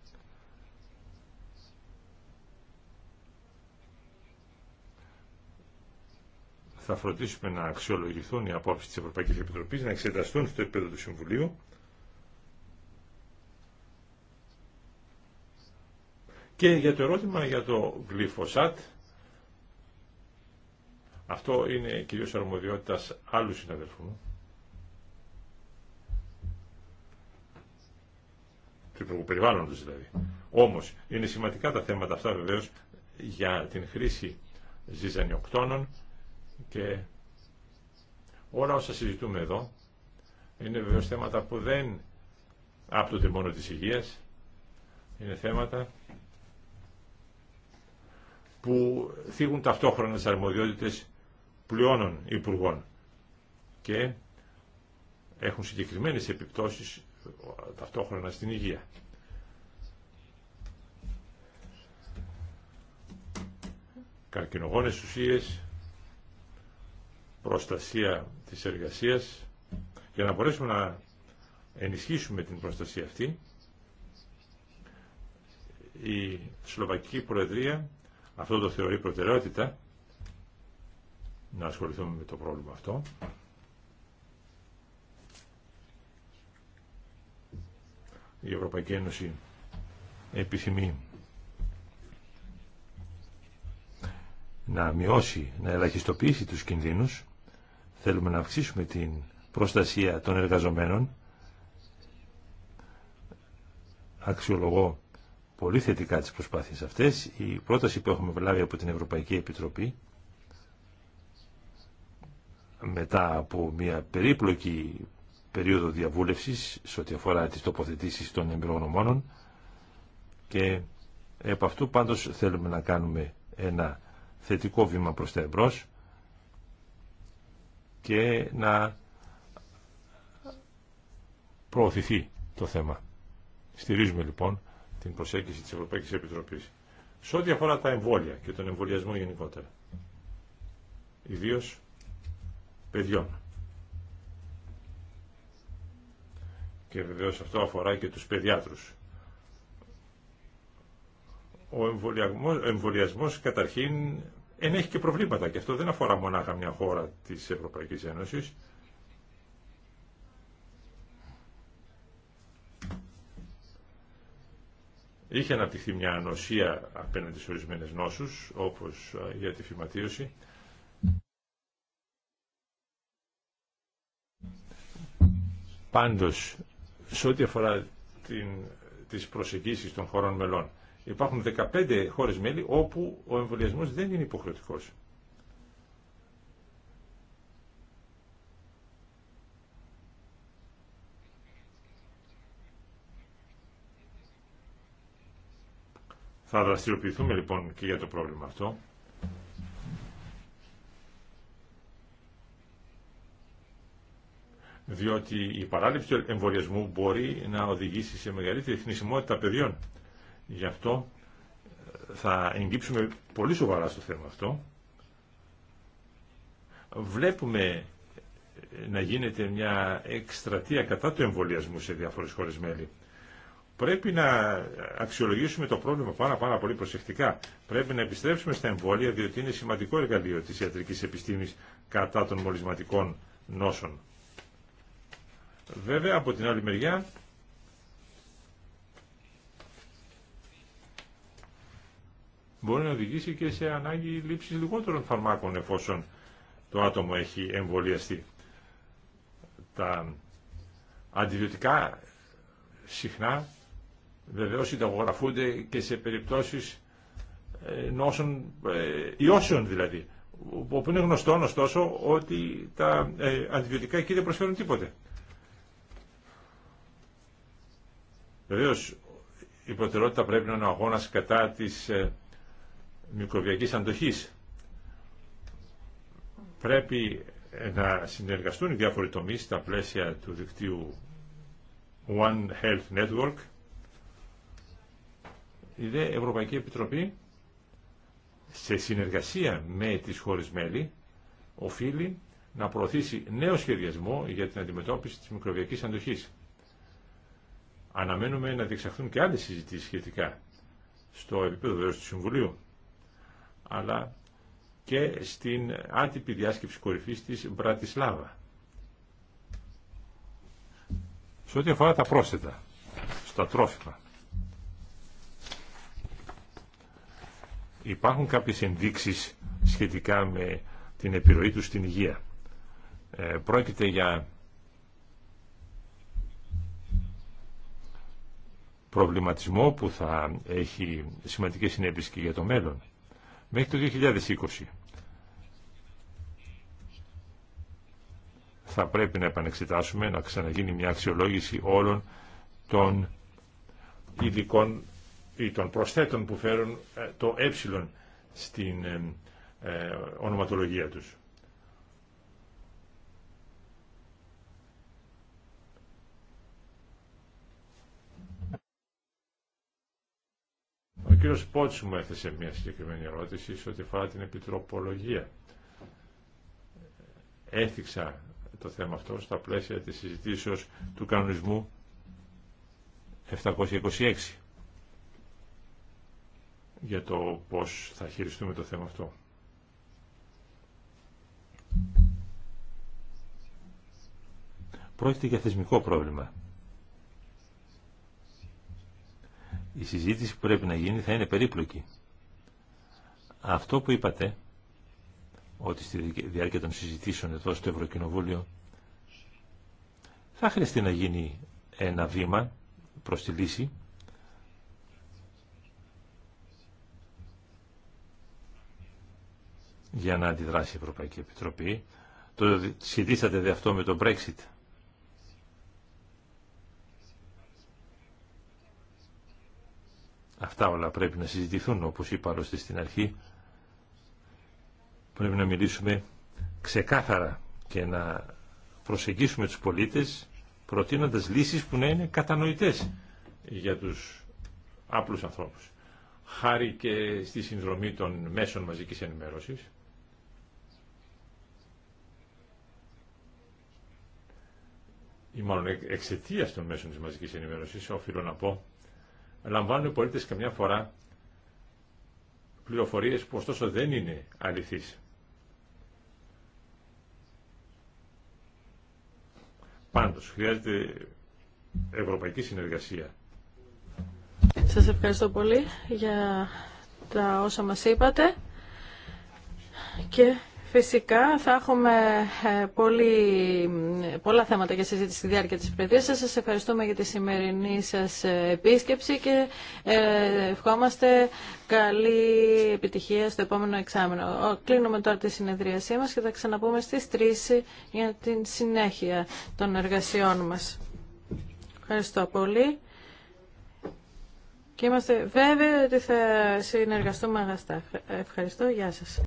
Θα φροντίσουμε να αξιολογηθούν οι απόψεις της Ευρωπαϊκής Επιτροπής, να εξεταστούν στο επίπεδο του Συμβουλίου και για το ερώτημα για το γλυφοσάτ αυτό είναι κυρίως αρμοδιότητας άλλου συναδελφού μου. Του Υπουργού Περιβάλλοντος δηλαδή. Όμως είναι σημαντικά τα θέματα αυτά βεβαίως για την χρήση ζυζανιοκτώνων και όλα όσα συζητούμε εδώ είναι βεβαίως θέματα που δεν άπτονται μόνο της υγείας, είναι θέματα που θίγουν ταυτόχρονα τις αρμοδιότητες πλειώνων υπουργών και έχουν συγκεκριμένες επιπτώσεις ταυτόχρονα στην υγεία. Καρκινογόνες ουσίες, προστασία της εργασίας. Για να μπορέσουμε να ενισχύσουμε την προστασία αυτή, η Σλοβακική Προεδρία αυτό το θεωρεί προτεραιότητα να ασχοληθούμε με το πρόβλημα αυτό. Η Ευρωπαϊκή Ένωση επιθυμεί να μειώσει, να ελαχιστοποιήσει τους κινδύνους. Θέλουμε να αυξήσουμε την προστασία των εργαζομένων. Αξιολογώ πολύ θετικά τις προσπάθειες αυτές. Η πρόταση που έχουμε βλάβει από την Ευρωπαϊκή Επιτροπή μετά από μια περίπλοκη περίοδο διαβούλευσης σε ό,τι αφορά τις τοποθετήσεις των εμπειρογνωμόνων και επ' αυτού πάντως θέλουμε να κάνουμε ένα θετικό βήμα προς τα εμπρός και να προωθηθεί το θέμα. Στηρίζουμε λοιπόν την προσέγγιση της Ευρωπαϊκής Επιτροπής σε ό,τι αφορά τα εμβόλια και τον εμβολιασμό γενικότερα. Ιδίως παιδιών. Και βεβαίως αυτό αφορά και τους παιδιάτρους. Ο εμβολιασμός, ο καταρχήν ενέχει και προβλήματα και αυτό δεν αφορά μονάχα μια χώρα της Ευρωπαϊκής Ένωσης. Είχε αναπτυχθεί μια ανοσία απέναντι σε ορισμένες νόσους, όπως ε, για τη φυματίωση, Πάντως, σε ό,τι αφορά την, τις προσεγγίσεις των χωρών μελών, υπάρχουν 15 χώρες μέλη όπου ο εμβολιασμό δεν είναι υποχρεωτικός. Θα δραστηριοποιηθούμε λοιπόν και για το πρόβλημα αυτό. διότι η παράληψη του εμβολιασμού μπορεί να οδηγήσει σε μεγαλύτερη θνησιμότητα παιδιών. Γι' αυτό ε, θα εγκύψουμε πολύ σοβαρά στο θέμα αυτό. Βλέπουμε ε, να γίνεται μια εκστρατεία κατά του εμβολιασμού σε διάφορες χώρες μέλη. Πρέπει να αξιολογήσουμε το πρόβλημα πάρα, πάρα πολύ προσεκτικά. Πρέπει να επιστρέψουμε στα εμβόλια, διότι είναι σημαντικό εργαλείο της ιατρικής επιστήμης κατά των μολυσματικών νόσων. Βέβαια από την άλλη μεριά μπορεί να οδηγήσει και σε ανάγκη λήψης λιγότερων φαρμάκων εφόσον το άτομο έχει εμβολιαστεί. Τα αντιβιωτικά συχνά βεβαίως συνταγογραφούνται και σε περιπτώσεις ε, νόσων, ε, ιώσεων δηλαδή, όπου είναι γνωστό ωστόσο ότι τα ε, αντιβιωτικά εκεί δεν προσφέρουν τίποτε. Βεβαίω η προτεραιότητα πρέπει να είναι ο αγώνα κατά τη ε, μικροβιακή αντοχή. Πρέπει ε, να συνεργαστούν οι διάφοροι τομεί στα πλαίσια του δικτύου One Health Network. Η ΔΕ Ευρωπαϊκή Επιτροπή σε συνεργασία με τις χώρες μέλη οφείλει να προωθήσει νέο σχεδιασμό για την αντιμετώπιση της μικροβιακής αντοχής αναμένουμε να διεξαχθούν και άλλες συζητήσεις σχετικά στο επίπεδο βέβαια του Συμβουλίου αλλά και στην άτυπη διάσκεψη κορυφής της Μπρατισλάβα. Σε ό,τι αφορά τα πρόσθετα, στα τρόφιμα, υπάρχουν κάποιες ενδείξεις σχετικά με την επιρροή του στην υγεία. Ε, πρόκειται για προβληματισμό που θα έχει σημαντικές συνέπειες και για το μέλλον. Μέχρι το 2020 θα πρέπει να επανεξετάσουμε, να ξαναγίνει μια αξιολόγηση όλων των ειδικών ή των προσθέτων που φέρουν ε, το ε στην ε, ε, ονοματολογία τους. Ο κύριος Πότσου μου έθεσε μια συγκεκριμένη ερώτηση σε ό,τι αφορά την επιτροπολογία. Έθιξα το θέμα αυτό στα πλαίσια της συζητήσεως του κανονισμού 726 για το πώς θα χειριστούμε το θέμα αυτό. Πρόκειται για θεσμικό πρόβλημα. η συζήτηση που πρέπει να γίνει θα είναι περίπλοκη. Αυτό που είπατε, ότι στη διάρκεια των συζητήσεων εδώ στο Ευρωκοινοβούλιο θα χρειαστεί να γίνει ένα βήμα προς τη λύση για να αντιδράσει η Ευρωπαϊκή Επιτροπή. Το σχετίσατε δε αυτό με το Brexit. Αυτά όλα πρέπει να συζητηθούν, όπως είπα άλλωστε στην αρχή. Πρέπει να μιλήσουμε ξεκάθαρα και να προσεγγίσουμε τους πολίτες προτείνοντας λύσεις που να είναι κατανοητές για τους απλούς ανθρώπους. Χάρη και στη συνδρομή των μέσων μαζικής ενημέρωσης, ή μάλλον εξαιτία των μέσων της μαζικής ενημέρωσης, οφείλω να πω λαμβάνουν οι πολίτες καμιά φορά πληροφορίες που ωστόσο δεν είναι αληθείς. Πάντως, χρειάζεται ευρωπαϊκή συνεργασία. Σας ευχαριστώ πολύ για τα όσα μας είπατε και Φυσικά θα έχουμε ε, πολύ, πολλά θέματα για συζήτηση στη διάρκεια της παιδείας σας. Σας ευχαριστούμε για τη σημερινή σας ε, επίσκεψη και ε, ευχόμαστε καλή επιτυχία στο επόμενο εξάμεινο. Κλείνουμε τώρα τη συνεδρίασή μας και θα ξαναπούμε στις 3 για την συνέχεια των εργασιών μας. Ευχαριστώ πολύ και είμαστε βέβαιοι ότι θα συνεργαστούμε αγαστά. Ευχαριστώ. Γεια σας.